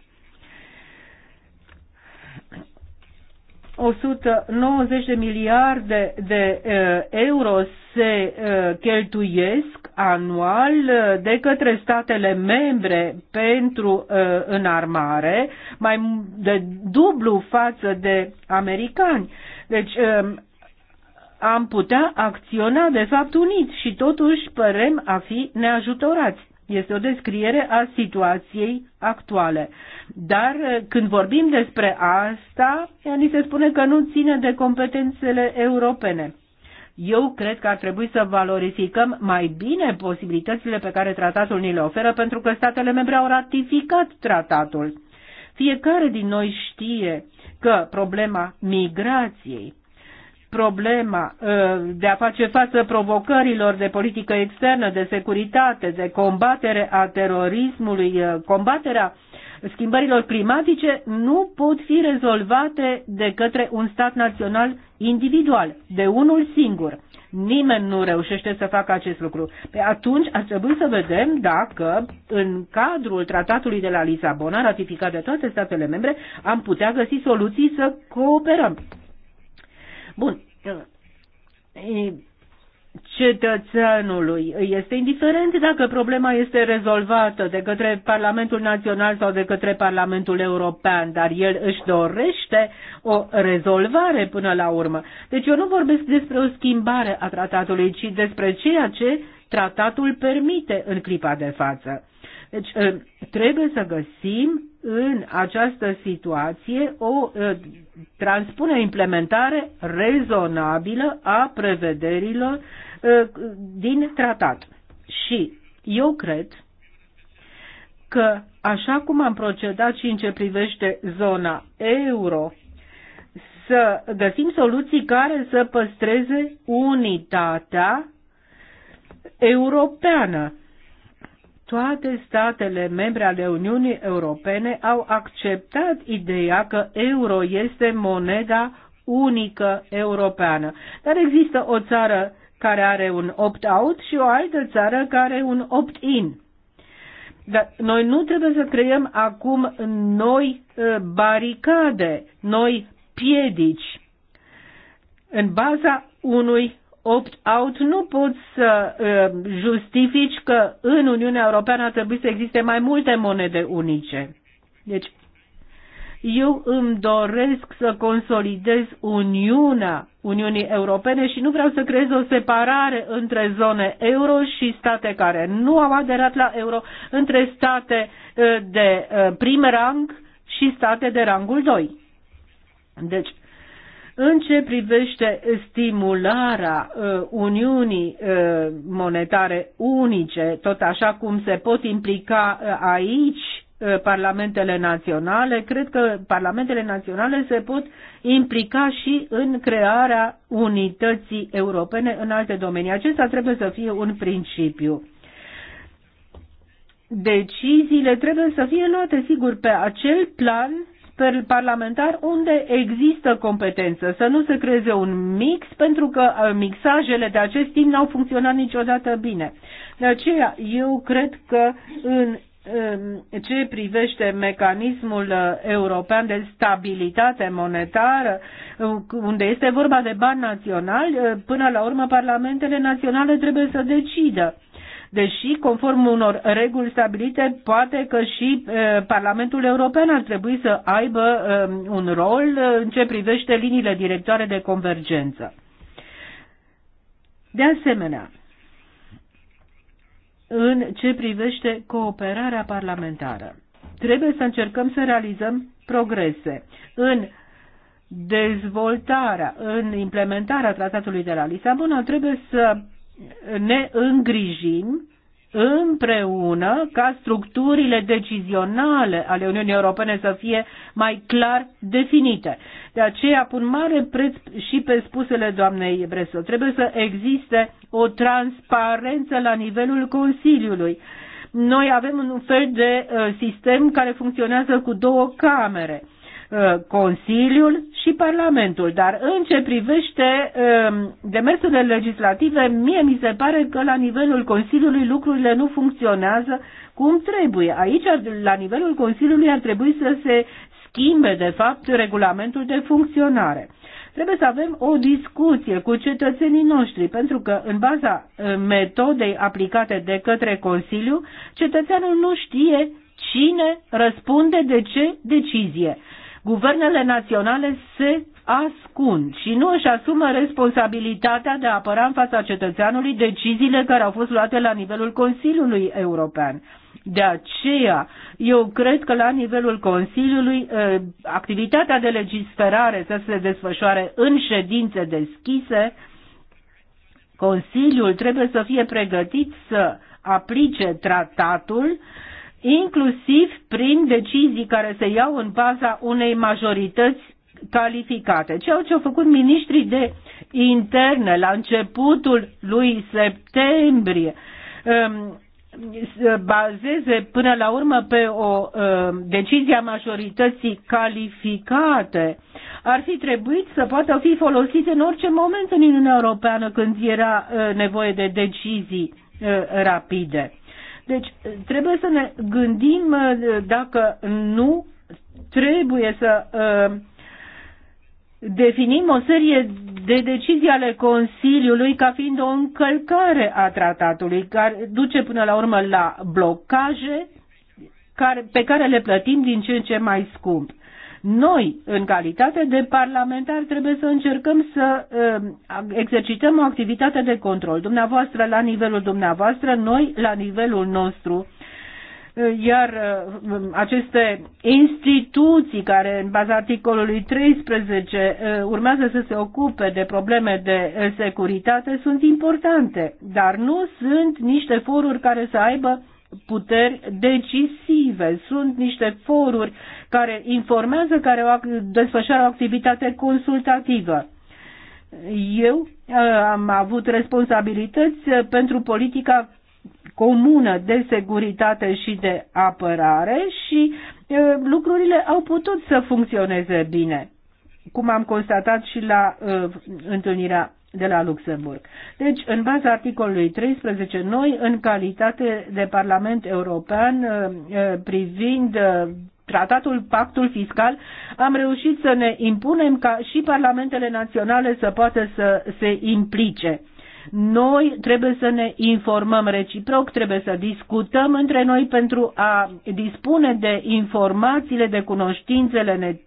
190 de miliarde de euro se cheltuiesc anual de către statele membre pentru înarmare, mai de dublu față de americani. Deci am putea acționa de fapt unit și totuși părem a fi neajutorați. Este o descriere a situației actuale. Dar eh, când vorbim despre asta, ni se spune că nu ține de competențele europene. Eu cred că ar trebui să valorificăm mai bine posibilitățile pe care tratatul ni le oferă, pentru că statele membre au ratificat tratatul. Fiecare din noi știe că problema migrației problema ă, de a face față provocărilor de politică externă, de securitate, de combatere a terorismului, ă, combaterea schimbărilor climatice nu pot fi rezolvate de către un stat național individual, de unul singur. Nimeni nu reușește să facă acest lucru. Pe atunci ar trebui să vedem dacă în cadrul tratatului de la Lisabona, ratificat de toate statele membre, am putea găsi soluții să cooperăm. Bun. Cetățeanului este indiferent dacă problema este rezolvată de către Parlamentul Național sau de către Parlamentul European, dar el își dorește o rezolvare până la urmă. Deci eu nu vorbesc despre o schimbare a tratatului, ci despre ceea ce tratatul permite în clipa de față. Deci uh, trebuie să găsim în această situație o uh, transpune implementare rezonabilă a prevederilor uh, din tratat. Și eu cred că așa cum am procedat și în ce privește zona euro, să găsim soluții care să păstreze unitatea europeană toate statele membre ale Uniunii Europene au acceptat ideea că euro este moneda unică europeană. Dar există o țară care are un opt-out și o altă țară care are un opt-in. Dar noi nu trebuie să creăm acum noi ă, baricade, noi piedici în baza unui opt-out nu poți să uh, justifici că în Uniunea Europeană ar trebui să existe mai multe monede unice. Deci, eu îmi doresc să consolidez Uniunea Uniunii Europene și nu vreau să creez o separare între zone euro și state care nu au aderat la euro, între state uh, de uh, prim rang și state de rangul 2. Deci, în ce privește stimularea uh, Uniunii uh, Monetare Unice, tot așa cum se pot implica uh, aici parlamentele naționale, cred că parlamentele naționale se pot implica și în crearea unității europene în alte domenii. Acesta trebuie să fie un principiu. Deciziile trebuie să fie luate, sigur, pe acel plan parlamentar unde există competență, să nu se creeze un mix, pentru că uh, mixajele de acest timp n-au funcționat niciodată bine. De aceea, eu cred că în um, ce privește mecanismul uh, european de stabilitate monetară, uh, unde este vorba de bani naționali, până la urmă parlamentele naționale trebuie să decidă deși conform unor reguli stabilite, poate că și uh, Parlamentul European ar trebui să aibă um, un rol uh, în ce privește liniile directoare de convergență. De asemenea, în ce privește cooperarea parlamentară, trebuie să încercăm să realizăm progrese în dezvoltarea, în implementarea tratatului de la Lisabona, trebuie să ne îngrijim împreună ca structurile decizionale ale Uniunii Europene să fie mai clar definite. De aceea pun mare preț și pe spusele doamnei Bresso. Trebuie să existe o transparență la nivelul Consiliului. Noi avem un fel de uh, sistem care funcționează cu două camere Uh, Consiliul și Parlamentul. Dar în ce privește um, demersurile legislative, mie mi se pare că la nivelul Consiliului lucrurile nu funcționează cum trebuie. Aici, la nivelul Consiliului, ar trebui să se schimbe, de fapt, regulamentul de funcționare. Trebuie să avem o discuție cu cetățenii noștri, pentru că în baza uh, metodei aplicate de către Consiliu, cetățeanul nu știe cine răspunde de ce decizie guvernele naționale se ascund și nu își asumă responsabilitatea de a apăra în fața cetățeanului deciziile care au fost luate la nivelul Consiliului European. De aceea, eu cred că la nivelul Consiliului eh, activitatea de legisferare să se desfășoare în ședințe deschise, Consiliul trebuie să fie pregătit să aplice tratatul inclusiv prin decizii care se iau în baza unei majorități calificate. Ceea ce au făcut ministrii de interne la începutul lui septembrie bazeze până la urmă pe o decizie a majorității calificate, ar fi trebuit să poată fi folosite în orice moment în Uniunea Europeană când era nevoie de decizii rapide. Deci trebuie să ne gândim uh, dacă nu trebuie să uh, definim o serie de decizii ale Consiliului ca fiind o încălcare a tratatului, care duce până la urmă la blocaje pe care le plătim din ce în ce mai scump. Noi, în calitate de parlamentari, trebuie să încercăm să um, exercităm o activitate de control. Dumneavoastră la nivelul dumneavoastră, noi la nivelul nostru uh, iar uh, um, aceste instituții care în baza articolului 13 uh, urmează să se ocupe de probleme de securitate sunt importante, dar nu sunt niște foruri care să aibă puteri decisive. Sunt niște foruri care informează, care o, desfășoară o activitate consultativă. Eu uh, am avut responsabilități uh, pentru politica comună de securitate și de apărare și uh, lucrurile au putut să funcționeze bine. Cum am constatat și la întâlnirea de la Luxemburg. Deci, în baza articolului 13, noi, în calitate de Parlament European, uh, uh, privind uh, tratatul, pactul fiscal, am reușit să ne impunem ca și parlamentele naționale să poată să se implice. Noi trebuie să ne informăm reciproc, trebuie să discutăm între noi pentru a dispune de informațiile, de cunoștințele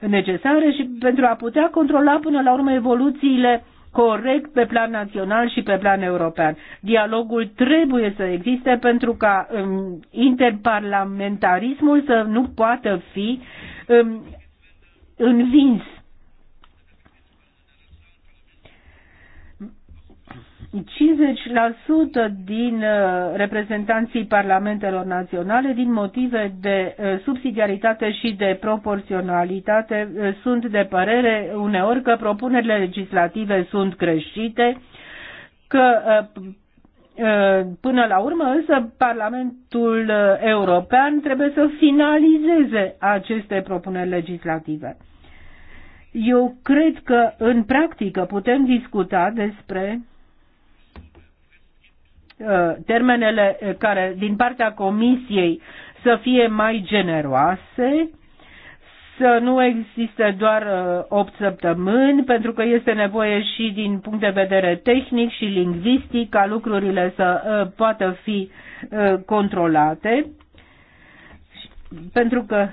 necesare și pentru a putea controla până la urmă evoluțiile corect pe plan național și pe plan european. Dialogul trebuie să existe pentru ca um, interparlamentarismul să nu poată fi um, învins 50% din uh, reprezentanții parlamentelor naționale, din motive de uh, subsidiaritate și de proporționalitate, uh, sunt de părere uneori că propunerile legislative sunt creștite, că Până la urmă, însă, Parlamentul European trebuie să finalizeze aceste propuneri legislative. Eu cred că, în practică, putem discuta despre Uh, termenele uh, care din partea Comisiei să fie mai generoase, să nu existe doar 8 uh, săptămâni, pentru că este nevoie și din punct de vedere tehnic și lingvistic ca lucrurile să poată fi controlate, pentru că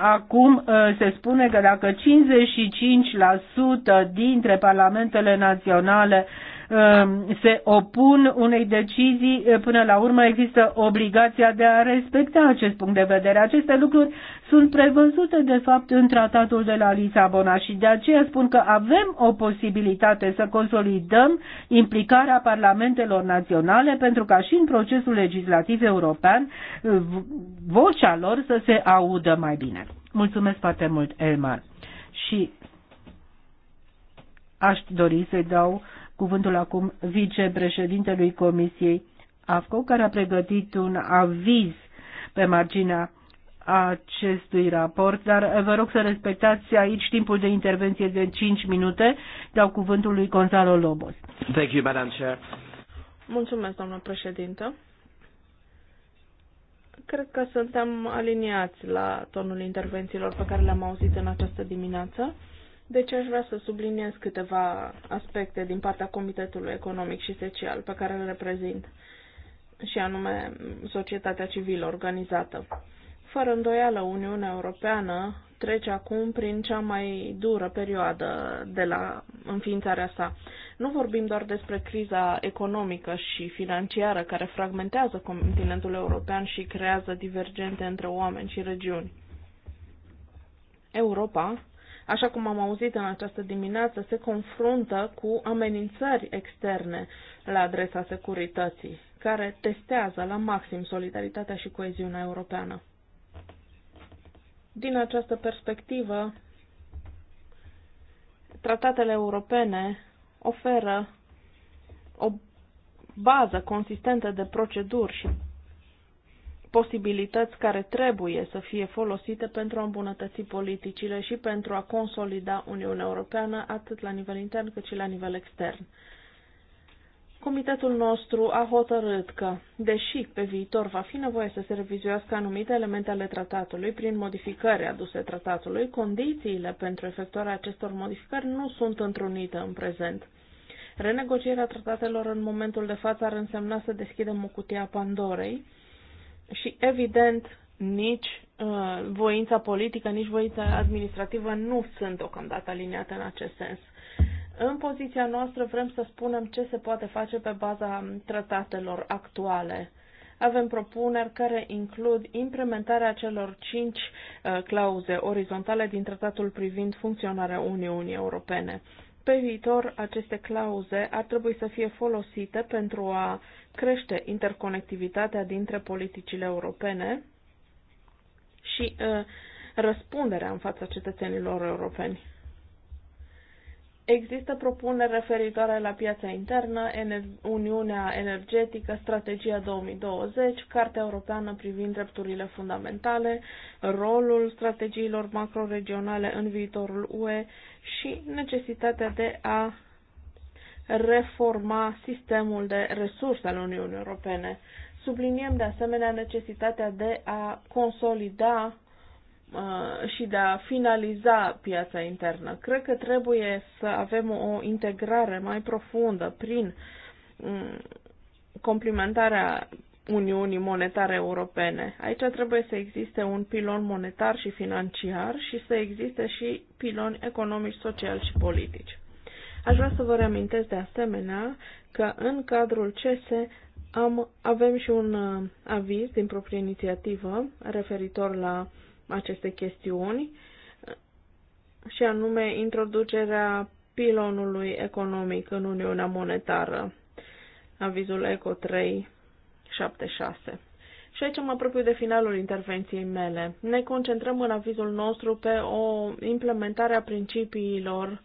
Acum uh, se spune că dacă 55% dintre parlamentele naționale Um, se opun unei decizii, uh, până la urmă există obligația de a respecta acest punct de vedere. Aceste lucruri sunt prevăzute, de fapt, în tratatul de la Lisabona și de aceea spun că avem o posibilitate să consolidăm implicarea parlamentelor naționale pentru ca și în procesul legislativ european uh, vocea lor să se audă mai bine. Mulțumesc foarte mult, Elmar. Și aș dori să-i dau cuvântul acum vicepreședintelui Comisiei AFCO, care a pregătit un aviz pe marginea acestui raport, dar eh, vă rog să respectați aici timpul de intervenție de 5 minute. Dau cuvântul lui Gonzalo Lobos.
Thank you, Madam Chair.
Mulțumesc, doamnă președintă. Cred că suntem aliniați la tonul intervențiilor pe care le-am auzit în această dimineață. Deci aș vrea să subliniez câteva aspecte din partea Comitetului Economic și Social pe care îl reprezint, și anume societatea civilă organizată. Fără îndoială, Uniunea Europeană trece acum prin cea mai dură perioadă de la înființarea sa. Nu vorbim doar despre criza economică și financiară care fragmentează continentul european și creează divergente între oameni și regiuni. Europa așa cum am auzit în această dimineață, se confruntă cu amenințări externe la adresa securității, care testează la maxim solidaritatea și coeziunea europeană. Din această perspectivă, tratatele europene oferă o bază consistentă de proceduri și posibilități care trebuie să fie folosite pentru a îmbunătăți politicile și pentru a consolida Uniunea Europeană atât la nivel intern cât și la nivel extern. Comitetul nostru a hotărât că, deși pe viitor va fi nevoie să se revizuiască anumite elemente ale tratatului prin modificări aduse tratatului, condițiile pentru efectuarea acestor modificări nu sunt întrunite în prezent. Renegocierea tratatelor în momentul de față ar însemna să deschidem o cutie a Pandorei, și evident, nici uh, voința politică, nici voința administrativă nu sunt deocamdată aliniate în acest sens. În poziția noastră vrem să spunem ce se poate face pe baza tratatelor actuale. Avem propuneri care includ implementarea celor cinci uh, clauze orizontale din tratatul privind funcționarea Uniunii Europene. Pe viitor, aceste clauze ar trebui să fie folosite pentru a uh, crește interconectivitatea dintre politicile europene și uh, răspunderea în fața cetățenilor europeni. Există propuneri referitoare la piața internă, Uniunea Energetică, Strategia 2020, Cartea Europeană privind drepturile fundamentale, rolul strategiilor macroregionale în viitorul UE și necesitatea de a reforma sistemul de resurse al Uniunii Europene. Subliniem de asemenea necesitatea de a consolida uh, și de a finaliza piața internă. Cred că trebuie să avem o integrare mai profundă prin mm, complementarea Uniunii Monetare Europene. Aici trebuie să existe un pilon monetar și financiar și să existe și piloni economici, sociali și politici. Aș vrea să vă reamintesc de asemenea că în cadrul CESE am, avem și un uh, aviz din proprie inițiativă referitor la aceste chestiuni și anume introducerea pilonului economic în Uniunea Monetară, avizul ECO 376. Și aici mă apropiu de finalul intervenției mele. Ne concentrăm în avizul nostru pe o implementare a principiilor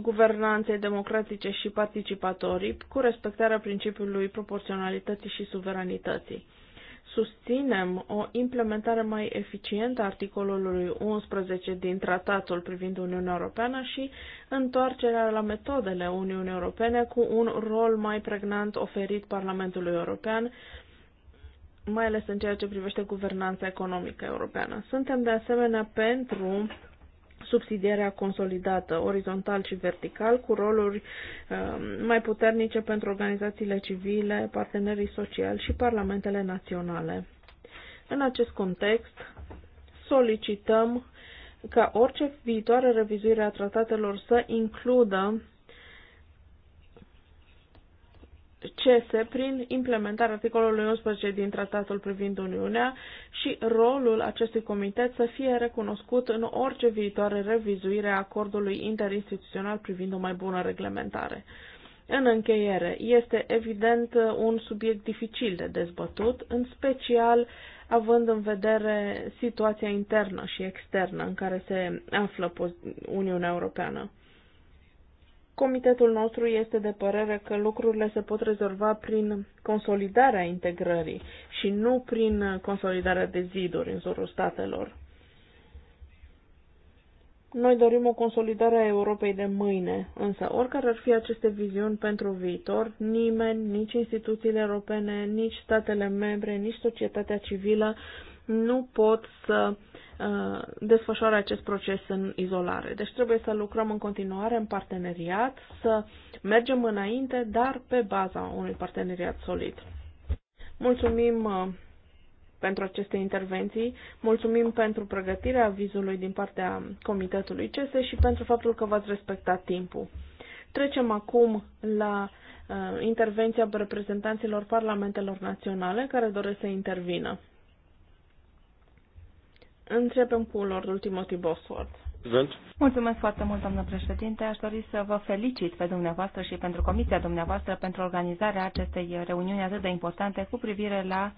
guvernanței democratice și participatorii, cu respectarea principiului proporționalității și suveranității. Susținem o implementare mai eficientă a articolului 11 din Tratatul privind Uniunea Europeană și întoarcerea la metodele Uniunii Europene cu un rol mai pregnant oferit Parlamentului European, mai ales în ceea ce privește guvernanța economică europeană. Suntem de asemenea pentru subsidierea consolidată orizontal și vertical cu roluri um, mai puternice pentru organizațiile civile, partenerii sociali și parlamentele naționale. În acest context, solicităm ca orice viitoare revizuire a tratatelor să includă cese prin implementarea articolului 11 din Tratatul privind Uniunea și rolul acestui comitet să fie recunoscut în orice viitoare revizuire a acordului interinstituțional privind o mai bună reglementare. În încheiere, este evident un subiect dificil de dezbătut, în special având în vedere situația internă și externă în care se află Uniunea Europeană. Comitetul nostru este de părere că lucrurile se pot rezolva prin consolidarea integrării și nu prin consolidarea de ziduri în jurul statelor. Noi dorim o consolidare a Europei de mâine, însă oricare ar fi aceste viziuni pentru viitor, nimeni, nici instituțiile europene, nici statele membre, nici societatea civilă nu pot să uh, Uh, desfășoară acest proces în izolare. Deci trebuie să lucrăm în continuare în parteneriat, să mergem înainte, dar pe baza unui parteneriat solid. Mulțumim uh, pentru aceste intervenții, mulțumim pentru pregătirea avizului din partea Comitetului CESE și pentru faptul că v-ați respectat timpul. Trecem acum la uh, intervenția reprezentanților parlamentelor naționale care doresc să intervină. Începem cu lordul Timothy Bosworth.
Prezent.
Mulțumesc foarte mult, doamnă președinte. Aș dori să vă felicit pe dumneavoastră și pentru comisia dumneavoastră pentru organizarea acestei reuniuni atât de importante cu privire la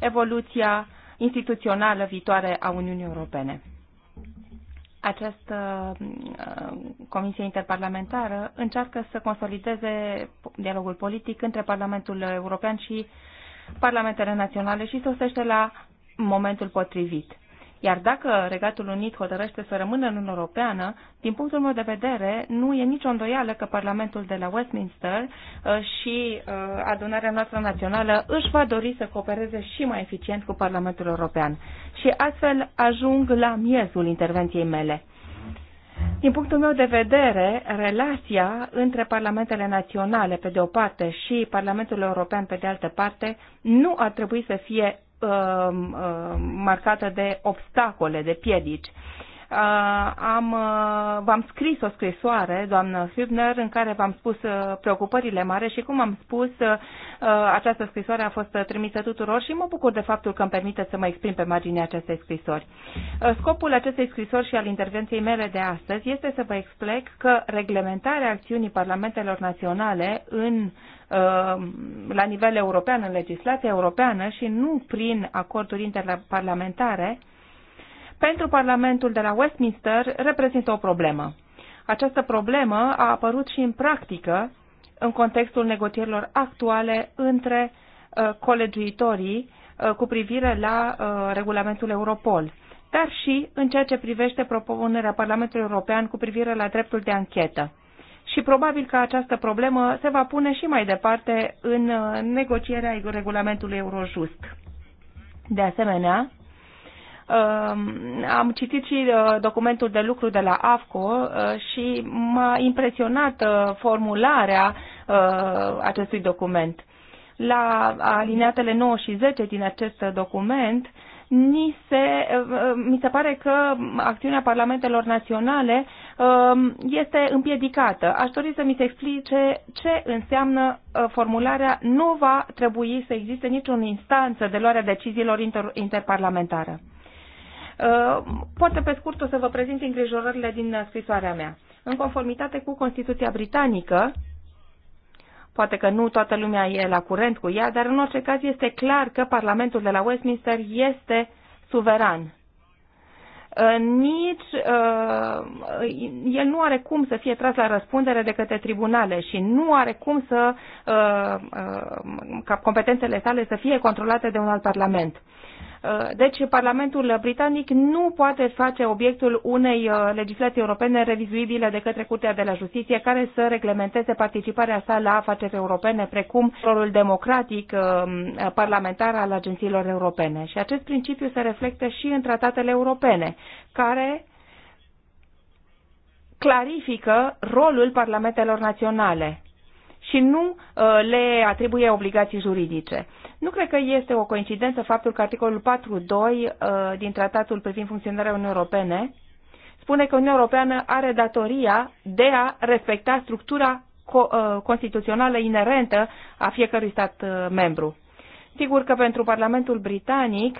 evoluția instituțională viitoare a Uniunii Europene. Această uh, comisie interparlamentară încearcă să consolideze dialogul politic între Parlamentul European și Parlamentele Naționale și sosește la momentul potrivit iar dacă Regatul Unit hotărăște să rămână în Uniunea Europeană, din punctul meu de vedere, nu e nicio îndoială că Parlamentul de la Westminster uh, și uh, adunarea noastră națională își va dori să coopereze și mai eficient cu Parlamentul European. Și astfel ajung la miezul intervenției mele. Din punctul meu de vedere, relația între parlamentele naționale, pe de o parte, și Parlamentul European, pe de altă parte, nu ar trebui să fie Um, um, marcată de obstacole, de piedici. Uh, am, uh, v-am scris o scrisoare, doamnă Hübner, în care v-am spus uh, preocupările mari și, cum am spus, această scrisoare a fost trimisă tuturor și mă bucur de faptul că îmi permite să mă exprim pe marginea acestei scrisori. Scopul acestei scrisori și al intervenției mele de astăzi este să vă explic că reglementarea acțiunii parlamentelor naționale în la nivel european, în legislația europeană și nu prin acorduri interparlamentare, pentru Parlamentul de la Westminster reprezintă o problemă. Această problemă a apărut și în practică în contextul negocierilor actuale între uh, colegiuitorii uh, cu privire la uh, regulamentul Europol, dar și în ceea ce privește propunerea Parlamentului European cu privire la dreptul de anchetă. Și probabil că această problemă se va pune și mai departe în negocierea regulamentului Eurojust. De asemenea, Um, am citit și uh, documentul de lucru de la AFCO uh, și m-a impresionat uh, formularea acestui document. La alineatele 9 și 10 din acest document, ni se, mi se pare că acțiunea parlamentelor naționale um, este împiedicată. Aș dori să mi se explice ce înseamnă formularea nu va trebui să existe niciun instanță de luarea a deciziilor inter, interparlamentară. Poate uh, pe scurt o să vă prezint îngrijorările din scrisoarea mea. În conformitate cu Constituția Britanică, Poate că nu toată lumea e la curent cu ea, dar în orice caz este clar că Parlamentul de la Westminster este suveran. Uh, nici uh, el nu are cum să fie tras la răspundere de către tribunale și nu are cum să uh, uh, ca competențele sale să fie controlate de un alt parlament. Uh, deci Parlamentul Britanic nu poate face obiectul unei uh, legislații europene revizuibile de către Curtea de la Justiție care să reglementeze participarea sa la afaceri europene, precum rolul democratic uh, parlamentar al agențiilor europene. Și acest principiu se reflectă și în tratatele europene, care clarifică rolul parlamentelor naționale și nu le atribuie obligații juridice. Nu cred că este o coincidență faptul că articolul 4.2 uh, din tratatul privind funcționarea Uniunii Europene spune că Uniunea Europeană are datoria de a respecta structura uh, constituțională inerentă a fiecărui stat uh, membru. Sigur că pentru Parlamentul Britanic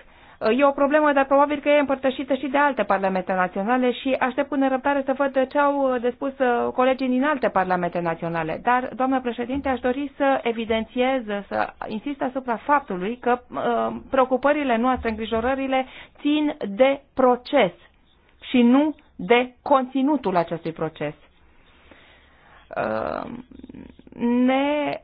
E o problemă, dar probabil că e împărtășită și de alte parlamente naționale și aștept cu nerăbdare să văd ce au de spus uh, colegii din alte parlamente naționale. Dar, doamnă președinte, aș dori să evidențiez, să insist asupra faptului că uh, preocupările noastre, îngrijorările țin de proces și nu de conținutul acestui proces uh, ne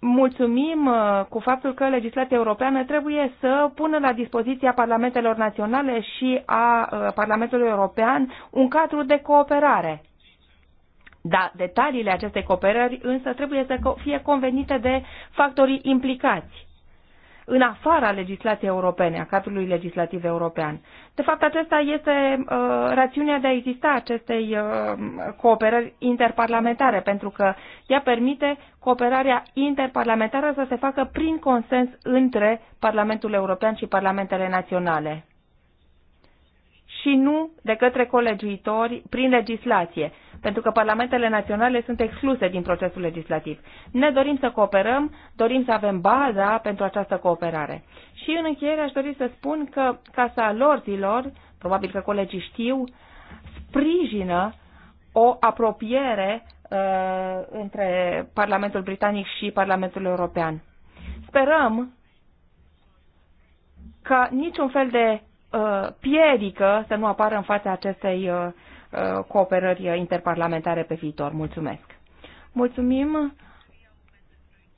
mulțumim uh, cu faptul că legislația europeană trebuie să pună la dispoziția parlamentelor naționale și a uh, Parlamentului European un cadru de cooperare. Da, detaliile acestei cooperări însă trebuie să fie convenite de factorii implicați în afara legislației europene, a cadrului legislativ european. De fapt, acesta este uh, rațiunea de a exista acestei uh, cooperări interparlamentare, pentru că ea permite cooperarea interparlamentară să se facă prin consens între Parlamentul European și Parlamentele Naționale și nu de către colegiuitori prin legislație pentru că parlamentele naționale sunt excluse din procesul legislativ. Ne dorim să cooperăm, dorim să avem baza pentru această cooperare. Și în încheiere aș dori să spun că Casa Lorzilor, probabil că colegii știu, sprijină o apropiere uh, între Parlamentul Britanic și Parlamentul European. Sperăm ca niciun fel de uh, piedică să nu apară în fața acestei uh, Uh, cooperări interparlamentare pe viitor. Mulțumesc! Mulțumim!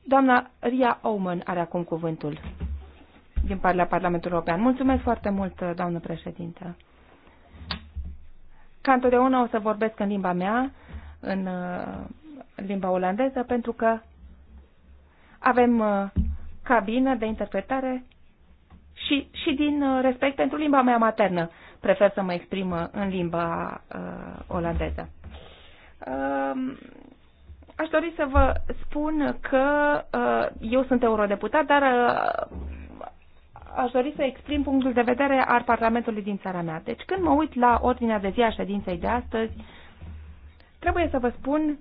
Doamna Ria Oman are acum cuvântul din partea Parlamentului European. Mulțumesc foarte mult, uh, doamnă președintă. Ca întotdeauna o să vorbesc în limba mea, în uh, limba olandeză, pentru că avem cabină de interpretare și, și din respect pentru limba mea maternă prefer să mă exprim uh, în limba uh, olandeză. Uh, aș dori să vă spun că uh, eu sunt eurodeputat, dar uh, aș dori să exprim punctul de vedere al Parlamentului din țara mea. Deci când mă uit la ordinea de zi a ședinței de astăzi, trebuie să vă spun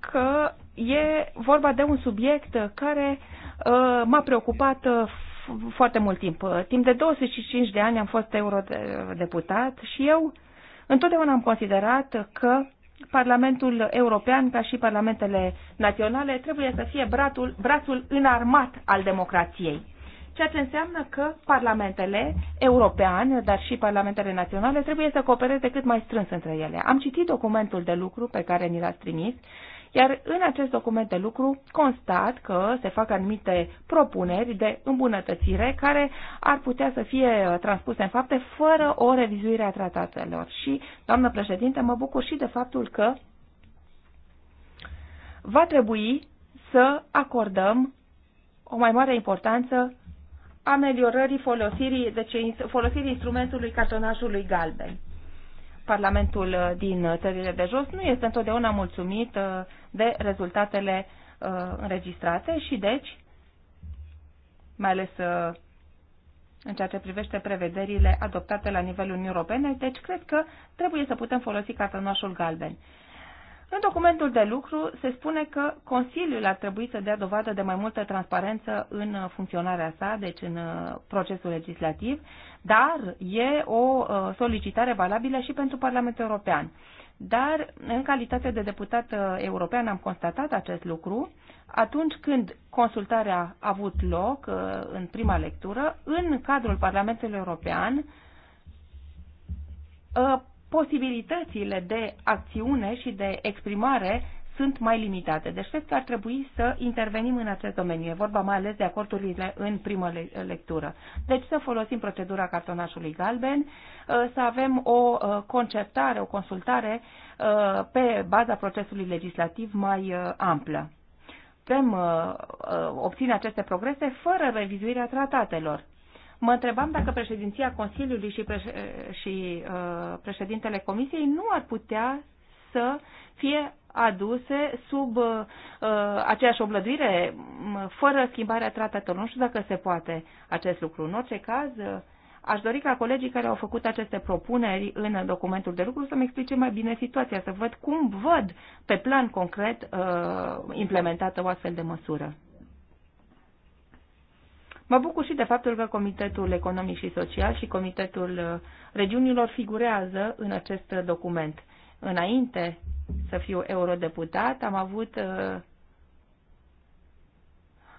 că e vorba de un subiect care uh, m-a preocupat uh, foarte mult timp. Uh, timp de 25 de ani am fost eurodeputat și eu întotdeauna am considerat că Parlamentul European, ca și parlamentele naționale, trebuie să fie brațul, brațul înarmat al democrației. Ceea ce înseamnă că parlamentele european, dar și parlamentele naționale, trebuie să coopereze cât mai strâns între ele. Am citit documentul de lucru pe care ni l-ați trimis iar în acest document de lucru constat că se fac anumite propuneri de îmbunătățire care ar putea să fie uh, transpuse în fapte fără o revizuire a tratatelor. Și, doamnă președinte, mă bucur și de faptul că va trebui să acordăm o mai mare importanță ameliorării folosirii, deci folosirii instrumentului cartonașului galben. Parlamentul uh, din uh, țările de jos nu este întotdeauna mulțumit uh, de rezultatele înregistrate și deci, mai ales în ceea ce privește prevederile adoptate la nivelul Uniunii Europene, deci cred că trebuie să putem folosi cartonașul galben. În documentul de lucru se spune că Consiliul ar trebui să dea dovadă de mai multă transparență în funcționarea sa, deci în uh, procesul legislativ, dar e o uh, solicitare valabilă și pentru Parlamentul European. Dar, în calitate de deputat uh, european, am constatat acest lucru atunci când consultarea a avut loc în prima lectură, în cadrul Parlamentului European, posibilitățile de acțiune și de exprimare sunt mai limitate. Deci cred că ar trebui să intervenim în acest domeniu. E vorba mai ales de acordurile în primă lectură. Deci să folosim procedura cartonașului galben, uh, să avem o uh, concertare, o consultare uh, pe baza procesului legislativ mai amplă. Putem obține aceste progrese fără revizuirea tratatelor. Mă întrebam dacă președinția Consiliului și, preș- și uh, președintele Comisiei nu ar putea să fie aduse sub uh, aceeași oblăduire, fără schimbarea tratatelor. Nu știu dacă se poate acest lucru. În orice caz, uh, aș dori ca colegii care au făcut aceste propuneri în documentul de lucru să-mi explice mai bine situația, să văd cum văd pe plan concret uh, implementată o astfel de măsură. Mă bucur și de faptul că Comitetul Economic și Social și Comitetul uh, Regiunilor figurează în acest document. Înainte să fiu eurodeputat, am avut uh,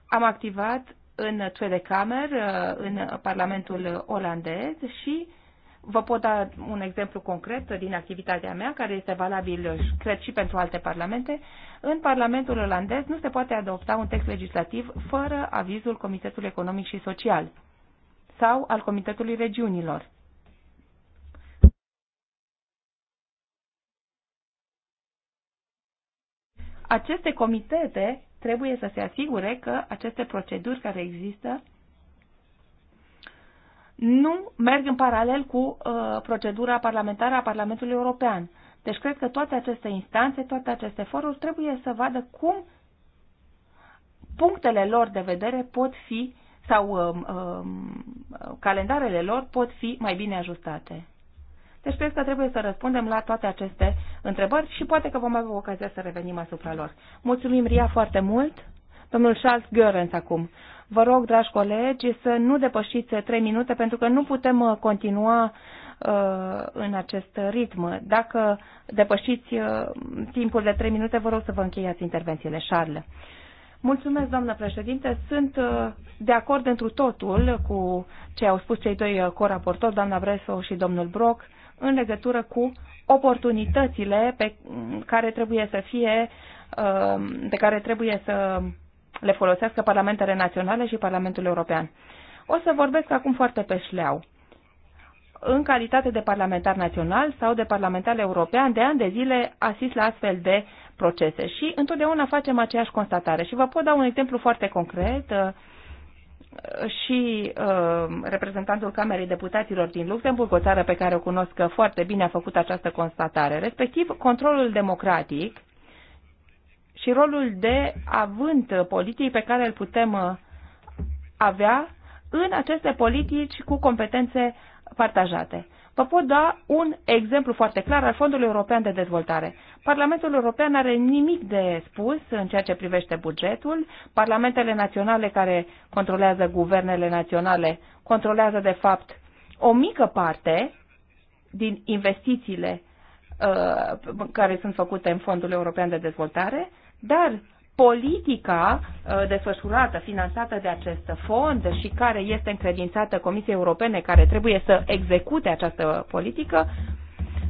am activat în Kamer, uh, în Parlamentul olandez și Vă pot da un exemplu concret din activitatea mea, care este valabil, cred, și pentru alte parlamente. În Parlamentul olandez nu se poate adopta un text legislativ fără avizul Comitetului Economic și Social sau al Comitetului Regiunilor. Aceste comitete trebuie să se asigure că aceste proceduri care există nu merg în paralel cu uh, procedura parlamentară a Parlamentului European. Deci cred că toate aceste instanțe, toate aceste foruri trebuie să vadă cum punctele lor de vedere pot fi sau um, um, calendarele lor pot fi mai bine ajustate. Deci cred că trebuie să răspundem la toate aceste întrebări și poate că vom avea ocazia să revenim asupra lor. Mulțumim, Ria, foarte mult! Domnul Charles Görens acum. Vă rog, dragi colegi, să nu depășiți trei minute pentru că nu putem uh, continua uh, în acest ritm. Dacă depășiți uh, timpul de trei minute, vă rog să vă încheiați intervențiile. Charles. Mulțumesc, doamnă președinte. Sunt de acord întru totul cu ce au spus cei doi coraportori, doamna Breso și domnul Brock, în legătură cu oportunitățile pe mm, care trebuie să fie, de care trebuie să le folosească parlamentele naționale și Parlamentul European. O să vorbesc acum foarte pe șleau. În calitate de parlamentar național sau de parlamentar european, de ani de zile asist la astfel de procese și întotdeauna facem aceeași constatare. Și vă pot da un exemplu foarte concret uh, și uh, reprezentantul Camerei Deputaților din Luxemburg, o țară pe care o cunosc foarte bine, a făcut această constatare. Respectiv, controlul democratic și rolul de avânt politic pe care îl putem uh, avea în aceste politici cu competențe partajate. Vă pot da un exemplu foarte clar al Fondului European de Dezvoltare. Parlamentul European are nimic de spus în ceea ce privește bugetul. Parlamentele naționale care controlează guvernele naționale controlează, de fapt, o mică parte din investițiile uh, care sunt făcute în Fondul European de Dezvoltare dar politica uh, desfășurată, finanțată de acest fond și care este încredințată Comisiei Europene care trebuie să execute această politică,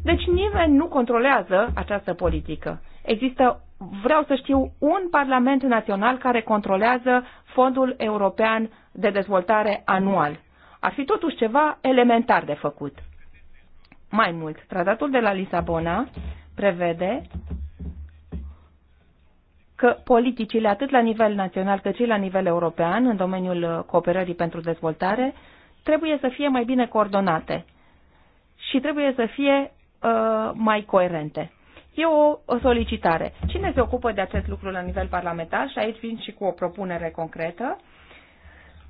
deci nimeni nu controlează această politică. Există, vreau să știu, un Parlament Național care controlează Fondul European de Dezvoltare anual. Ar fi totuși ceva elementar de făcut. Mai mult, tratatul de la Lisabona prevede că politicile, atât la nivel național cât și la nivel european, în domeniul uh, cooperării pentru dezvoltare, trebuie să fie mai bine coordonate și trebuie să fie uh, mai coerente. E o, o solicitare. Cine se ocupă de acest lucru la nivel parlamentar, și aici vin și cu o propunere concretă,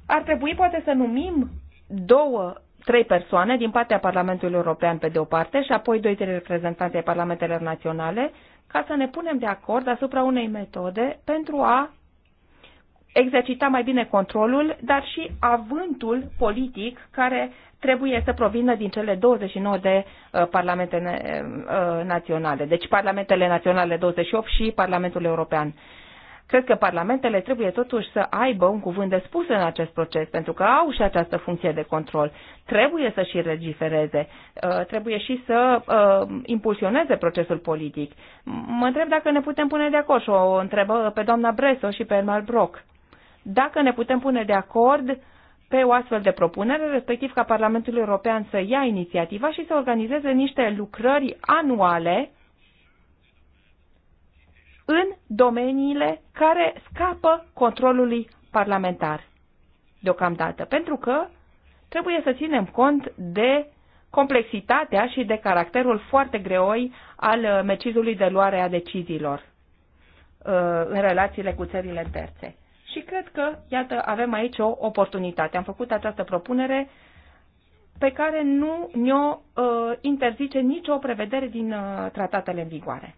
ar trebui poate să numim două, trei persoane din partea Parlamentului European pe de o parte și apoi doi, trei reprezentanți ai Parlamentelor Naționale ca să ne punem de acord asupra unei metode pentru a exercita mai bine controlul, dar și avântul politic care trebuie să provină din cele 29 de uh, parlamente uh, uh, naționale, deci parlamentele naționale 28 și Parlamentul European. Uh, Cred că parlamentele trebuie totuși să aibă un cuvânt de spus în acest proces, pentru că au și această funcție de control. Trebuie să și regifereze, uh, trebuie și să uh, impulsioneze procesul politic. Mă întreb dacă ne putem pune de acord și o întrebă pe doamna Breso și pe Elmar Brock. Dacă ne putem pune de acord pe o astfel de propunere, respectiv ca Parlamentul European să ia inițiativa și să organizeze niște lucrări anuale în domeniile care scapă controlului parlamentar deocamdată, pentru că trebuie să ținem cont de complexitatea și de caracterul foarte greoi al uh, mecizului de luare a deciziilor uh, în relațiile cu țările terțe. Și cred că, iată, avem aici o oportunitate. Am făcut această propunere pe care nu ne-o uh, interzice nicio prevedere din tratatele în vigoare.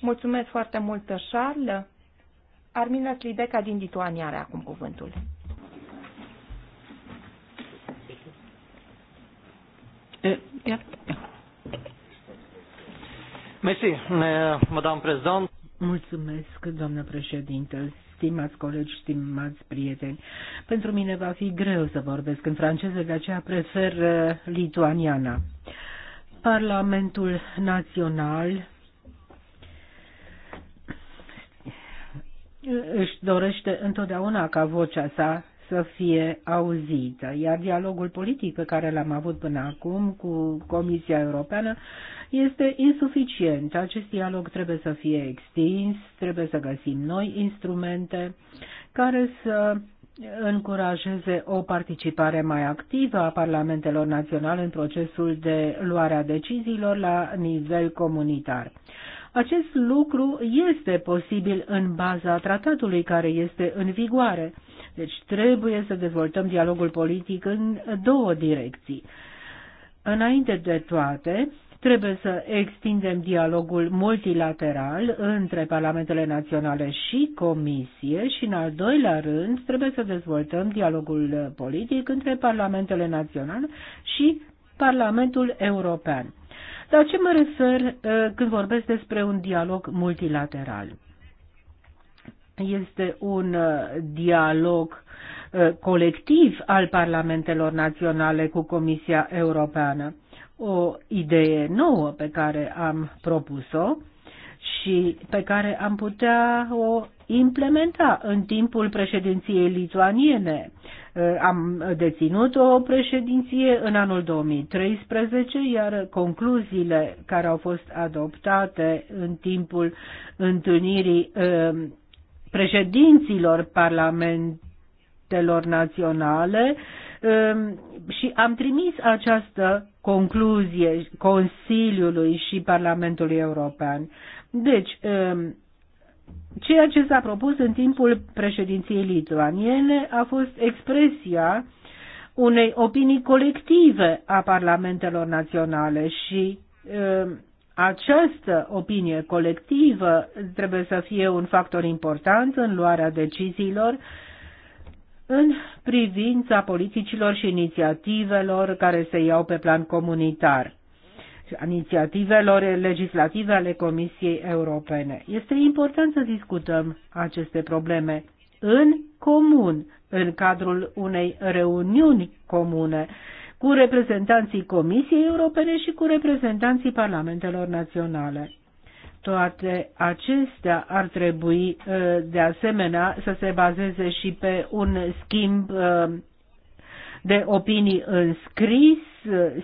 Mulțumesc foarte mult, Charles. Armina Slideca din Lituania are acum cuvântul. Eh,
Mersi, eh, madame prezident.
Mulțumesc, doamnă președintă, stimați colegi, stimați prieteni. Pentru mine va fi greu să vorbesc în franceză, de aceea prefer eh, lituaniana. Parlamentul Național își dorește întotdeauna ca vocea sa să fie auzită. Iar dialogul politic pe care l-am avut până acum cu Comisia Europeană este insuficient. Acest dialog trebuie să fie extins, trebuie să găsim noi instrumente care să încurajeze o participare mai activă a parlamentelor naționale în procesul de luare a deciziilor la nivel comunitar. Acest lucru este posibil în baza tratatului care este în vigoare. Deci trebuie să dezvoltăm dialogul politic în două direcții. Înainte de toate, trebuie să extindem dialogul multilateral între parlamentele naționale și comisie și, în al doilea rând, trebuie să dezvoltăm dialogul politic între parlamentele naționale și Parlamentul European. La ce mă refer ă, când vorbesc despre un dialog multilateral? Este un ă, dialog ă, colectiv al parlamentelor naționale cu Comisia Europeană. O idee nouă pe care am propus-o și pe care am putea o implementa în timpul președinției lituaniene. Uh, am deținut o președinție în anul 2013, iar concluziile care au fost adoptate în timpul întâlnirii uh, președinților parlamentelor naționale um, și am trimis această concluzie Consiliului și Parlamentului European. Deci, um, ceea ce s-a propus în timpul președinției lituaniene a fost expresia unei opinii colective a parlamentelor naționale și um, această opinie colectivă trebuie să fie un factor important în luarea deciziilor în privința politicilor și inițiativelor care se iau pe plan comunitar inițiativelor legislative ale Comisiei Europene. Este important să discutăm aceste probleme în comun, în cadrul unei reuniuni comune cu reprezentanții Comisiei Europene și cu reprezentanții Parlamentelor Naționale. Toate acestea ar trebui, eh, de asemenea, să se bazeze și pe un schimb eh, de opinii în scris,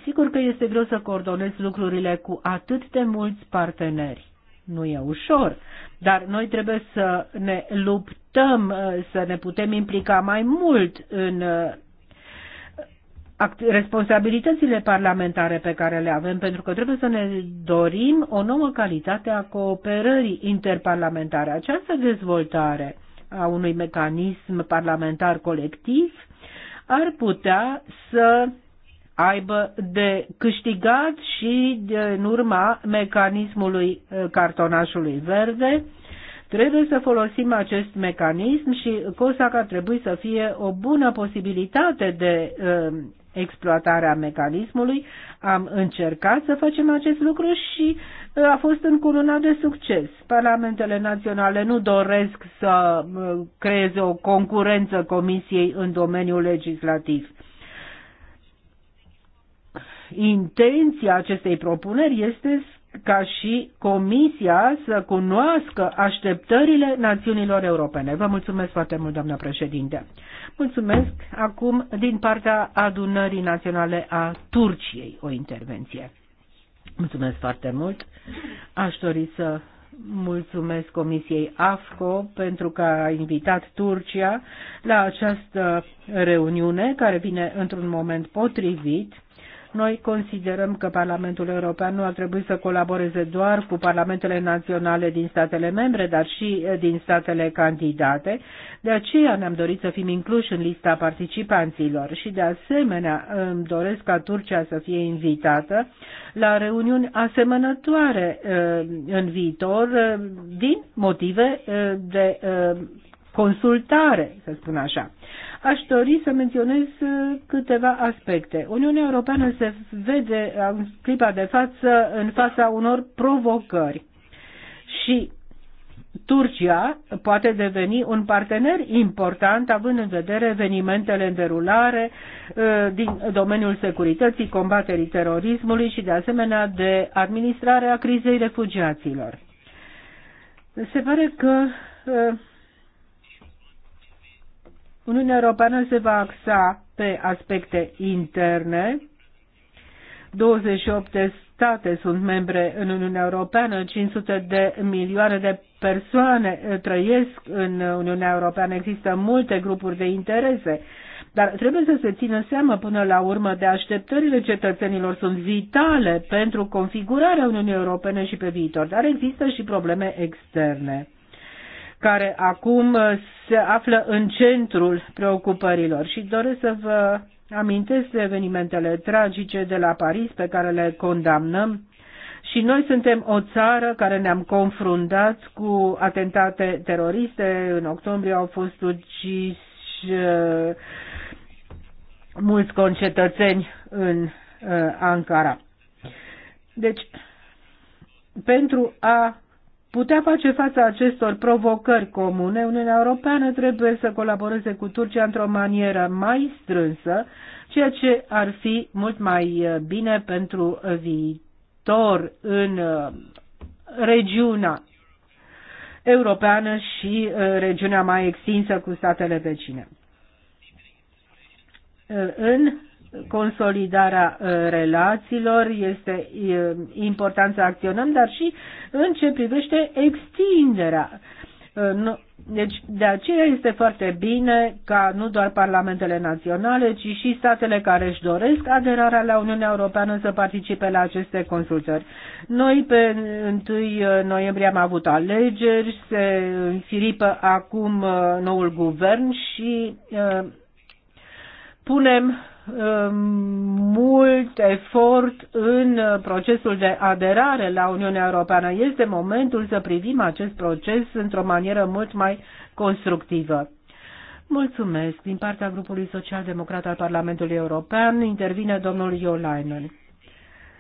sigur că este greu să coordonezi lucrurile cu atât de mulți parteneri. Nu e ușor, dar noi trebuie să ne luptăm, să ne putem implica mai mult în responsabilitățile parlamentare pe care le avem, pentru că trebuie să ne dorim o nouă calitate a cooperării interparlamentare. Această dezvoltare a unui mecanism parlamentar colectiv ar putea să aibă de câștigat și în urma mecanismului eh, cartonașului verde. Trebuie să folosim acest mecanism și COSAC ar trebui să fie o bună posibilitate de eh, exploatarea mecanismului. Am încercat să facem acest lucru și uh, a fost încununat de succes. Parlamentele naționale nu doresc să uh, creeze o concurență Comisiei în domeniul legislativ. Intenția acestei propuneri este ca și Comisia să cunoască așteptările națiunilor europene. Vă mulțumesc foarte mult, doamna președinte. Mulțumesc acum din partea adunării naționale a Turciei o intervenție. Mulțumesc foarte mult. Aș dori să mulțumesc Comisiei AFCO pentru că a invitat Turcia la această reuniune care vine într-un moment potrivit noi considerăm că Parlamentul European nu ar trebui să colaboreze doar cu parlamentele naționale din statele membre, dar și eh, din statele candidate. De aceea ne-am dorit să fim incluși în lista participanților și de asemenea îmi doresc ca Turcia să fie invitată la reuniuni asemănătoare eh, în viitor eh, din motive de consultare, să spun așa aș dori să menționez uh, câteva aspecte. Uniunea Europeană se vede în clipa de față în fața unor provocări și Turcia poate deveni un partener important având în vedere evenimentele în derulare uh, din domeniul securității, combaterii terorismului și de asemenea de administrarea crizei refugiaților. Se pare că uh, Uniunea Europeană se va axa pe aspecte interne. 28 de state sunt membre în Uniunea Europeană, 500 de milioane de persoane eh, trăiesc în Uniunea Europeană, există multe grupuri de interese, dar trebuie să se țină seama până la urmă de așteptările cetățenilor sunt vitale pentru configurarea Uniunii Europene și pe viitor, dar există și probleme externe care acum uh, se află în centrul preocupărilor. Și doresc să vă amintesc de evenimentele tragice de la Paris pe care le condamnăm. Și noi suntem o țară care ne-am confruntat cu atentate teroriste. În octombrie au fost uciși uh, mulți concetățeni în uh, Ankara. Deci, pentru a putea face față acestor provocări comune, Uniunea Europeană trebuie să colaboreze cu Turcia într-o manieră mai strânsă, ceea ce ar fi mult mai uh, bine pentru uh, viitor în uh, regiunea europeană și regiunea mai extinsă cu statele vecine. În consolidarea uh, relațiilor, este important să acționăm, dar și în ce privește extinderea. Uh, deci, de aceea este foarte bine ca nu doar parlamentele naționale, ci și statele care își doresc aderarea la Uniunea Europeană să participe la aceste consultări. Noi, pe 1 uh, noiembrie, am avut alegeri, se înfiripă acum noul guvern și punem Uh, mult efort în uh, procesul de aderare la Uniunea Europeană. Este momentul să privim acest proces într-o manieră mult mai constructivă. Mulțumesc. Din partea grupului social-democrat al Parlamentului European intervine domnul Iolainen.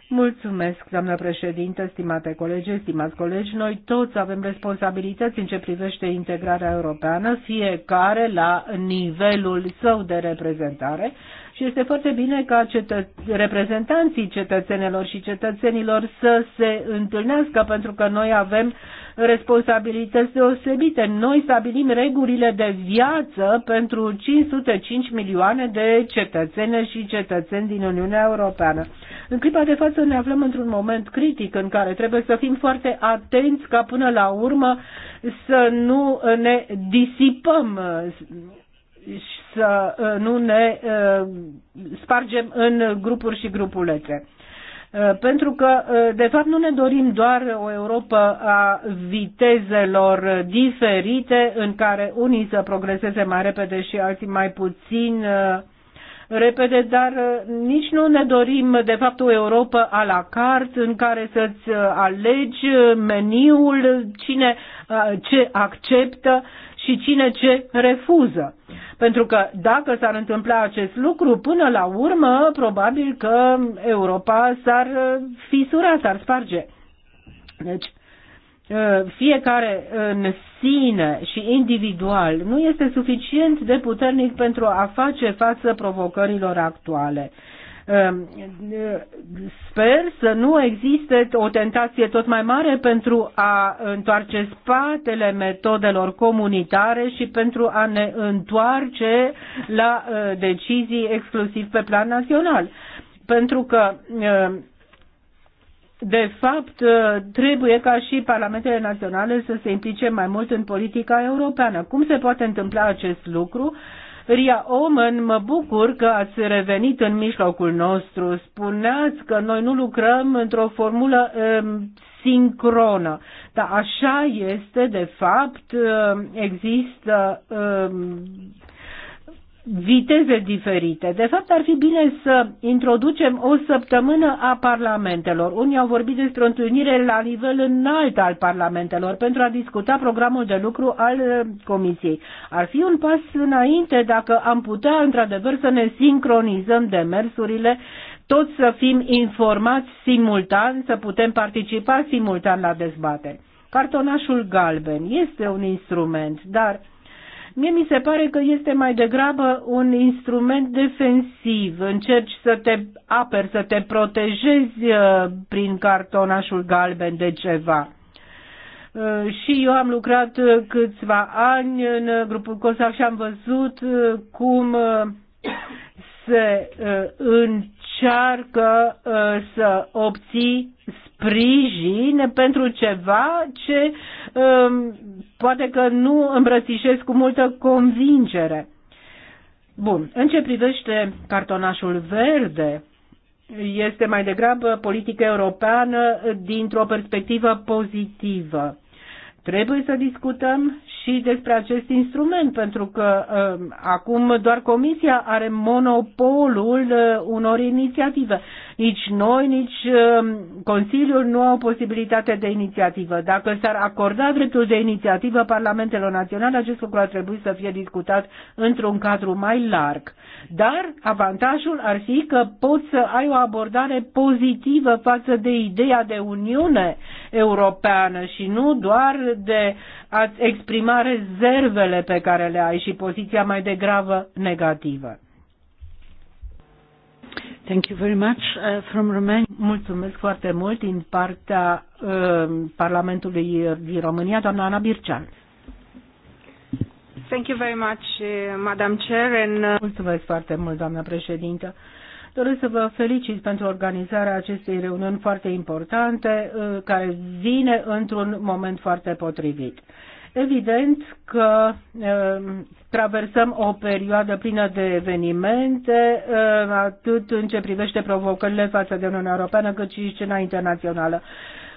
Mulțumesc, doamnă președintă, stimate colegi, stimați colegi. Noi toți avem responsabilități în ce privește integrarea europeană, fiecare la nivelul său de reprezentare și este foarte bine ca cetă... reprezentanții cetățenilor și cetățenilor să se întâlnească, pentru că noi avem responsabilități deosebite. Noi stabilim regulile de viață pentru 505 milioane de cetățene și cetățeni din Uniunea Europeană. În clipa de față ne aflăm într-un moment critic în care trebuie să fim foarte atenți ca până la urmă să nu ne disipăm să uh, nu ne uh, spargem în grupuri și grupulețe. Uh, pentru că, de fapt, nu ne dorim doar o Europa a vitezelor diferite, în care unii să progreseze mai repede și alții mai puțin repede, dar nici nu ne dorim, de fapt, o Europa a la carte, în care să-ți alegi meniul, cine ce acceptă și cine ce refuză. Pentru că dacă s-ar întâmpla acest lucru, până la urmă, probabil că Europa s-ar uh, fisura, s-ar sparge. Deci, uh, fiecare în sine și individual nu este suficient de puternic pentru a face față provocărilor actuale. Ehm, sper să nu existe o tentație tot mai mare pentru a întoarce spatele metodelor comunitare și pentru a ne întoarce la eh, decizii exclusiv pe plan național. Pentru că ehm, de fapt, eh, trebuie ca și parlamentele naționale să se implice mai mult în politica europeană. Cum se poate întâmpla acest lucru? Ria Omen, mă bucur că ați revenit în mijlocul nostru. Spuneați că noi nu lucrăm într-o formulă um, sincronă. Dar așa este, de fapt, ehm, există um, viteze diferite. De fapt, ar fi bine să introducem o săptămână a parlamentelor. Unii au vorbit despre o întâlnire la nivel înalt al parlamentelor pentru a discuta programul de lucru al uh, Comisiei. Ar fi un pas înainte dacă am putea, într-adevăr, să ne sincronizăm demersurile toți să fim informați simultan, să putem participa simultan la dezbateri. Cartonașul galben este un instrument, dar Mie mi se pare că este mai degrabă un instrument defensiv. Încerci să te aperi, să te protejezi uh, prin cartonașul galben de ceva. Uh, și eu am lucrat uh, câțiva ani în grupul COSAC și am văzut cum se încearcă să obții sprijin pentru ceva ce um, poate că nu îmbrățișez cu multă convingere. Bun, în ce privește cartonașul verde, este mai degrabă politică europeană dintr-o perspectivă pozitivă. Trebuie să discutăm și despre acest instrument, pentru că uh, acum doar Comisia are monopolul uh, unor inițiative. Nici noi, nici um, Consiliul nu au posibilitate de inițiativă. Dacă s-ar acorda dreptul de inițiativă Parlamentelor Naționale, acest lucru ar trebui să fie discutat într-un cadru mai larg. Dar avantajul ar fi că poți să ai o abordare pozitivă față de ideea de Uniune Europeană și nu doar de a-ți exprima rezervele pe care le ai și poziția mai degrabă negativă. Thank you very much uh, from Romania. Mulțumesc foarte mult din partea uh, Parlamentului din România, doamna Ana Bircean. Thank you very much, uh, Madam Chair. And, uh, Mulțumesc foarte mult, doamna președintă. Doresc să vă felicit pentru organizarea acestei reuniuni foarte importante, uh, care vine într-un moment foarte potrivit. Evident că uh, traversăm o perioadă plină de evenimente, uh, atât în ce privește provocările față de Uniunea Europeană, cât și scena internațională.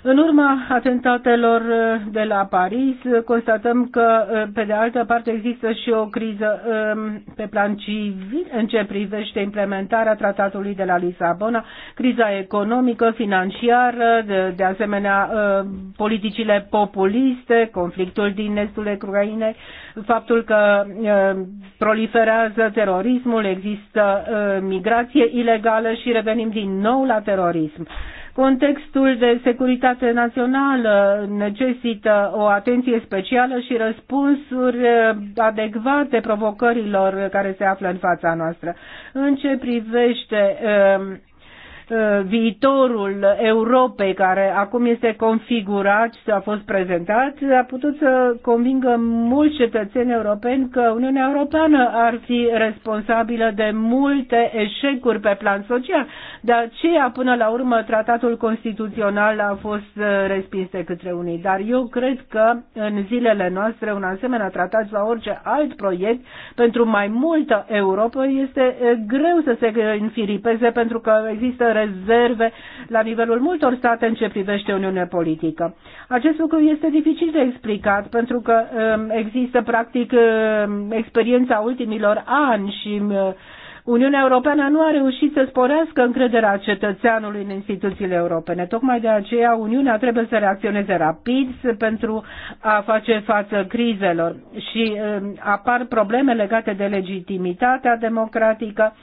În urma atentatelor uh, de la Paris, uh, constatăm că, uh, pe de altă parte, există și o criză um, pe plan civil în ce privește implementarea tratatului de la Lisabona, criza economică, financiară, de, de asemenea politicile populiste, conflictul din estul Ucrainei, faptul că proliferează terorismul, există migrație ilegală și revenim din nou la terorism. Contextul de securitate națională necesită o atenție specială și răspunsuri eh, adecvate provocărilor care se află în fața noastră. În ce privește eh, Uh, viitorul Europei, care acum este configurat și a fost prezentat, a putut să convingă mulți cetățeni europeni că Uniunea Europeană ar fi responsabilă de multe eșecuri pe plan social. De aceea, până la urmă, tratatul constituțional a fost uh, respins de către unii. Dar eu cred că în zilele noastre un asemenea tratat sau orice alt proiect pentru mai multă Europa este uh, greu să se înfiripeze pentru că există rezerve la nivelul multor state în ce privește Uniunea Politică. Acest lucru este dificil de explicat pentru că um, există practic um, experiența ultimilor ani și um, Uniunea Europeană nu a reușit să sporească încrederea cetățeanului în instituțiile europene. Tocmai de aceea Uniunea trebuie să reacționeze rapid pentru a face față crizelor și apar probleme legate de legitimitatea democratică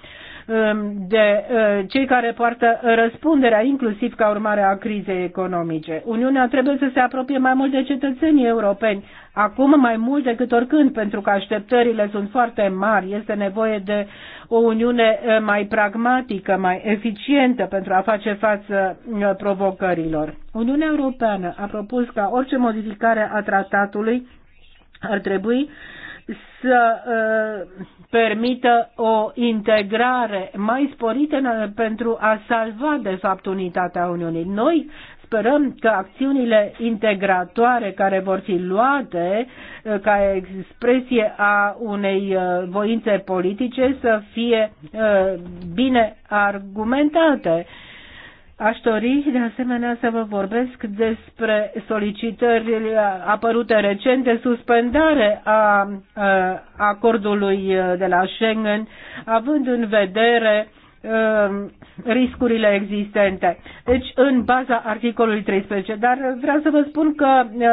Um, de uh, cei care poartă răspunderea, inclusiv ca urmare a crizei economice. Uniunea trebuie să se apropie mai mult de cetățenii europeni, acum mai mult decât oricând, pentru că așteptările sunt foarte mari. Este nevoie de o Uniune uh, mai pragmatică, mai eficientă pentru a face față uh, provocărilor. Uniunea Europeană a propus ca orice modificare a tratatului ar trebui să ă, permită o integrare mai sporită pentru a salva, de fapt, unitatea Uniunii. Noi sperăm că acțiunile integratoare care vor fi luate ă, ca expresie a unei ă, voințe politice să fie bine argumentate Aș dori, de asemenea, să vă vorbesc despre solicitările apărute recent de suspendare a, a acordului de la Schengen, având în vedere a, riscurile existente. Deci, în baza articolului 13. Dar vreau să vă spun că uh,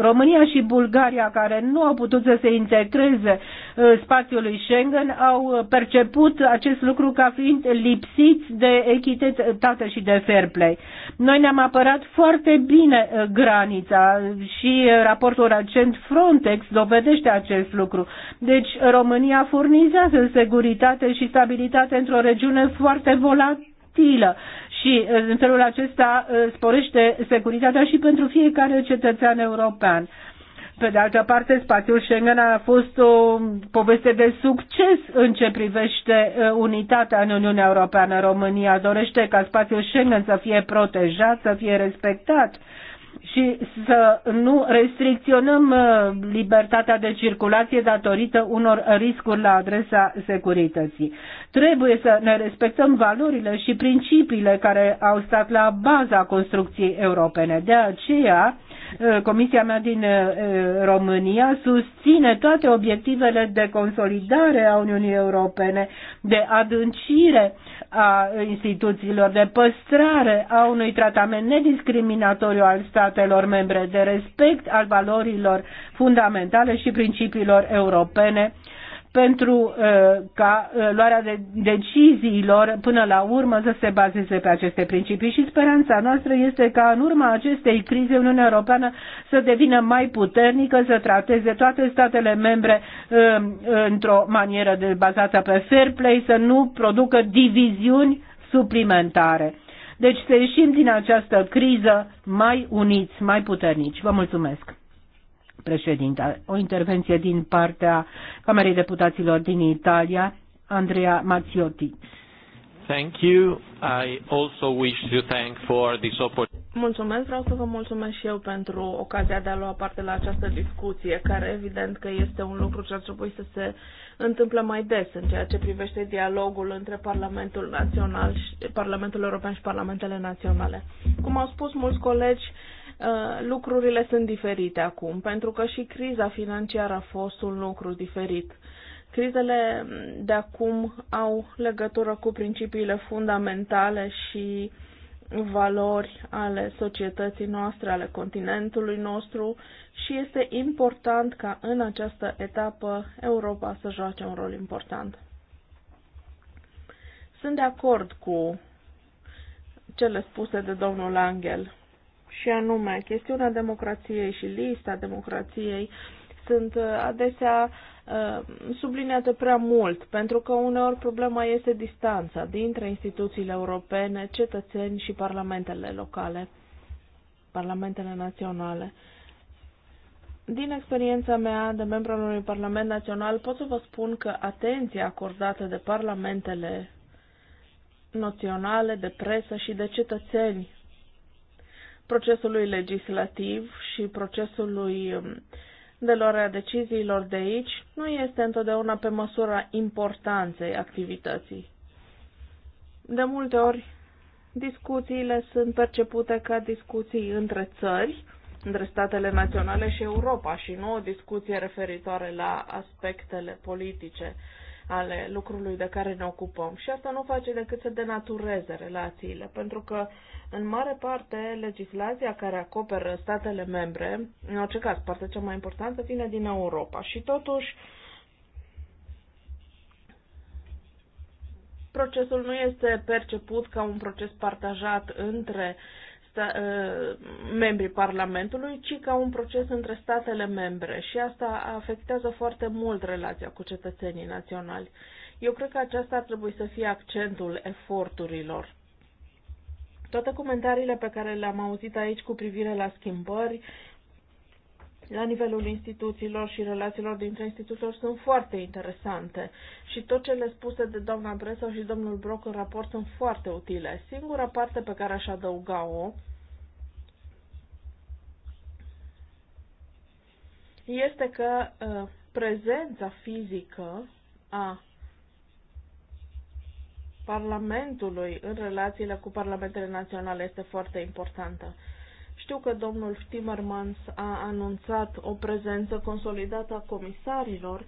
România și Bulgaria, care nu au putut să se integreze uh, spațiului Schengen, au uh, perceput acest lucru ca fiind lipsiți de echitate și de fair play. Noi ne-am apărat foarte bine granița și raportul recent Frontex dovedește acest lucru. Deci, România furnizează securitate și stabilitate într-o regiune foarte volatilă și uh, în felul acesta uh, sporește securitatea și pentru fiecare cetățean european. Pe de altă parte, spațiul Schengen a fost o poveste de succes în ce privește uh, unitatea în Uniunea Europeană. România dorește ca spațiul Schengen să fie protejat, să fie respectat și să nu restricționăm uh, libertatea de circulație datorită unor riscuri la adresa securității. Trebuie să ne respectăm valorile și principiile care au stat la baza construcției europene. De aceea, Eh, Comisia mea din eh, România susține toate obiectivele de consolidare a Uniunii Europene, de adâncire a instituțiilor, de păstrare a unui tratament nediscriminatoriu al statelor membre, de respect al valorilor fundamentale și principiilor europene pentru uh, ca uh, luarea de deciziilor până la urmă să se bazeze pe aceste principii și speranța noastră este ca în urma acestei crize Uniunea Europeană să devină mai puternică, să trateze toate statele membre uh, într-o manieră de, bazată pe fair play, să nu producă diviziuni suplimentare. Deci să ieșim din această criză mai uniți, mai puternici. Vă mulțumesc! președinte. O intervenție din partea Camerei Deputaților din Italia, Andrea Mazziotti.
Thank you. I also wish to thank for this opportunity.
Mulțumesc, vreau să vă mulțumesc și eu pentru ocazia de a lua parte la această discuție, care evident că este un lucru ce ar trebui să se întâmple mai des în ceea ce privește dialogul între Parlamentul Național, și, Parlamentul European și Parlamentele Naționale. Cum au spus mulți colegi, Uh, lucrurile sunt diferite acum, pentru că și criza financiară a fost un lucru diferit. Crizele de acum au legătură cu principiile fundamentale și valori ale societății noastre, ale continentului nostru și este important ca în această etapă Europa să joace un rol important. Sunt de acord cu cele spuse de domnul Angel și anume chestiunea democrației și lista democrației sunt uh, adesea uh, subliniate prea mult, pentru că uneori problema este distanța dintre instituțiile europene, cetățeni și parlamentele locale, parlamentele naționale. Din experiența mea de membru al unui Parlament Național, pot să vă spun că atenția acordată de parlamentele naționale, de presă și de cetățeni procesului legislativ și procesului um, de luarea deciziilor de aici nu este întotdeauna pe măsura importanței activității. De multe ori, discuțiile sunt percepute ca discuții între țări, între statele naționale și Europa și nu o discuție referitoare la aspectele politice ale lucrului de care ne ocupăm. Și asta nu face decât să denatureze relațiile, pentru că, în mare parte, legislația care acoperă statele membre, în orice caz, partea cea mai importantă vine din Europa. Și totuși, procesul nu este perceput ca un proces partajat între uh, sta, ă, membrii Parlamentului, ci ca un proces între statele membre și asta afectează foarte mult relația cu cetățenii naționali. Eu cred că aceasta ar trebui să fie accentul eforturilor. Toate comentariile pe care le-am auzit aici cu privire la schimbări la nivelul instituțiilor și relațiilor dintre instituțiilor sunt foarte interesante și tot cele spuse de doamna Bresau și domnul Broc în raport sunt foarte utile. Singura parte pe care aș adăuga-o este că uh, prezența fizică a Parlamentului în relațiile cu parlamentele naționale este foarte importantă. Știu că domnul Timmermans a anunțat o prezență consolidată a comisarilor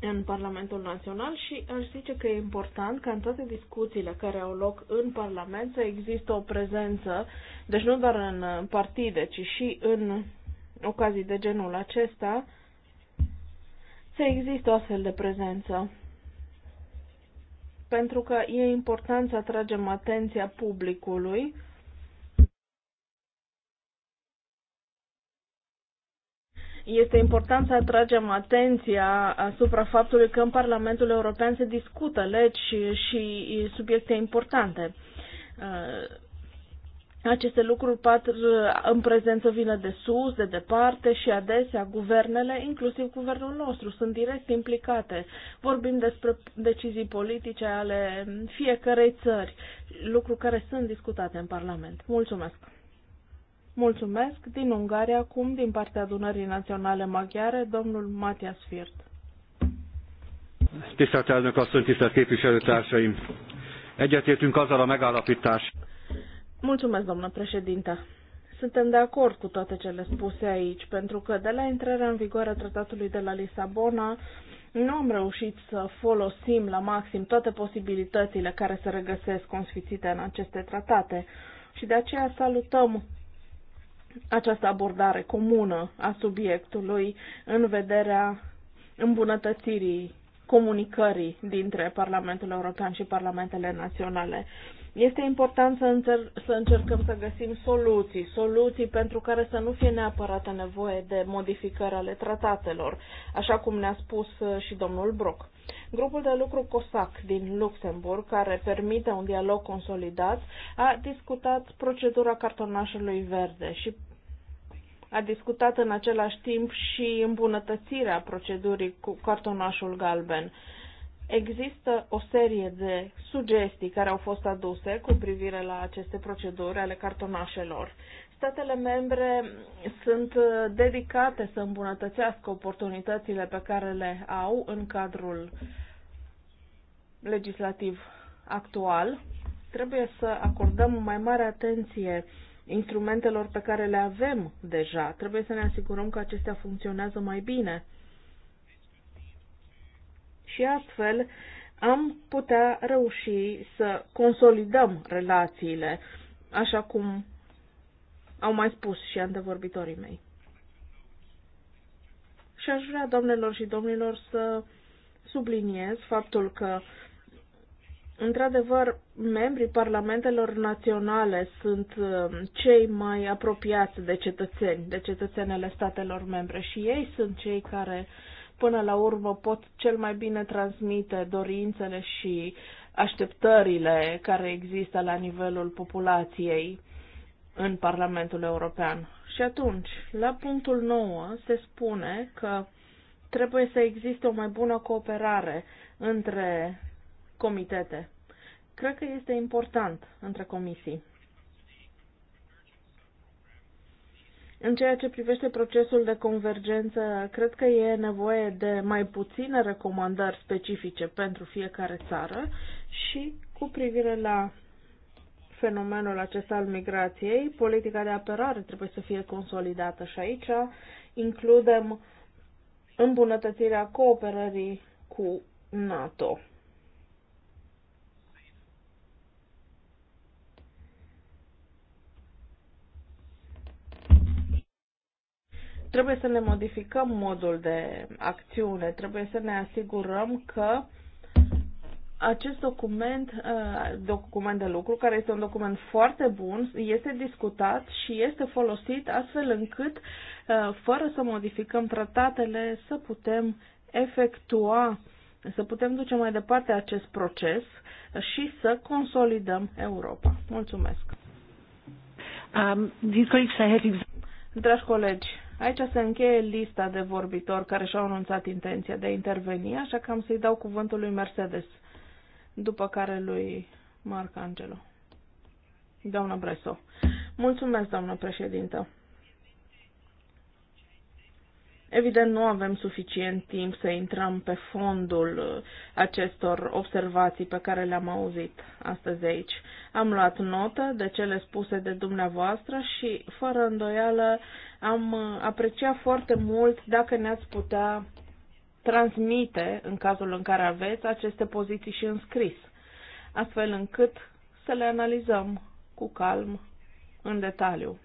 în Parlamentul Național și aș zice că e important ca în toate discuțiile care au loc în Parlament să există o prezență, deci nu doar în partide, ci și în ocazii de genul acesta, să există o astfel de prezență. Pentru că e important să atragem atenția publicului Este important să atragem atenția asupra faptului că în Parlamentul European se discută legi și, și subiecte importante. Uh, aceste lucruri pat uh, în prezență vină de sus, de departe și adesea guvernele, inclusiv guvernul nostru, sunt direct implicate. Vorbim despre decizii politice ale fiecarei țări, lucruri care sunt discutate în Parlament. Mulțumesc! Mulțumesc din Ungaria, acum din partea adunării naționale maghiare, domnul Matias Firt.
Tisztelt elnök asszony, tisztelt képviselőtársaim! Egyetértünk azzal a megállapítás.
Mulțumesc, domnul președinte. Suntem de acord cu toate cele spuse aici, pentru că de la intrarea în vigoare a tratatului de la Lisabona, nu am reușit să folosim la maxim toate posibilitățile care se regăsesc consfițite în aceste tratate și de aceea salutăm această abordare comună a subiectului în vederea îmbunătățirii comunicării dintre Parlamentul European și Parlamentele Naționale. Este important să, încer- să încercăm să găsim soluții, soluții pentru care să nu fie neapărat nevoie de modificări ale tratatelor, așa cum ne-a spus uh, și domnul Brock. Grupul de lucru COSAC din Luxemburg, care permite un dialog consolidat, a discutat procedura cartonașului verde și a discutat în același timp și îmbunătățirea procedurii cu cartonașul galben. Există o serie de sugestii care au fost aduse cu privire la aceste proceduri ale cartonașelor. Statele membre sunt uh, dedicate să îmbunătățească oportunitățile pe care le au în cadrul legislativ actual. Trebuie să acordăm mai mare atenție uh, instrumentelor pe care le avem deja. Trebuie să ne asigurăm că acestea funcționează mai bine. Și astfel am putea reuși să consolidăm relațiile, așa cum au mai spus și antevorbitorii mei. Și aș vrea, doamnelor și domnilor, să subliniez faptul că Într-adevăr, membrii parlamentelor naționale sunt um, cei mai apropiați de cetățeni, de cetățenele statelor membre și ei sunt cei care până la urmă pot cel mai bine transmite dorințele și așteptările care există la nivelul populației în Parlamentul European. Și atunci, la punctul 9 se spune că trebuie să existe o mai bună cooperare între comitete. Cred că este important între comisii. În ceea ce privește procesul de convergență, cred că e nevoie de mai puține recomandări specifice pentru fiecare țară și cu privire la fenomenul acesta al migrației, politica de apărare trebuie să fie consolidată și aici includem îmbunătățirea cooperării cu NATO. trebuie să ne modificăm modul de acțiune, trebuie să ne asigurăm că acest document, uh, document de lucru, care este un document foarte bun, este discutat și este folosit astfel încât, uh, fără să modificăm tratatele, să putem efectua, să putem duce mai departe acest proces și să consolidăm Europa. Mulțumesc! Um, these colleagues, I have Dragi colegi, Aici se încheie lista de vorbitori care și-au anunțat intenția de a interveni, așa că am să-i dau cuvântul lui Mercedes, după care lui Marc Angelo. Doamna Bresso. Mulțumesc, doamnă președintă. Evident, nu avem suficient timp să intrăm pe fondul uh, acestor observații pe care le-am auzit astăzi aici. Am luat notă de cele spuse de dumneavoastră și, fără îndoială, am uh, apreciat foarte mult dacă ne-ați putea transmite, în cazul în care aveți, aceste poziții și în scris, astfel încât să le analizăm cu calm, în detaliu.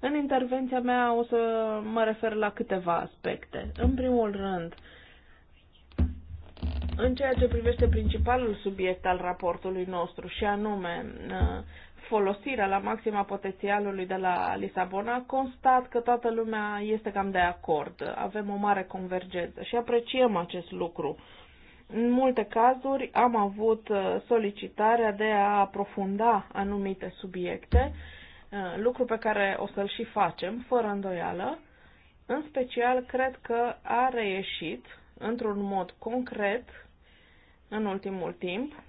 În intervenția mea o să mă refer la câteva aspecte. În primul rând, în ceea ce privește principalul subiect al raportului nostru, și anume uh, folosirea la maxima potențialului de la Lisabona, constat că toată lumea este cam de acord. Avem o mare convergență și apreciem acest lucru. În multe cazuri am avut uh, solicitarea de a aprofunda anumite subiecte Uh, lucru pe care o să-l și facem, fără îndoială. În special, cred că a reieșit într-un mod concret în ultimul timp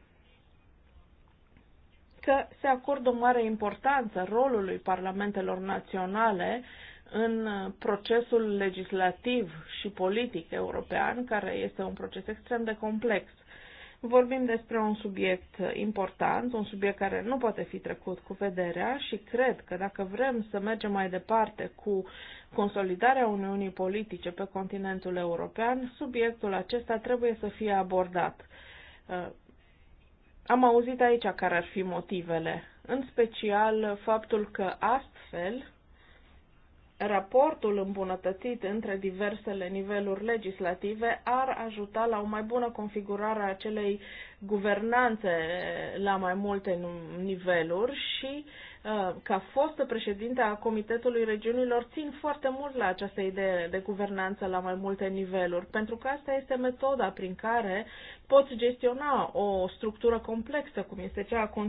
că se acordă o mare importanță rolului parlamentelor naționale în procesul legislativ și politic european, care este un proces extrem de complex. Vorbim despre un subiect important, un subiect care nu poate fi trecut cu vederea și cred că dacă vrem să mergem mai departe cu consolidarea Uniunii politice pe continentul european, subiectul acesta trebuie să fie abordat. Uh, am auzit aici care ar fi motivele, în special faptul că astfel raportul îmbunătățit între diversele niveluri legislative ar ajuta la o mai bună configurare a acelei guvernanțe la mai multe niveluri și uh, ca fostă președinte a Comitetului Regiunilor țin foarte mult la această idee de guvernanță la mai multe niveluri, pentru că asta este metoda prin care poți gestiona o structură complexă, cum este cea a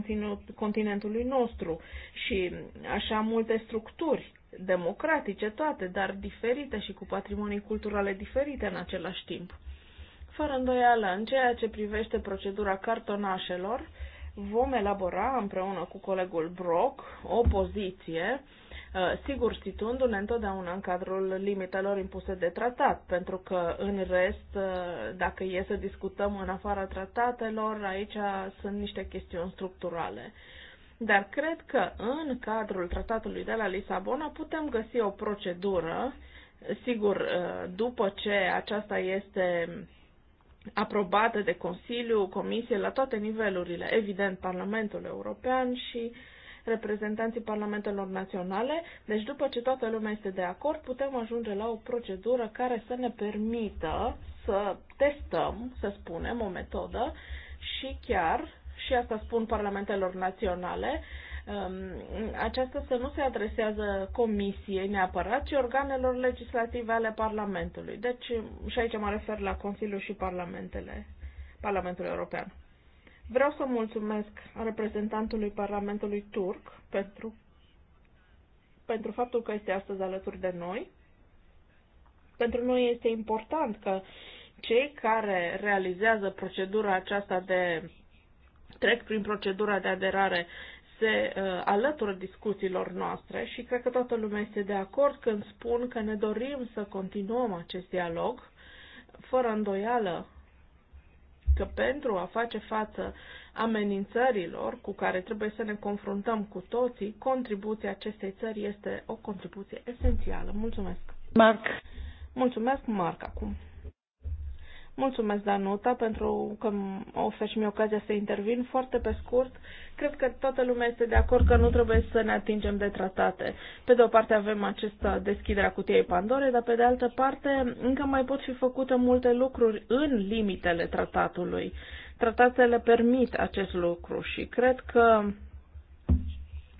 continentului nostru și așa multe structuri democratice toate, dar diferite și cu patrimonii culturale diferite în același timp. Fără îndoială, în ceea ce privește procedura cartonașelor, vom elabora împreună cu colegul Brock o poziție, uh, sigur situându-ne întotdeauna în cadrul limitelor impuse de tratat, pentru că în rest, uh, dacă e să discutăm în afara tratatelor, aici sunt niște chestiuni structurale. Dar cred că în cadrul tratatului de la Lisabona putem găsi o procedură, sigur, uh, după ce aceasta este aprobată de Consiliu, Comisie, la toate nivelurile, evident Parlamentul European și reprezentanții parlamentelor naționale. Deci după ce toată lumea este de acord, putem ajunge la o procedură care să ne permită să testăm, să spunem, o metodă și chiar și asta spun parlamentelor naționale, um, aceasta să nu se adresează comisiei neapărat, ci organelor legislative ale Parlamentului. Deci, și aici mă refer la Consiliul și Parlamentele, Parlamentul European. Vreau să mulțumesc reprezentantului Parlamentului turc pentru, pentru faptul că este astăzi alături de noi. Pentru noi este important că cei care realizează procedura aceasta de trec prin procedura de aderare se uh, alătură discuțiilor noastre și cred că toată lumea este de acord când spun că ne dorim să continuăm acest dialog, fără îndoială că pentru a face față amenințărilor cu care trebuie să ne confruntăm cu toții, contribuția acestei țări este o contribuție esențială. Mulțumesc! Marc! Mulțumesc, Marc, acum! Mulțumesc, Danuta, pentru că ofer și mie ocazia să intervin foarte pe scurt. Cred că toată lumea este de acord că nu trebuie să ne atingem de tratate. Pe de o parte avem această deschidere a cutiei Pandore, dar pe de altă parte încă mai pot fi făcute multe lucruri în limitele tratatului. Tratatele permit acest lucru și cred că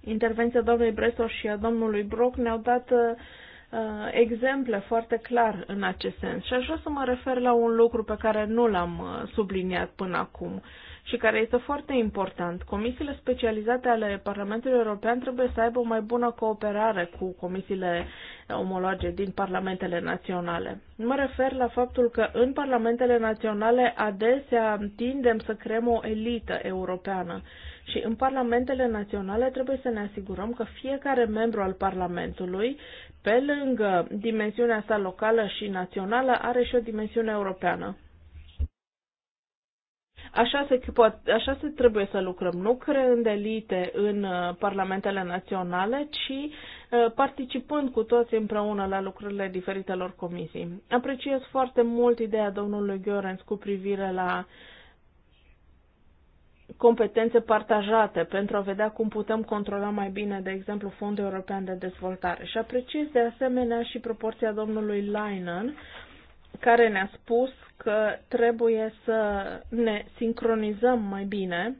intervenția doamnei Bresor și a domnului Brock ne-au dat uh, uh, exemple foarte clar în acest sens. Și aș vrea să mă refer la un lucru pe care nu l-am uh, subliniat până acum și care este foarte important. Comisiile specializate ale Parlamentului European trebuie să aibă o mai bună cooperare cu comisiile omologe din parlamentele naționale. Mă refer la faptul că în parlamentele naționale adesea tindem să creăm o elită europeană și în parlamentele naționale trebuie să ne asigurăm că fiecare membru al Parlamentului pe lângă dimensiunea sa locală și națională, are și o dimensiune europeană. Așa se, poate, așa se trebuie să lucrăm, nu creând elite în uh, parlamentele naționale, ci uh, participând cu toți împreună la lucrurile diferitelor comisii. Apreciez foarte mult ideea domnului Gheorens cu privire la uh, competențe partajate pentru a vedea cum putem controla mai bine, de exemplu, Fondul European de Dezvoltare. Și apreciez de asemenea și proporția domnului Leinen, care ne-a spus că trebuie să ne sincronizăm mai bine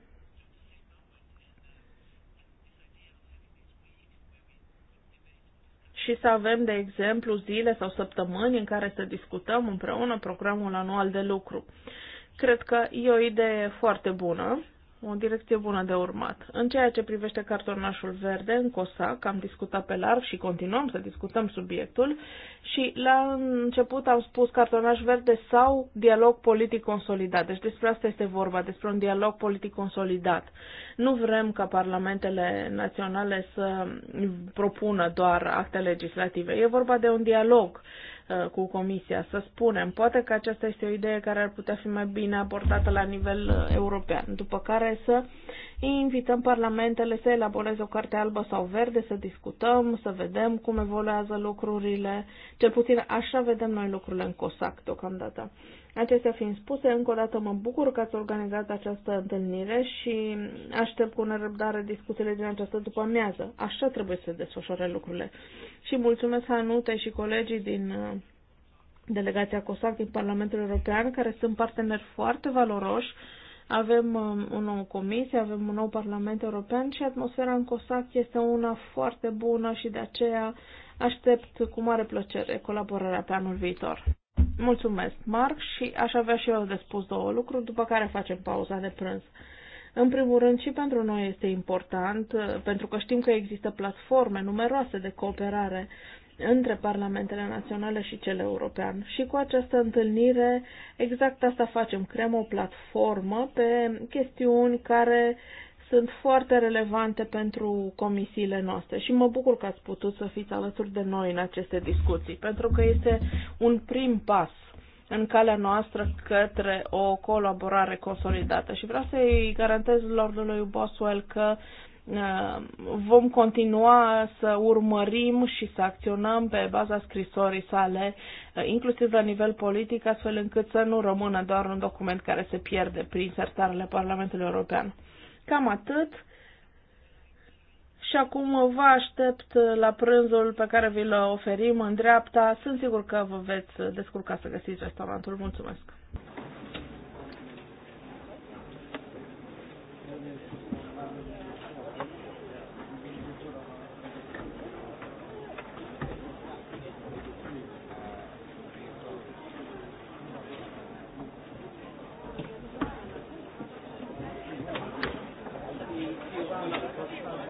și să avem, de exemplu, zile sau săptămâni în care să discutăm împreună programul anual de lucru. Cred că e o idee foarte bună o direcție bună de urmat. În ceea ce privește cartonașul verde în COSAC, am discutat pe larg și continuăm să discutăm subiectul și la început am spus cartonaș verde sau dialog politic consolidat. Deci despre asta este vorba, despre un dialog politic consolidat. Nu vrem ca parlamentele naționale să propună doar acte legislative. E vorba de un dialog Uh, cu Comisia, să spunem. Poate că aceasta este o idee care ar putea fi mai bine abordată la nivel uh, european, după care să invităm parlamentele să elaboreze o carte albă sau verde, să discutăm, să vedem cum evoluează lucrurile. Cel puțin așa vedem noi lucrurile în COSAC deocamdată. Acestea fiind spuse, încă o dată mă bucur că ați organizat această întâlnire și aștept cu nerăbdare discuțiile din această după-amiază. Așa trebuie să se desfășoare lucrurile. Și mulțumesc Anute și colegii din uh, delegația COSAC din Parlamentul European, care sunt parteneri foarte valoroși. Avem o uh, nouă comisie, avem un nou Parlament European și atmosfera în COSAC este una foarte bună și de aceea aștept cu mare plăcere colaborarea pe anul viitor. Mulțumesc, Marc, și aș avea și eu de spus două lucruri, după care facem pauza de prânz. În primul rând, și pentru noi este important, pentru că știm că există platforme numeroase de cooperare între parlamentele naționale și cel european. Și cu această întâlnire, exact asta facem, creăm o platformă pe chestiuni care sunt foarte relevante pentru comisiile noastre și mă bucur că ați putut să fiți alături de noi în aceste discuții, pentru că este un prim pas în calea noastră către o colaborare consolidată. Și vreau să-i garantez Lordului Boswell că uh, vom continua să urmărim și să acționăm pe baza scrisorii sale, uh, inclusiv la nivel politic, astfel încât să nu rămână doar un document care se pierde prin sertarele Parlamentului European. Cam atât. Și acum vă aștept la prânzul pe care vi-l oferim în dreapta. Sunt sigur că vă veți descurca să găsiți restaurantul. Mulțumesc!